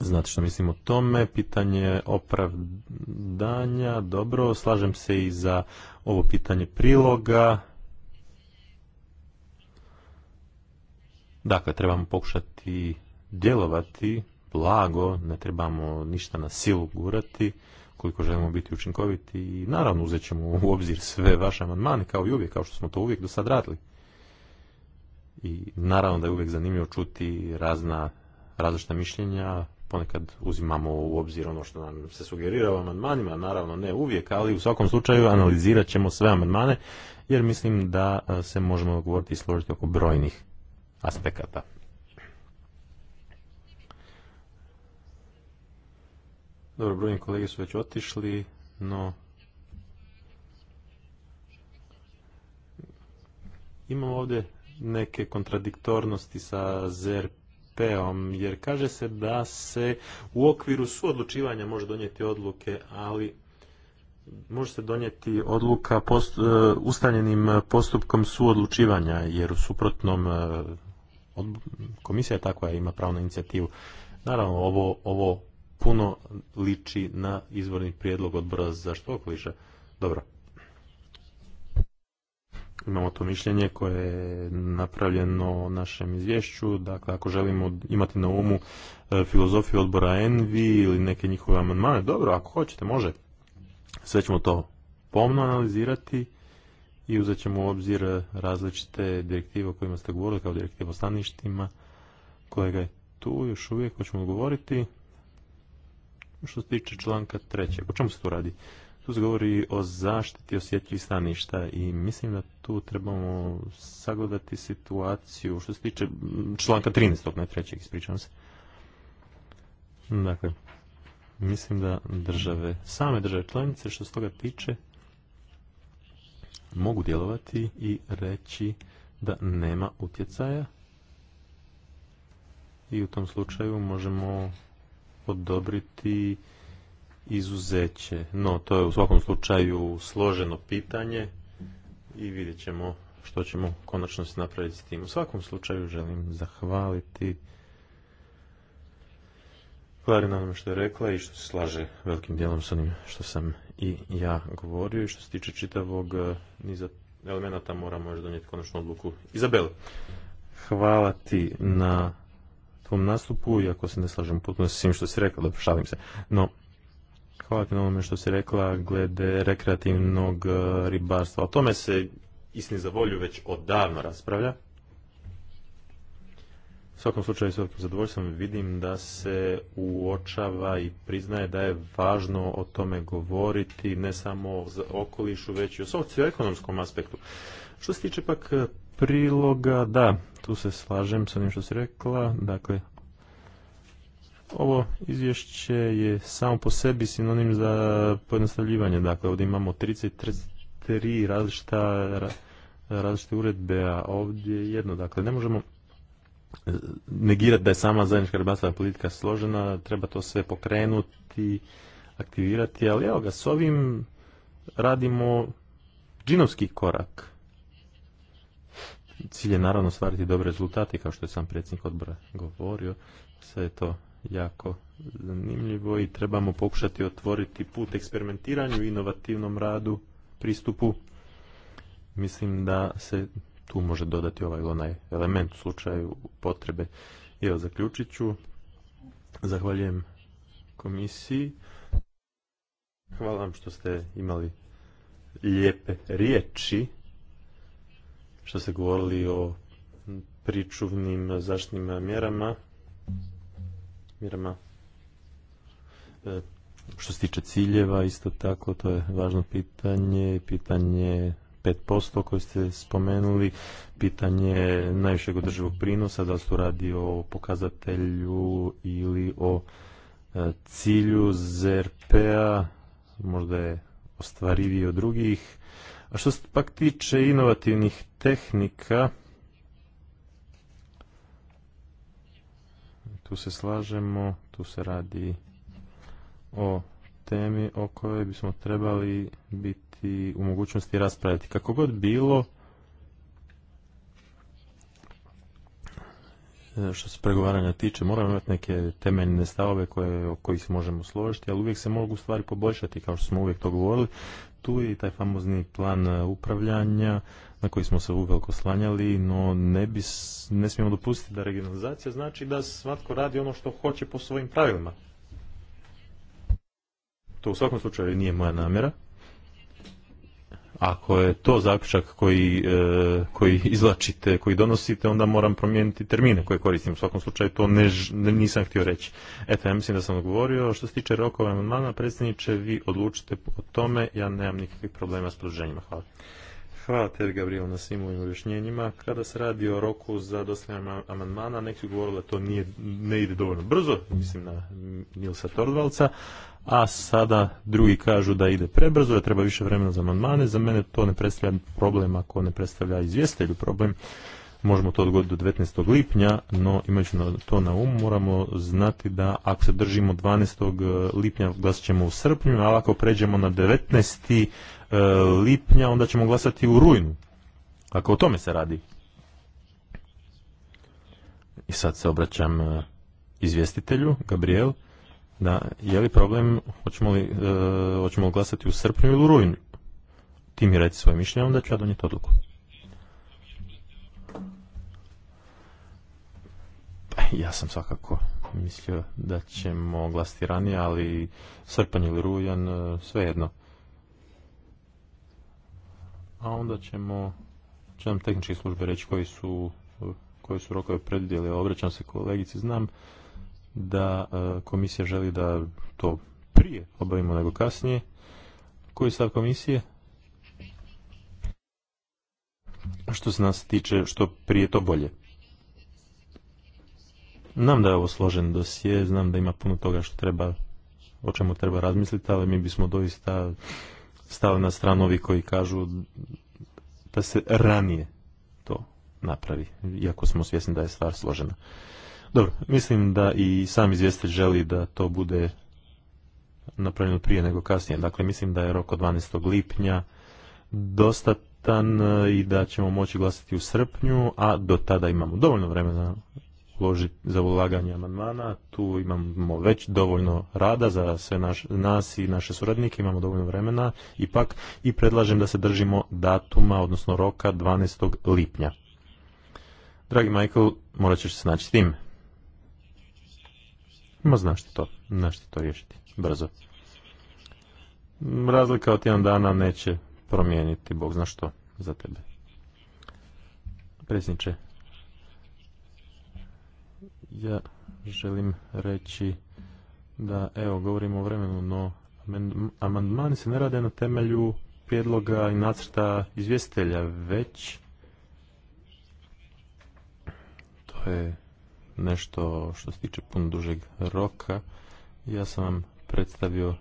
Znate što mislim o tome, pitanje opravdanja, dobro, slažem se i za ovo pitanje priloga, Dakle, trebamo pokušati djelovati blago, ne trebamo ništa na silu gurati, koliko želimo biti učinkoviti i naravno uzet ćemo u obzir sve vaše amandmane kao i uvijek, kao što smo to uvijek do sad radili. I naravno da je uvijek zanimljivo čuti razna, različita mišljenja, ponekad uzimamo u obzir ono što nam se sugerira u amandmanima, naravno ne uvijek, ali u svakom slučaju analizirat ćemo sve amandmane, jer mislim da se možemo govoriti i složiti oko brojnih aspekata. Dobro, brojni kolege su već otišli, no imamo ovdje neke kontradiktornosti sa ZRP-om, jer kaže se da se u okviru suodlučivanja može donijeti odluke, ali može se donijeti odluka post, e, ustanjenim postupkom suodlučivanja, jer u suprotnom e, komisija je takva ima pravnu inicijativu. Naravno, ovo, ovo puno liči na izvorni prijedlog odbora za zaštitu okoliša. Dobro. Imamo to mišljenje koje je napravljeno našem izvješću. Dakle, ako želimo imati na umu e, filozofiju odbora Envi ili neke njihove amandmane, dobro, ako hoćete, može. Sve ćemo to pomno analizirati i uzet ćemo u obzir različite direktive o kojima ste govorili, kao direktive o staništima, kojega je tu još uvijek, hoćemo govoriti što se tiče članka trećeg. O čemu se tu radi? Tu se govori o zaštiti osjetljivih staništa i mislim da tu trebamo sagledati situaciju što se tiče članka 13. ne trećeg, ispričavam se. Dakle, mislim da države, same države članice što se toga tiče, mogu djelovati i reći da nema utjecaja i u tom slučaju možemo odobriti izuzeće. No, to je u svakom slučaju složeno pitanje i vidjet ćemo što ćemo konačno se napraviti s tim. U svakom slučaju želim zahvaliti Klari na što je rekla i što se slaže velikim dijelom s onim što sam i ja govorio i što se tiče čitavog e, niza elemenata moramo još donijeti konačnu odluku. Izabel, hvala ti na tvom nastupu, iako se ne slažem putno s svim što si rekla, da se. No, hvala ti na onome što si rekla glede rekreativnog e, ribarstva. O tome se istini za volju već odavno raspravlja svakom slučaju s zadovoljstvom vidim da se uočava i priznaje da je važno o tome govoriti ne samo o okolišu već i o socioekonomskom aspektu. Što se tiče pak e, priloga, da, tu se slažem sa onim što si rekla, dakle ovo izvješće je samo po sebi sinonim za pojednostavljivanje, dakle ovdje imamo 33 različita različite uredbe, a ovdje jedno, dakle ne možemo negirati da je sama zajednička ribarstvena politika složena, treba to sve pokrenuti, aktivirati, ali evo ga, s ovim radimo džinovski korak. Cilj je naravno stvariti dobre rezultate, kao što je sam predsjednik odbora govorio. Sve je to jako zanimljivo i trebamo pokušati otvoriti put eksperimentiranju, inovativnom radu, pristupu. Mislim da se tu može dodati ovaj onaj element u slučaju potrebe. Evo, zaključit ću. Zahvaljujem komisiji. Hvala vam što ste imali lijepe riječi, što ste govorili o pričuvnim zaštitnim mjerama, mjerama e, što se tiče ciljeva, isto tako, to je važno pitanje, pitanje 5% koji ste spomenuli, pitanje najvišeg održivog prinosa, da li se radi o pokazatelju ili o e, cilju ZRP-a, možda je ostvariviji od drugih. A što se pak tiče inovativnih tehnika, tu se slažemo, tu se radi o temi o kojoj bismo trebali biti i u mogućnosti raspraviti. Kako god bilo, e, što se pregovaranja tiče, moramo imati neke temeljne stavove koje, o kojih se možemo složiti, ali uvijek se mogu stvari poboljšati, kao što smo uvijek to govorili. Tu je i taj famozni plan e, upravljanja na koji smo se uveliko slanjali, no ne, bi, ne smijemo dopustiti da regionalizacija znači da svatko radi ono što hoće po svojim pravilima. To u svakom slučaju nije moja namjera. Ako je to zaključak koji, e, koji izlačite, koji donosite, onda moram promijeniti termine koje koristim. U svakom slučaju to ne, nisam htio reći. Eto, ja mislim da sam odgovorio. Što se tiče rokova amandmana, predsjedniče, vi odlučite o tome. Ja nemam nikakvih problema s produženjima. Hvala. Hvala te, Gabriel, na svim ovim objašnjenjima. Kada se radi o roku za dostavljanje amandmana, neki su govorili da to nije, ne ide dovoljno brzo, mislim na Nilsa Tordvalca, a sada drugi kažu da ide prebrzo, da treba više vremena za amandmane. Za mene to ne predstavlja problem ako ne predstavlja izvjestelju problem. Možemo to odgoditi do 19. lipnja, no imajući to na umu moramo znati da ako se držimo 12. E, lipnja glasat ćemo u srpnju, ali ako pređemo na 19. E, lipnja onda ćemo glasati u rujnu. Ako o tome se radi. I sad se obraćam e, izvjestitelju, Gabriel da je li problem, hoćemo li, e, hoćemo glasati u srpnju ili u rujnu? Ti mi reci svoje mišljenje, onda ću ja donijeti odluku. Pa, ja sam svakako mislio da ćemo glasiti ranije, ali srpanj ili rujan, e, sve jedno. A onda ćemo, će nam tehničke službe reći koji su, e, koji su rokove predvidjeli. Obraćam se kolegici, znam da e, komisija želi da to prije obavimo nego kasnije. Koji je stav komisije? Što se nas tiče, što prije to bolje. Nam da je ovo složen dosje, znam da ima puno toga što treba, o čemu treba razmisliti, ali mi bismo doista stali na stranu ovi koji kažu da se ranije to napravi, iako smo svjesni da je stvar složena. Dobro, mislim da i sam izvjestitelj želi da to bude napravljeno prije nego kasnije. Dakle, mislim da je rok od 12. lipnja dostatan e, i da ćemo moći glasati u srpnju, a do tada imamo dovoljno vremena za ulaganje amandmana. Tu imamo već dovoljno rada za sve naš, nas i naše suradnike, imamo dovoljno vremena ipak i predlažem da se držimo datuma, odnosno roka 12. lipnja. Dragi Michael, morat ćeš se naći s tim. Ma znaš to, što to riješiti, brzo. Razlika od jedan dana neće promijeniti, Bog zna što, za tebe. Predsjedniče, ja želim reći da, evo, govorimo o vremenu, no amandmani se ne rade na temelju prijedloga i nacrta izvjestitelja, već to je nešto što se tiče puno dužeg roka. Ja sam vam predstavio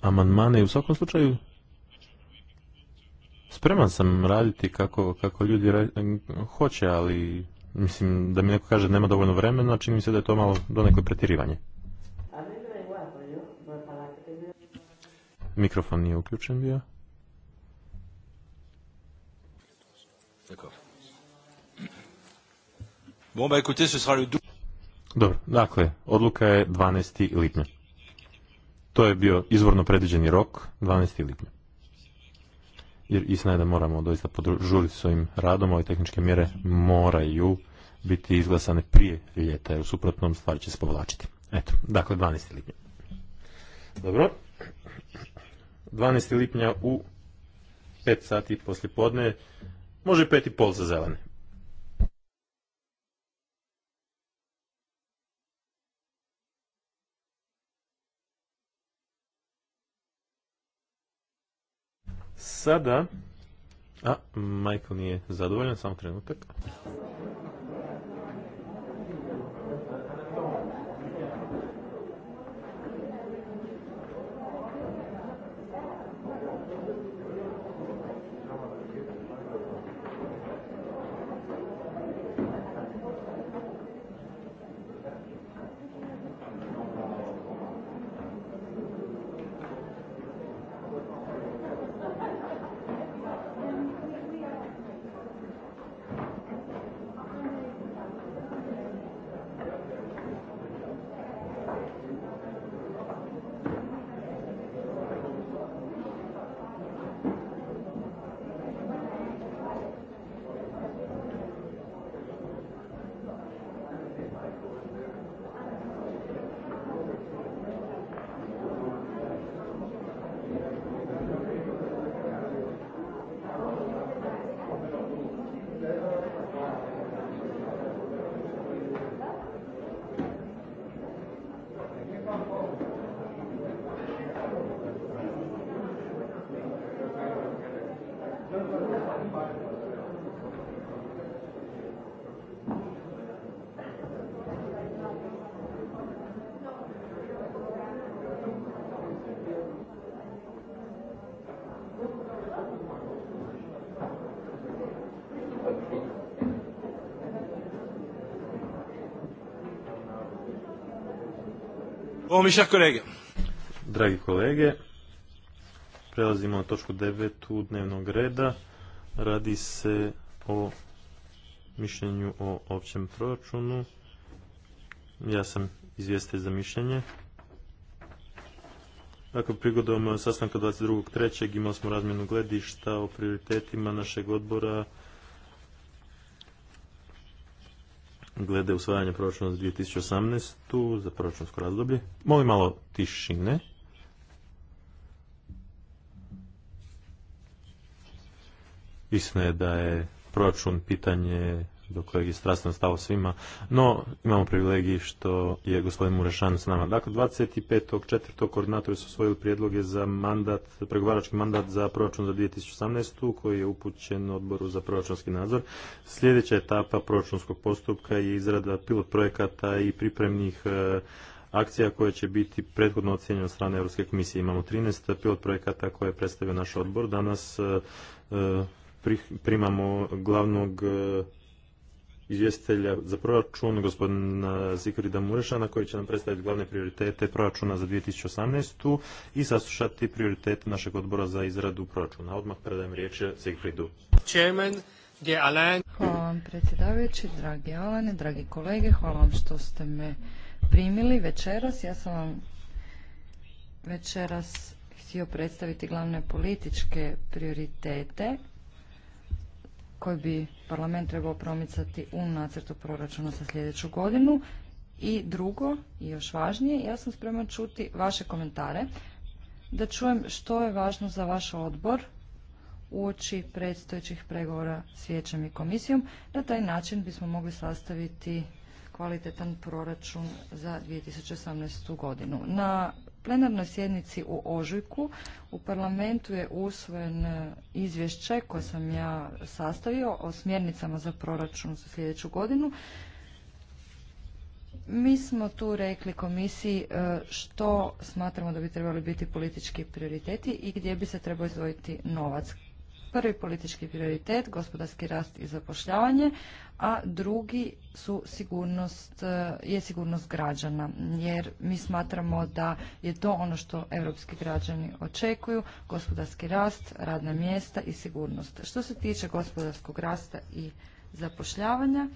amandmane i u svakom slučaju spreman sam raditi kako, kako ljudi hoće, ali mislim da mi neko kaže da nema dovoljno vremena, čini mi se da je to malo do pretjerivanje. Mikrofon nije uključen bio. Bon, bah écoutez, ce Dobro, dakle, odluka je 12. lipnja. To je bio izvorno predviđeni rok, 12. lipnja. Jer istina je da moramo doista podružiti ovim radom, ove tehničke mjere moraju biti izglasane prije ljeta, jer u suprotnom stvari će se povlačiti. Eto, dakle, 12. lipnja. Dobro. 12. lipnja u 5 sati poslijepodne, podne, može 5 i pol za zelene. sada... A, Michael nije zadovoljan, samo trenutak. Bon, Dragi kolege, prelazimo na točku 9. dnevnog reda. Radi se o mišljenju o općem proračunu. Ja sam izvijeste za mišljenje. Dakle, prigodom sastanka 22.3. imali smo razmjenu gledišta o prioritetima našeg odbora glede usvajanja proračuna za 2018. za proračunsko razdoblje. Molim malo tišine. Istina je da je proračun pitanje do kojeg je strastno stalo svima, no imamo privilegiji što je gospodin Murešan s nama. Dakle, četvrtog koordinatori su osvojili prijedloge za mandat, pregovarački mandat za proračun za 2018. koji je upućen odboru za proračunski nadzor. Sljedeća etapa proračunskog postupka je izrada pilot projekata i pripremnih e, akcija koje će biti prethodno ocjenjeno od strane Europske komisije. Imamo 13 pilot projekata koje je predstavio naš odbor. Danas e, e, primamo glavnog izvjestitelja za proračun, gospodina Zikorida Murešana, koji će nam predstaviti glavne prioritete proračuna za 2018. i saslušati prioritete našeg odbora za izradu proračuna. Odmah predajem riječ Zigfridu. Hvala vam predsjedavajući, dragi Alane, dragi kolege, hvala vam što ste me primili večeras. Ja sam vam večeras htio predstaviti glavne političke prioritete koji bi parlament trebao promicati u nacrtu proračuna za sljedeću godinu. I drugo, i još važnije, ja sam spreman čuti vaše komentare, da čujem što je važno za vaš odbor uoči predstojećih pregovora s vijećem i komisijom. Na taj način bismo mogli sastaviti kvalitetan proračun za 2018. godinu. Na plenarnoj sjednici u Ožujku u parlamentu je usvojen e, izvješće koje sam ja sastavio o smjernicama za proračun za sljedeću godinu. Mi smo tu rekli komisiji e, što smatramo da bi trebali biti politički prioriteti i gdje bi se trebao izdvojiti novac prvi politički prioritet, gospodarski rast i zapošljavanje, a drugi su sigurnost, e, je sigurnost građana, jer mi smatramo da je to ono što europski građani očekuju, gospodarski rast, radna mjesta i sigurnost. Što se tiče gospodarskog rasta i zapošljavanja,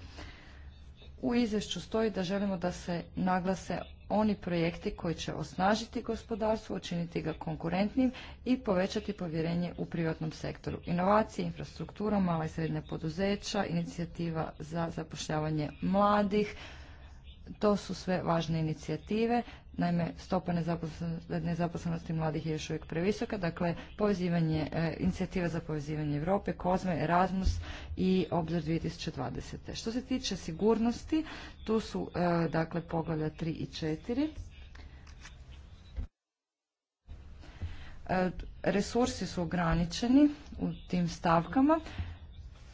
u izvješću stoji da želimo da se naglase oni projekti koji će osnažiti gospodarstvo, učiniti ga konkurentnim i povećati povjerenje u privatnom sektoru. Inovacije, infrastruktura, mala i srednja poduzeća, inicijativa za zapošljavanje mladih, to su sve važne inicijative Naime, stopa nezaposlenosti mladih je još uvijek previsoka, dakle povezivanje, e, inicijativa za povezivanje Europe, Kozme, Erasmus i obzor 2020. Što se tiče sigurnosti, tu su e, dakle poglavlja 3 i 4. E, resursi su ograničeni u tim stavkama.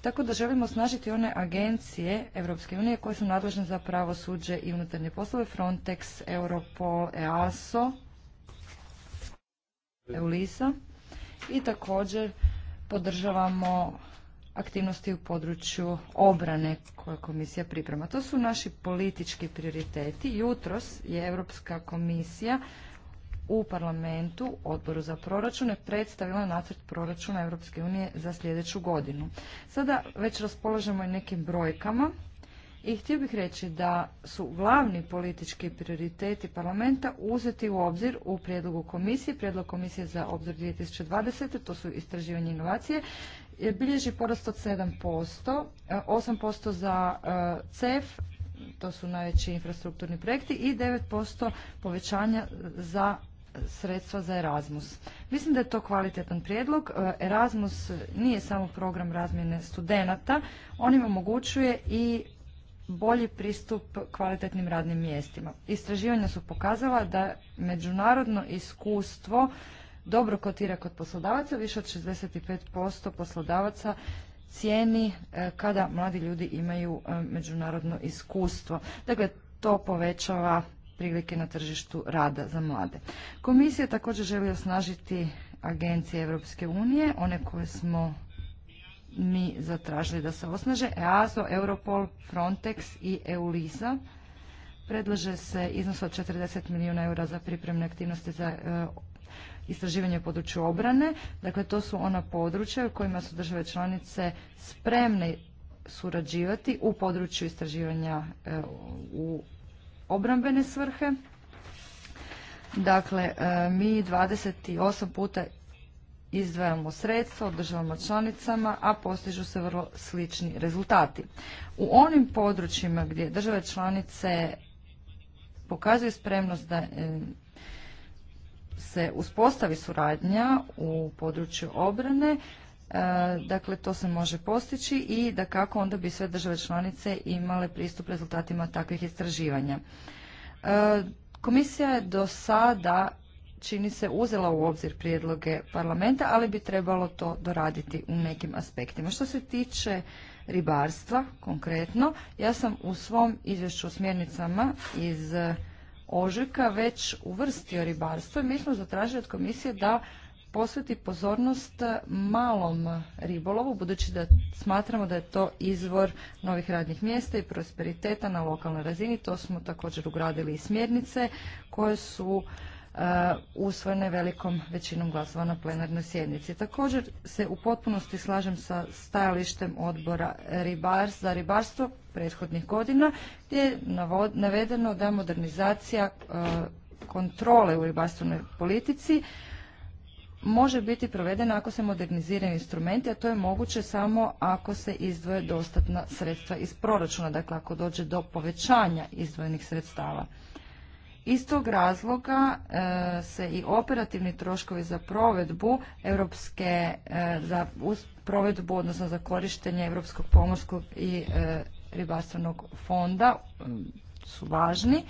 Tako da želimo snažiti one agencije Europske unije koje su nadležne za pravosuđe i unutarnje poslove Frontex, Europol, EASO, EULISA i također podržavamo aktivnosti u području obrane koje komisija priprema. To su naši politički prioriteti. Jutros je Europska komisija u parlamentu, odboru za proračune, predstavila nacrt proračuna Europske unije za sljedeću godinu. Sada već raspolažemo i nekim brojkama i htio bih reći da su glavni politički prioriteti parlamenta uzeti u obzir u prijedlogu komisije, prijedlog komisije za obzir 2020. To su istraživanje inovacije, bilježi porast od 7%, 8% e, za e, CEF, to su najveći infrastrukturni projekti i 9% povećanja za sredstva za Erasmus. Mislim da je to kvalitetan prijedlog. E, Erasmus nije samo program razmjene studenata, on im omogućuje i bolji pristup kvalitetnim radnim mjestima. Istraživanja su pokazala da međunarodno iskustvo dobro kotira kod poslodavaca, više od 65% poslodavaca cijeni e, kada mladi ljudi imaju e, međunarodno iskustvo. Dakle, to povećava prilike na tržištu rada za mlade. Komisija također želi osnažiti agencije Europske unije, one koje smo mi zatražili da se osnaže, EASO, Europol, Frontex i EULISA. Predlaže se iznos od 40 milijuna eura za pripremne aktivnosti za e, istraživanje u području obrane. Dakle, to su ona područja u kojima su države članice spremne surađivati u području istraživanja e, u obrambene svrhe. Dakle, e, mi 28 puta izdvajamo sredstva od državama članicama, a postižu se vrlo slični rezultati. U onim područjima gdje države članice pokazuju spremnost da e, se uspostavi suradnja u području obrane, E, dakle, to se može postići i da kako onda bi sve države članice imale pristup rezultatima takvih istraživanja. E, komisija je do sada čini se uzela u obzir prijedloge parlamenta, ali bi trebalo to doraditi u nekim aspektima. Što se tiče ribarstva konkretno, ja sam u svom izvješću o smjernicama iz ožujka već uvrstio ribarstvo i mi smo zatražili od komisije da posveti pozornost malom ribolovu, budući da smatramo da je to izvor novih radnih mjesta i prosperiteta na lokalnoj razini. To smo također ugradili i smjernice koje su e, usvojene velikom većinom glasova na plenarnoj sjednici. Također se u potpunosti slažem sa stajalištem odbora za ribarstvo prethodnih godina gdje je navedeno da modernizacija e, kontrole u ribarstvenoj politici može biti provedena ako se moderniziraju instrumenti, a to je moguće samo ako se izdvoje dostatna sredstva iz proračuna, dakle ako dođe do povećanja izdvojenih sredstava. Iz tog razloga e, se i operativni troškovi za provedbu europske, e, za provedbu, odnosno za korištenje Europskog pomorskog i e, ribarstvenog fonda su važni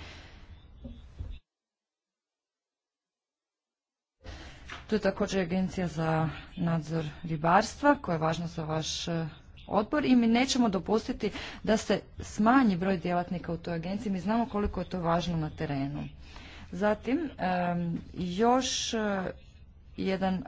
Tu je također Agencija za nadzor ribarstva koja je važna za vaš e, odbor i mi nećemo dopustiti da se smanji broj djelatnika u toj agenciji. Mi znamo koliko je to važno na terenu. Zatim, još e, jedan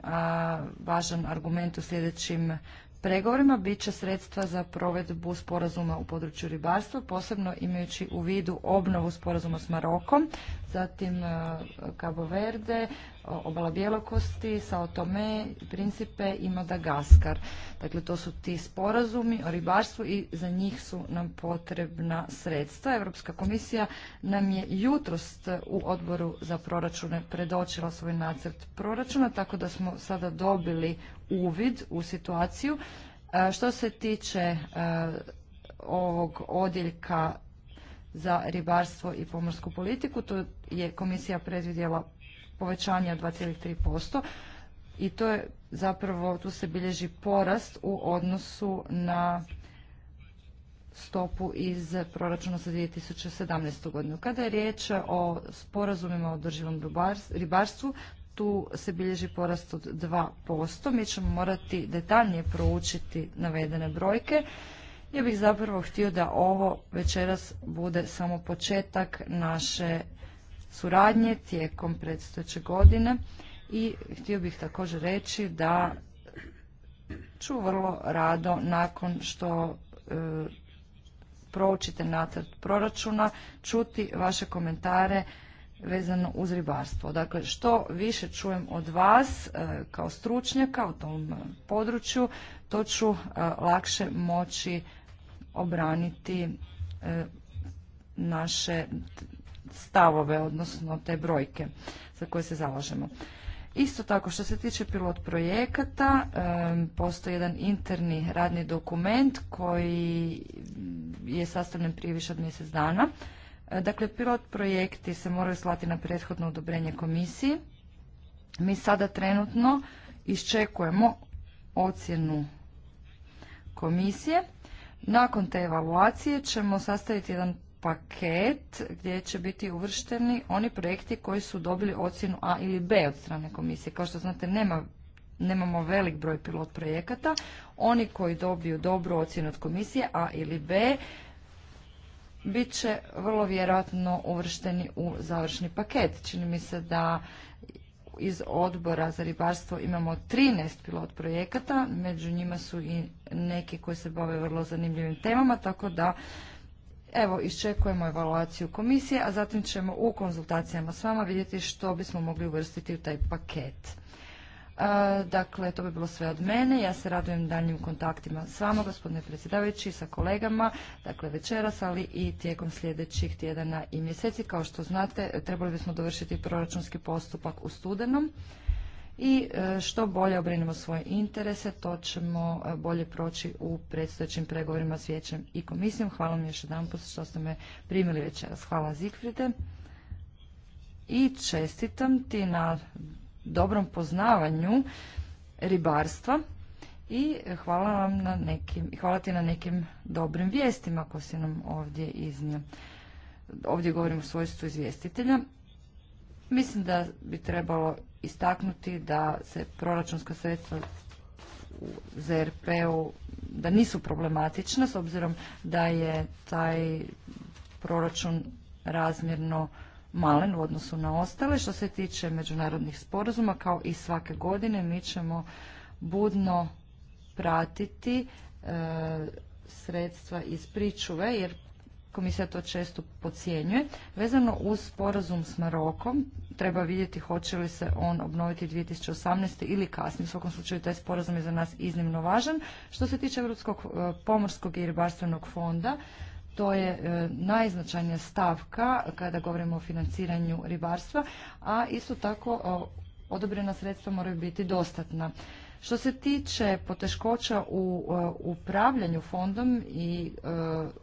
važan argument u sljedećim pregovorima bit će sredstva za provedbu sporazuma u području ribarstva, posebno imajući u vidu obnovu sporazuma s Marokom, zatim e, Cabo Verde, obala Bjelokosti, Sao Tome, Principe i Madagaskar. Dakle, to su ti sporazumi o ribarstvu i za njih su nam potrebna sredstva. Europska komisija nam je jutrost u odboru za proračune predočila svoj nacrt proračuna, tako da smo sada dobili uvid u situaciju. E, što se tiče e, ovog odjeljka za ribarstvo i pomorsku politiku. To je komisija predvidjela povećanje od 2,3% i to je zapravo, tu se bilježi porast u odnosu na stopu iz proračuna za 2017. godinu. Kada je riječ o sporazumima o održivom ribarstvu, tu se bilježi porast od 2%. Mi ćemo morati detaljnije proučiti navedene brojke ja bih zapravo htio da ovo večeras bude samo početak naše suradnje tijekom predstojeće godine i htio bih također reći da ću vrlo rado nakon što e, proučite nacrt proračuna čuti vaše komentare vezano uz ribarstvo. Dakle, što više čujem od vas e, kao stručnjaka u tom području, to ću e, lakše moći obraniti e, naše stavove, odnosno te brojke za koje se zalažemo. Isto tako, što se tiče pilot projekata, e, postoji jedan interni radni dokument koji je sastavljen prije više od mjesec dana. E, dakle, pilot projekti se moraju slati na prethodno odobrenje komisiji. Mi sada trenutno iščekujemo ocjenu komisije nakon te evaluacije ćemo sastaviti jedan paket gdje će biti uvršteni oni projekti koji su dobili ocjenu A ili B od strane komisije. Kao što znate, nema nemamo velik broj pilot projekata. Oni koji dobiju dobru ocjenu od komisije A ili B bit će vrlo vjerojatno uvršteni u završni paket. Čini mi se da iz odbora za ribarstvo imamo 13 pilot projekata, među njima su i neki koji se bave vrlo zanimljivim temama, tako da evo iščekujemo evaluaciju komisije, a zatim ćemo u konzultacijama s vama vidjeti što bismo mogli uvrstiti u taj paket. Dakle, to bi bilo sve od mene. Ja se radujem daljnjim kontaktima s vama, gospodine predsjedavajući, sa kolegama, dakle večeras, ali i tijekom sljedećih tjedana i mjeseci. Kao što znate, trebali bismo dovršiti proračunski postupak u studenom i e, što bolje obrinemo svoje interese, to ćemo e, bolje proći u predstojećim pregovorima s vijećem i komisijom. Hvala vam još jedan što ste me primili večeras. Hvala Zigfride i čestitam ti na dobrom poznavanju ribarstva i hvala vam na nekim, hvala ti na nekim dobrim vijestima koje si nam ovdje iznio. Ovdje govorim o svojstvu izvjestitelja. Mislim da bi trebalo istaknuti da se proračunska sredstva u ZRP-u da nisu problematična s obzirom da je taj proračun razmjerno malen u odnosu na ostale. Što se tiče međunarodnih sporazuma, kao i svake godine, mi ćemo budno pratiti e, sredstva iz pričuve, jer komisija to često pocijenjuje. Vezano uz sporazum s Marokom, treba vidjeti hoće li se on obnoviti 2018. ili kasnije. U svakom slučaju taj sporazum je za nas iznimno važan. Što se tiče Europskog e, pomorskog i ribarstvenog fonda, to je e, najznačajnija stavka kada govorimo o financiranju ribarstva, a isto tako odobrena sredstva moraju biti dostatna. Što se tiče poteškoća u e, upravljanju fondom i e,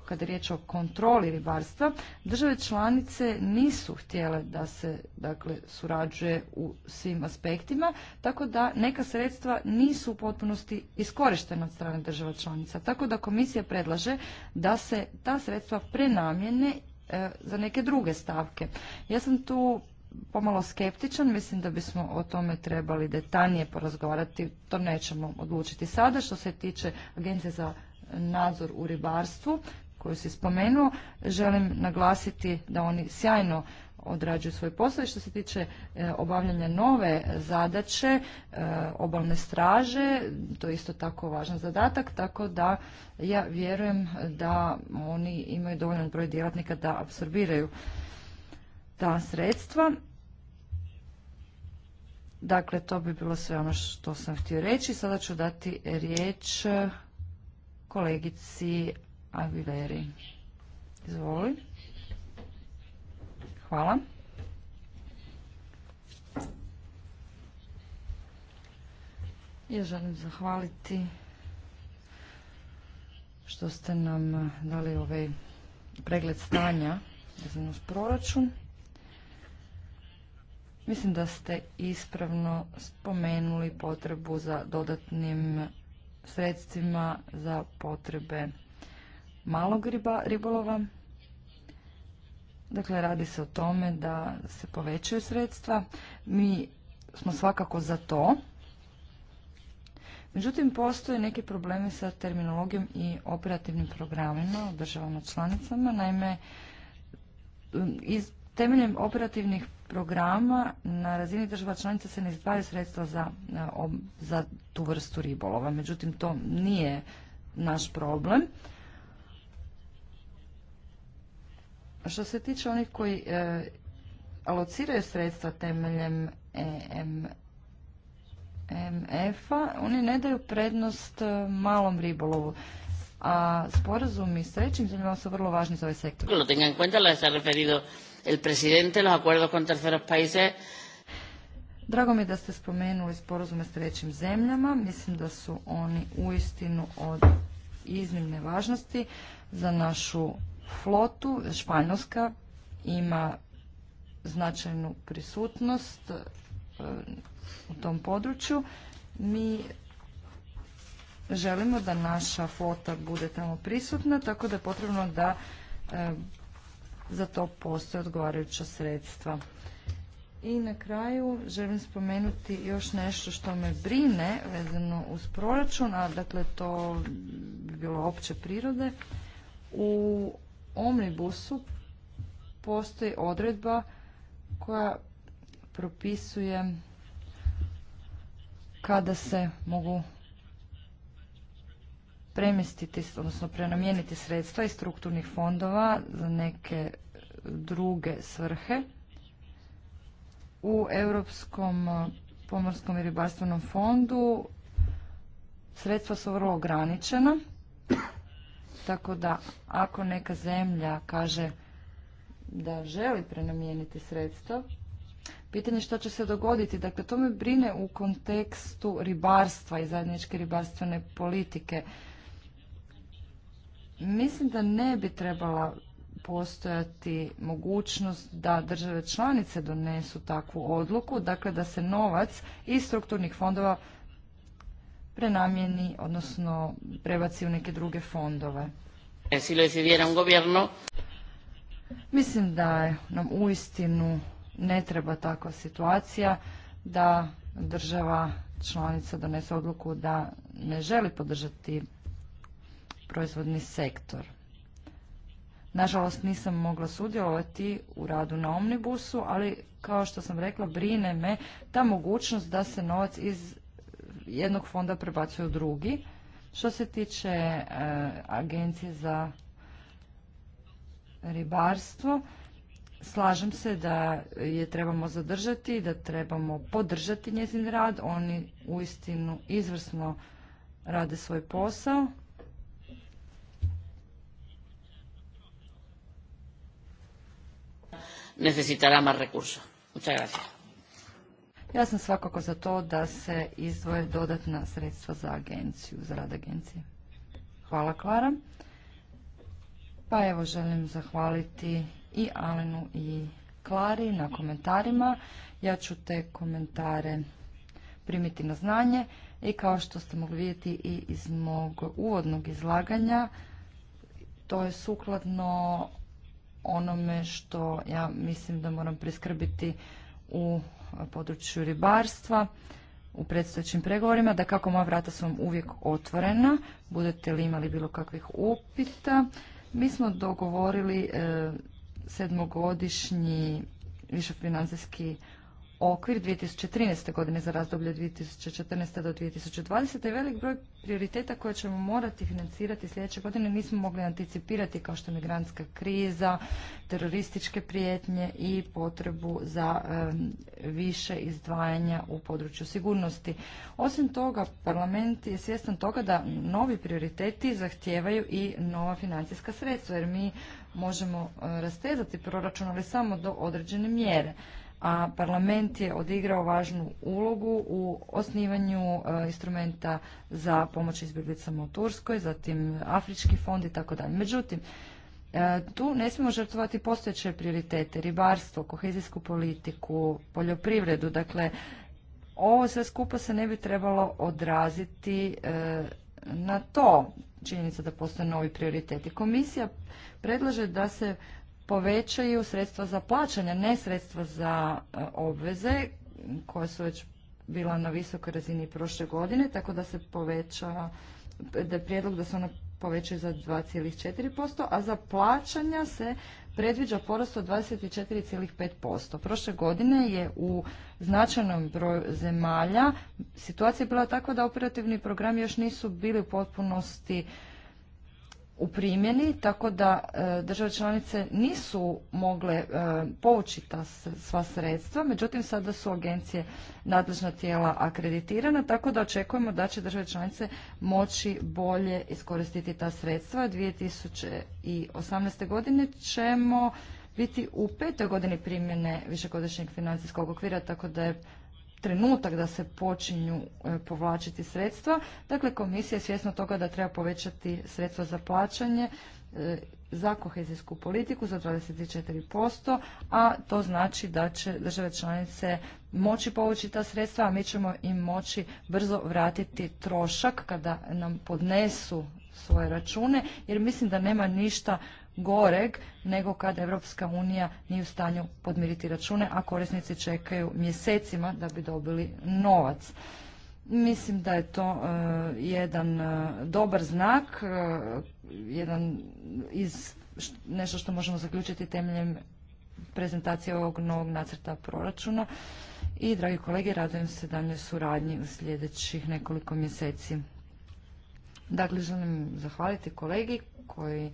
kada je riječ o kontroli ribarstva, države članice nisu htjele da se dakle, surađuje u svim aspektima, tako da neka sredstva nisu u potpunosti iskorištena od strane država članica. Tako da komisija predlaže da se ta sredstva prenamjene e, za neke druge stavke. Ja sam tu pomalo skeptičan, mislim da bismo o tome trebali detaljnije porazgovarati, to nećemo odlučiti sada. Što se tiče Agencije za nadzor u ribarstvu, koju si spomenuo, želim naglasiti da oni sjajno odrađuju svoj posao i što se tiče e, obavljanja nove zadaće e, obalne straže, to je isto tako važan zadatak, tako da ja vjerujem da oni imaju dovoljan broj djelatnika da apsorbiraju ta sredstva. Dakle, to bi bilo sve ono što sam htio reći. Sada ću dati riječ kolegici Aviveri. Izvoli. Hvala. Ja želim zahvaliti što ste nam dali ovaj pregled stanja vezano uz proračun. Mislim da ste ispravno spomenuli potrebu za dodatnim sredstvima za potrebe malog ribolova. Dakle, radi se o tome da se povećaju sredstva. Mi smo svakako za to. Međutim, postoje neki problemi sa terminologijom i operativnim programima u državama članicama. Naime, iz Temeljem operativnih programa na razini država članica se ne izdvajaju sredstva za, e, za tu vrstu ribolova. Međutim, to nije naš problem. Što se tiče onih koji e, alociraju sredstva temeljem e mf a oni ne daju prednost malom ribolovu. A sporazumi s trećim zemljama su vrlo važni za ovaj sektor el presidente los acuerdos con terceros países Drago mi da ste spomenuli sporazume s trećim zemljama. Mislim da su oni uistinu od iznimne važnosti za našu flotu. Španjolska ima značajnu prisutnost e, u tom području. Mi želimo da naša flota bude tamo prisutna, tako da je potrebno da e, za to postoje odgovarajuća sredstva. I na kraju želim spomenuti još nešto što me brine vezano uz proračun, a dakle to bi bilo opće prirode. U omnibusu postoji odredba koja propisuje kada se mogu premjestiti, odnosno prenamijeniti sredstva iz strukturnih fondova za neke druge svrhe. U Europskom pomorskom i ribarstvenom fondu sredstva su vrlo ograničena, tako da ako neka zemlja kaže da želi prenamijeniti sredstvo, pitanje što će se dogoditi. Dakle, to me brine u kontekstu ribarstva i zajedničke ribarstvene politike mislim da ne bi trebala postojati mogućnost da države članice donesu takvu odluku, dakle da se novac iz strukturnih fondova prenamjeni, odnosno prebaci u neke druge fondove. Mislim da nam uistinu ne treba takva situacija da država članica donese odluku da ne želi podržati proizvodni sektor. Nažalost nisam mogla sudjelovati u radu na omnibusu, ali kao što sam rekla brine me ta mogućnost da se novac iz jednog fonda prebacuje u drugi. Što se tiče e, agencije za ribarstvo, slažem se da je trebamo zadržati, da trebamo podržati njezin rad. Oni uistinu izvrsno rade svoj posao. necesitará más recursos. Ja sam svakako za to da se izdvoje dodatna sredstva za agenciju, za rad agencije. Hvala Klara. Pa evo želim zahvaliti i Alenu i Klari na komentarima. Ja ću te komentare primiti na znanje i kao što ste mogli vidjeti i iz mog uvodnog izlaganja, to je sukladno onome što ja mislim da moram priskrbiti u području ribarstva u predstojećim pregovorima, da kako moja vrata su vam uvijek otvorena, budete li imali bilo kakvih upita. Mi smo dogovorili e, sedmogodišnji višefinancijski okvir 2013. godine za razdoblje 2014. do 2020. je velik broj prioriteta koje ćemo morati financirati sljedeće godine nismo mogli anticipirati kao što je migrantska kriza, terorističke prijetnje i potrebu za više izdvajanja u području sigurnosti. Osim toga, parlament je svjestan toga da novi prioriteti zahtijevaju i nova financijska sredstva jer mi možemo rastezati proračun, ali samo do određene mjere a parlament je odigrao važnu ulogu u osnivanju e, instrumenta za pomoć izbjeglicama u Turskoj, zatim Afrički fond i tako dalje. Međutim, e, tu ne smijemo žrtvovati postojeće prioritete, ribarstvo, kohezijsku politiku, poljoprivredu, dakle ovo sve skupa se ne bi trebalo odraziti e, na to činjenica da postoje novi prioriteti. Komisija predlaže da se povećaju sredstva za plaćanje, ne sredstva za e, obveze koja su već bila na visokoj razini prošle godine, tako da se poveća, da je prijedlog da se ona povećaju za 2,4%, a za plaćanja se predviđa porast od 24,5%. Prošle godine je u značajnom broju zemalja situacija bila takva da operativni programi još nisu bili u potpunosti u primjeni, tako da e, države članice nisu mogle e, povući ta sva sredstva, međutim sada su agencije nadležna tijela akreditirana, tako da očekujemo da će države članice moći bolje iskoristiti ta sredstva. 2018. godine ćemo biti u petoj godini primjene višegodišnjeg financijskog okvira, tako da je trenutak da se počinju e, povlačiti sredstva. Dakle, komisija je svjesna toga da treba povećati sredstva za plaćanje e, za kohezijsku politiku za 24%, a to znači da će države članice moći povući ta sredstva, a mi ćemo im moći brzo vratiti trošak kada nam podnesu svoje račune, jer mislim da nema ništa goreg nego kad Evropska unija nije u stanju podmiriti račune, a korisnici čekaju mjesecima da bi dobili novac. Mislim da je to e, jedan e, dobar znak, e, jedan iz nešto što možemo zaključiti temeljem prezentacije ovog novog nacrta proračuna. I, dragi kolege, radujem se daljnjoj suradnji u sljedećih nekoliko mjeseci. Dakle, želim zahvaliti kolegi koji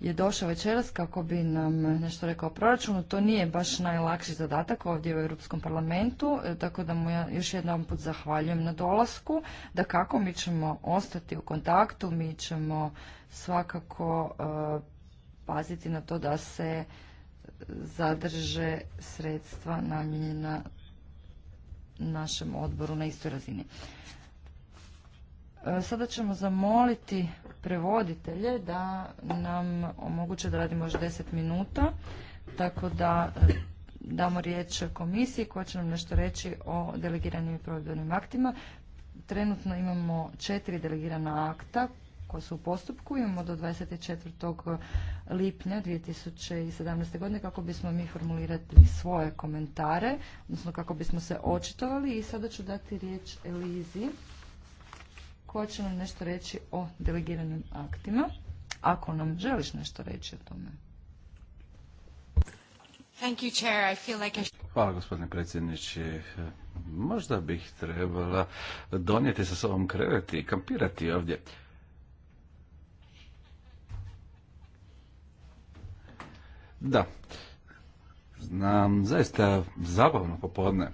je došao večeras kako bi nam nešto rekao o proračunu. To nije baš najlakši zadatak ovdje u Europskom parlamentu, e, tako da mu ja još jednom put zahvaljujem na dolasku. Da kako mi ćemo ostati u kontaktu, mi ćemo svakako e, paziti na to da se zadrže sredstva namijenjena našem odboru na istoj razini. E, sada ćemo zamoliti prevoditelje da nam omoguće da radimo još deset minuta, tako da eh, damo riječ komisiji koja će nam nešto reći o delegiranim i provedbenim aktima. Trenutno imamo četiri delegirana akta koja su u postupku. Imamo do 24. lipnja 2017. godine kako bismo mi formulirati svoje komentare, odnosno kako bismo se očitovali i sada ću dati riječ Elizi koja će nam nešto reći o delegiranim aktima. Ako nam želiš nešto reći o tome. Thank you, Chair. I feel Hvala gospodine predsjedniče. Možda bih trebala donijeti sa sobom krevet i kampirati ovdje. Da, znam, zaista zabavno popodne.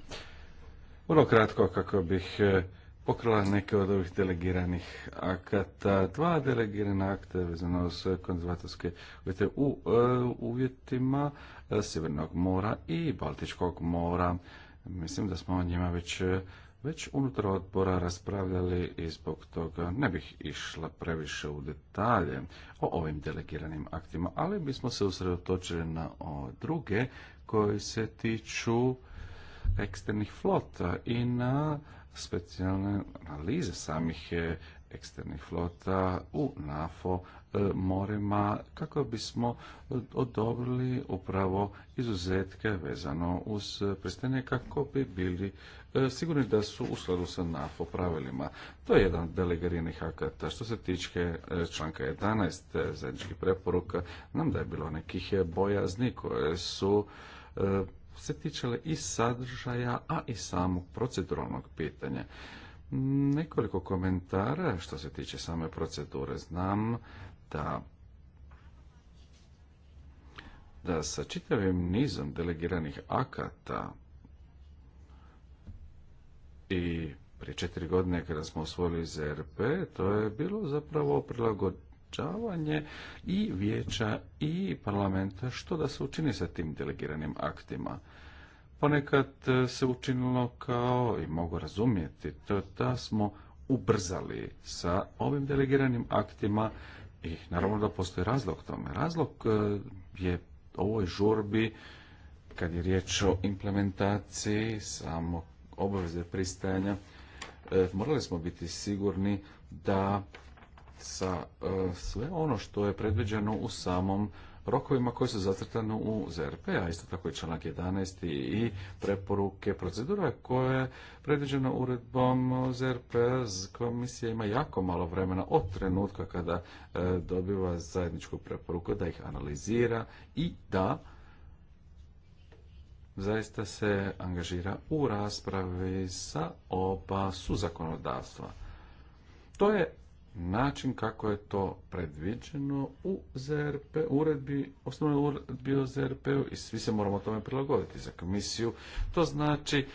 Vrlo kratko kako bih eh, pokrala neke od ovih delegiranih akata. Dva delegirana akta vezano s konzervatorske uvjete u e, uvjetima e, Sjevernog mora i Baltičkog mora. Mislim da smo o njima već e, već unutar odbora raspravljali i zbog toga ne bih išla previše u detalje o ovim delegiranim aktima, ali bismo se usredotočili na druge koji se tiču eksternih flota i na specijalne analize samih e, eksternih flota u NAFO e, morima kako bismo odobrili upravo izuzetke vezano uz pristanje kako bi bili e, sigurni da su u skladu sa NAFO pravilima. To je jedan delegiranih akata. Što se tiče članka 11 zajedničkih preporuka, nam da je bilo nekih bojazni koje su se tičele i sadržaja, a i samog proceduralnog pitanja. Nekoliko komentara što se tiče same procedure. Znam da da sa čitavim nizom delegiranih akata i prije četiri godine kada smo osvojili ZRP, to je bilo zapravo prilagod, i vijeća i parlamenta što da se učini sa tim delegiranim aktima. Ponekad e, se učinilo kao, i mogu razumjeti, to da smo ubrzali sa ovim delegiranim aktima i naravno da postoji razlog tome. Razlog e, je ovoj žurbi kad je riječ o implementaciji samo obaveze pristajanja, e, morali smo biti sigurni da sa e, sve ono što je predviđeno u samom rokovima koji su zacrtani u ZRP, a isto tako i članak 11. i preporuke procedura koje je predviđeno uredbom ZRP. Komisija ima jako malo vremena od trenutka kada e, dobiva zajedničku preporuku da ih analizira i da zaista se angažira u raspravi sa oba zakonodavstva. To je način kako je to predviđeno u ZRP, uredbi, osnovnoj uredbi o ZRP-u i svi se moramo tome prilagoditi za komisiju. To znači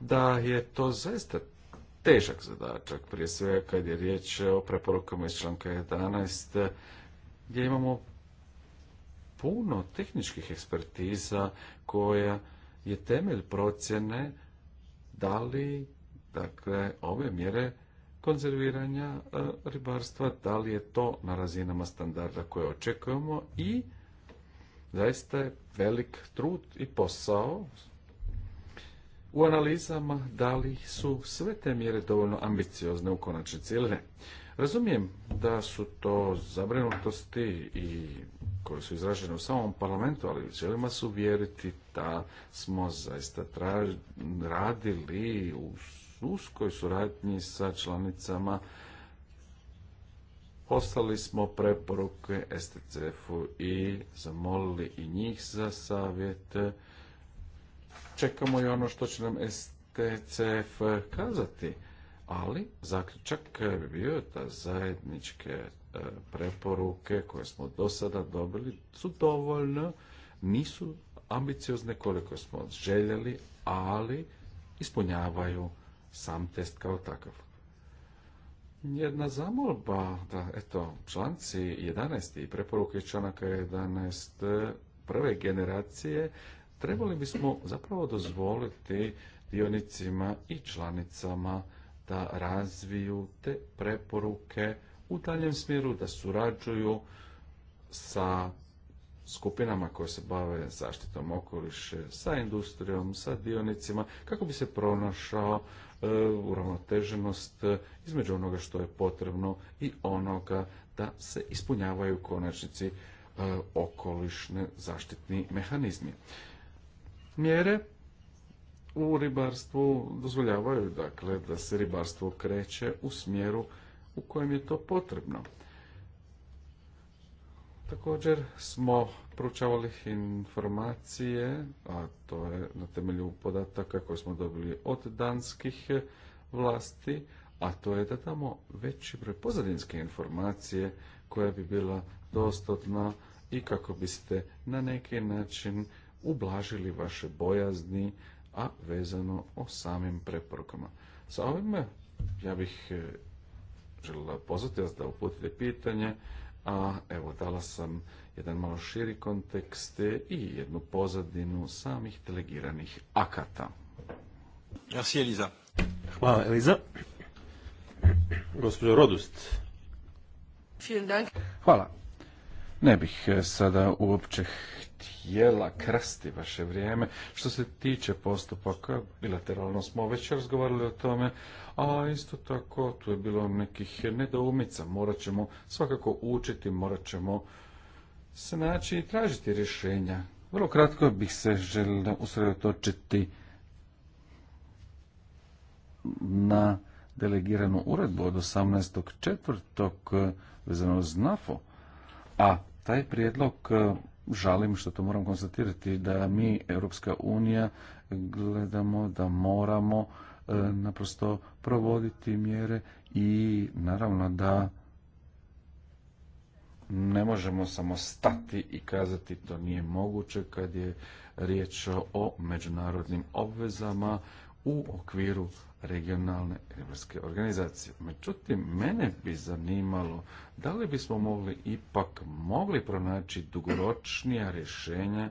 da je to zaista težak zadačak, prije svega kad je riječ o preporukama iz članka 11, gdje imamo puno tehničkih ekspertiza koja je temelj procjene da li dakle, ove mjere konzerviranja e, ribarstva, da li je to na razinama standarda koje očekujemo i zaista je velik trud i posao u analizama da li su sve te mjere dovoljno ambiciozne u konačnici ili ne. Razumijem da su to zabrinutosti i koje su izražene u samom parlamentu, ali želim vas uvjeriti da smo zaista radili u uskoj suradnji sa članicama poslali smo preporuke STCF-u i zamolili i njih za savjet. Čekamo i ono što će nam STCF kazati, ali zaključak bi bio da zajedničke e, preporuke koje smo do sada dobili su dovoljno, nisu ambiciozne koliko smo željeli, ali ispunjavaju sam test kao takav. Jedna zamolba da, eto, članci 11. i preporuke članaka 11. prve generacije trebali bismo zapravo dozvoliti dionicima i članicama da razviju te preporuke u daljem smjeru, da surađuju sa skupinama koje se bave zaštitom okoliše, sa industrijom, sa dionicima, kako bi se pronašao E, uravnoteženost e, između onoga što je potrebno i onoga da se ispunjavaju u konačnici e, okolišne zaštitni mehanizmi. Mjere u ribarstvu dozvoljavaju dakle da se ribarstvo kreće u smjeru u kojem je to potrebno. Također smo proučavali informacije, a to je na temelju podataka koje smo dobili od danskih vlasti, a to je da damo veći broj pozadinske informacije koja bi bila dostatna i kako biste na neki način ublažili vaše bojazni, a vezano o samim preporukama. Sa ovime ja bih e, želila pozvati vas da uputite pitanje, a evo dala sam jedan malo širi kontekst i jednu pozadinu samih delegiranih akata. Merci Eliza. Hvala Eliza. Gospođo Rodust. Hvala. Ne bih eh, sada uopće htjela krasti vaše vrijeme. Što se tiče postupaka, bilateralno smo već razgovarali o tome, a isto tako tu je bilo nekih nedoumica. Morat ćemo svakako učiti, morat ćemo se tražiti rješenja. Vrlo kratko bih se želio usredotočiti na delegiranu uredbu od 18.4. vezano uz NAFO, a taj prijedlog e, žalim što to moram konstatirati da mi Europska unija gledamo da moramo e, naprosto provoditi mjere i naravno da ne možemo samo stati i kazati to nije moguće kad je riječ o međunarodnim obvezama u okviru regionalne europske organizacije. Međutim, mene bi zanimalo da li bismo mogli ipak mogli pronaći dugoročnija rješenja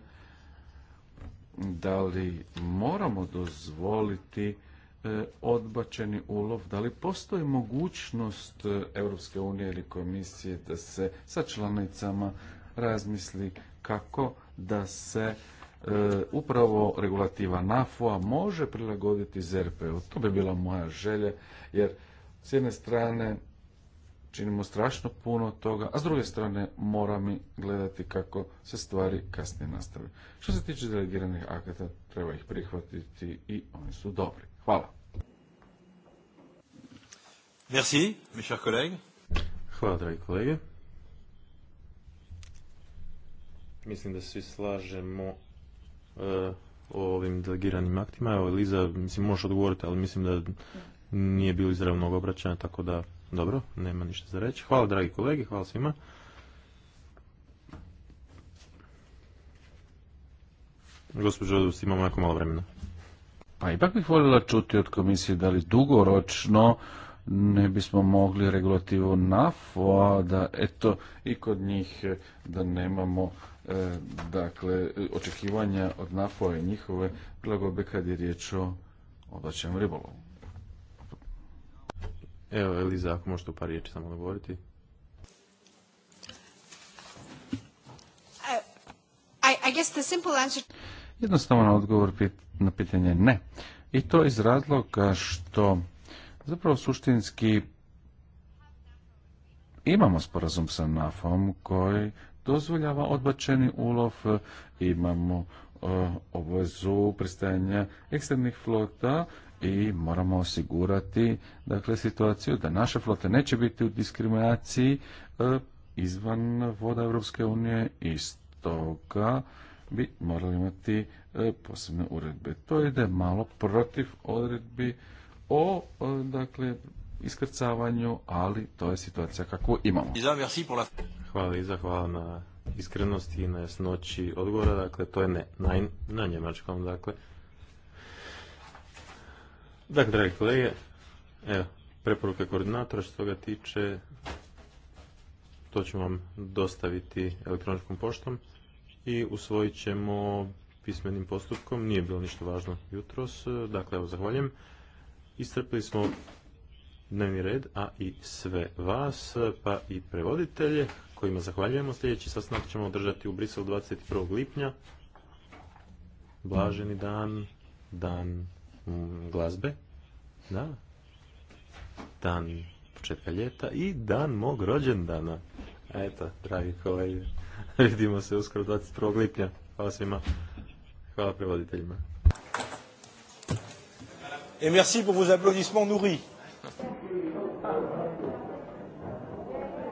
da li moramo dozvoliti E, odbačeni ulov, da li postoji mogućnost e, Europske unije ili komisije da se sa članicama razmisli kako da se e, upravo regulativa NAFO-a može prilagoditi ZRP-u. To bi bila moja želja, jer s jedne strane činimo strašno puno toga, a s druge strane moramo gledati kako se stvari kasnije nastave. Što se tiče delegiranih akata, treba ih prihvatiti i oni su dobri. Hvala. Merci, mes chers collègues. Hvala, dragi kolege. Mislim da svi slažemo eh, o ovim delegiranim aktima. Evo, Liza, mislim, možeš odgovoriti, ali mislim da nije bilo izravnog obraćanja, tako da dobro, nema ništa za reći. Hvala dragi kolegi, hvala svima. Gospođo, imamo jako malo vremena. Pa ipak bih voljela čuti od komisije da li dugoročno ne bismo mogli regulativu NAFO-a da eto i kod njih e, da nemamo e, dakle očekivanja od NAFO-a i njihove prilagodbe kad je riječ o odlačenom ribolovu. Evo, Eliza, ako možete u par riječi samo govoriti. Jednostavan odgovor na pitanje ne. I to iz razloga što zapravo suštinski imamo sporazum sa NAF-om koji dozvoljava odbačeni ulov, imamo e, obvezu pristajanja eksternih flota i moramo osigurati dakle, situaciju da naša flota neće biti u diskriminaciji e, izvan voda Europske unije i stoga bi morali imati e, posebne uredbe. To ide malo protiv odredbi o e, dakle, iskrcavanju, ali to je situacija kakvu imamo. Hvala i na iskrenosti i na jasnoći odgovora. Dakle, to je ne, na, na njemačkom. Dakle, Dakle, dragi kolege, evo, preporuke koordinatora što ga tiče, to ćemo vam dostaviti elektroničkom poštom i usvojit ćemo pismenim postupkom. Nije bilo ništa važno jutros, dakle, evo, zahvaljujem. Istrpili smo dnevni red, a i sve vas, pa i prevoditelje kojima zahvaljujemo. Sljedeći sastanak ćemo održati u Briselu 21. lipnja. Blaženi dan, dan Mm, glazbe. Da. Dan početka ljeta i dan mog rođendana. Eto, dragi kolege, vidimo se uskoro 21. lipnja. Hvala svima. Hvala prevoditeljima. Et merci pour vos applaudissements nourris.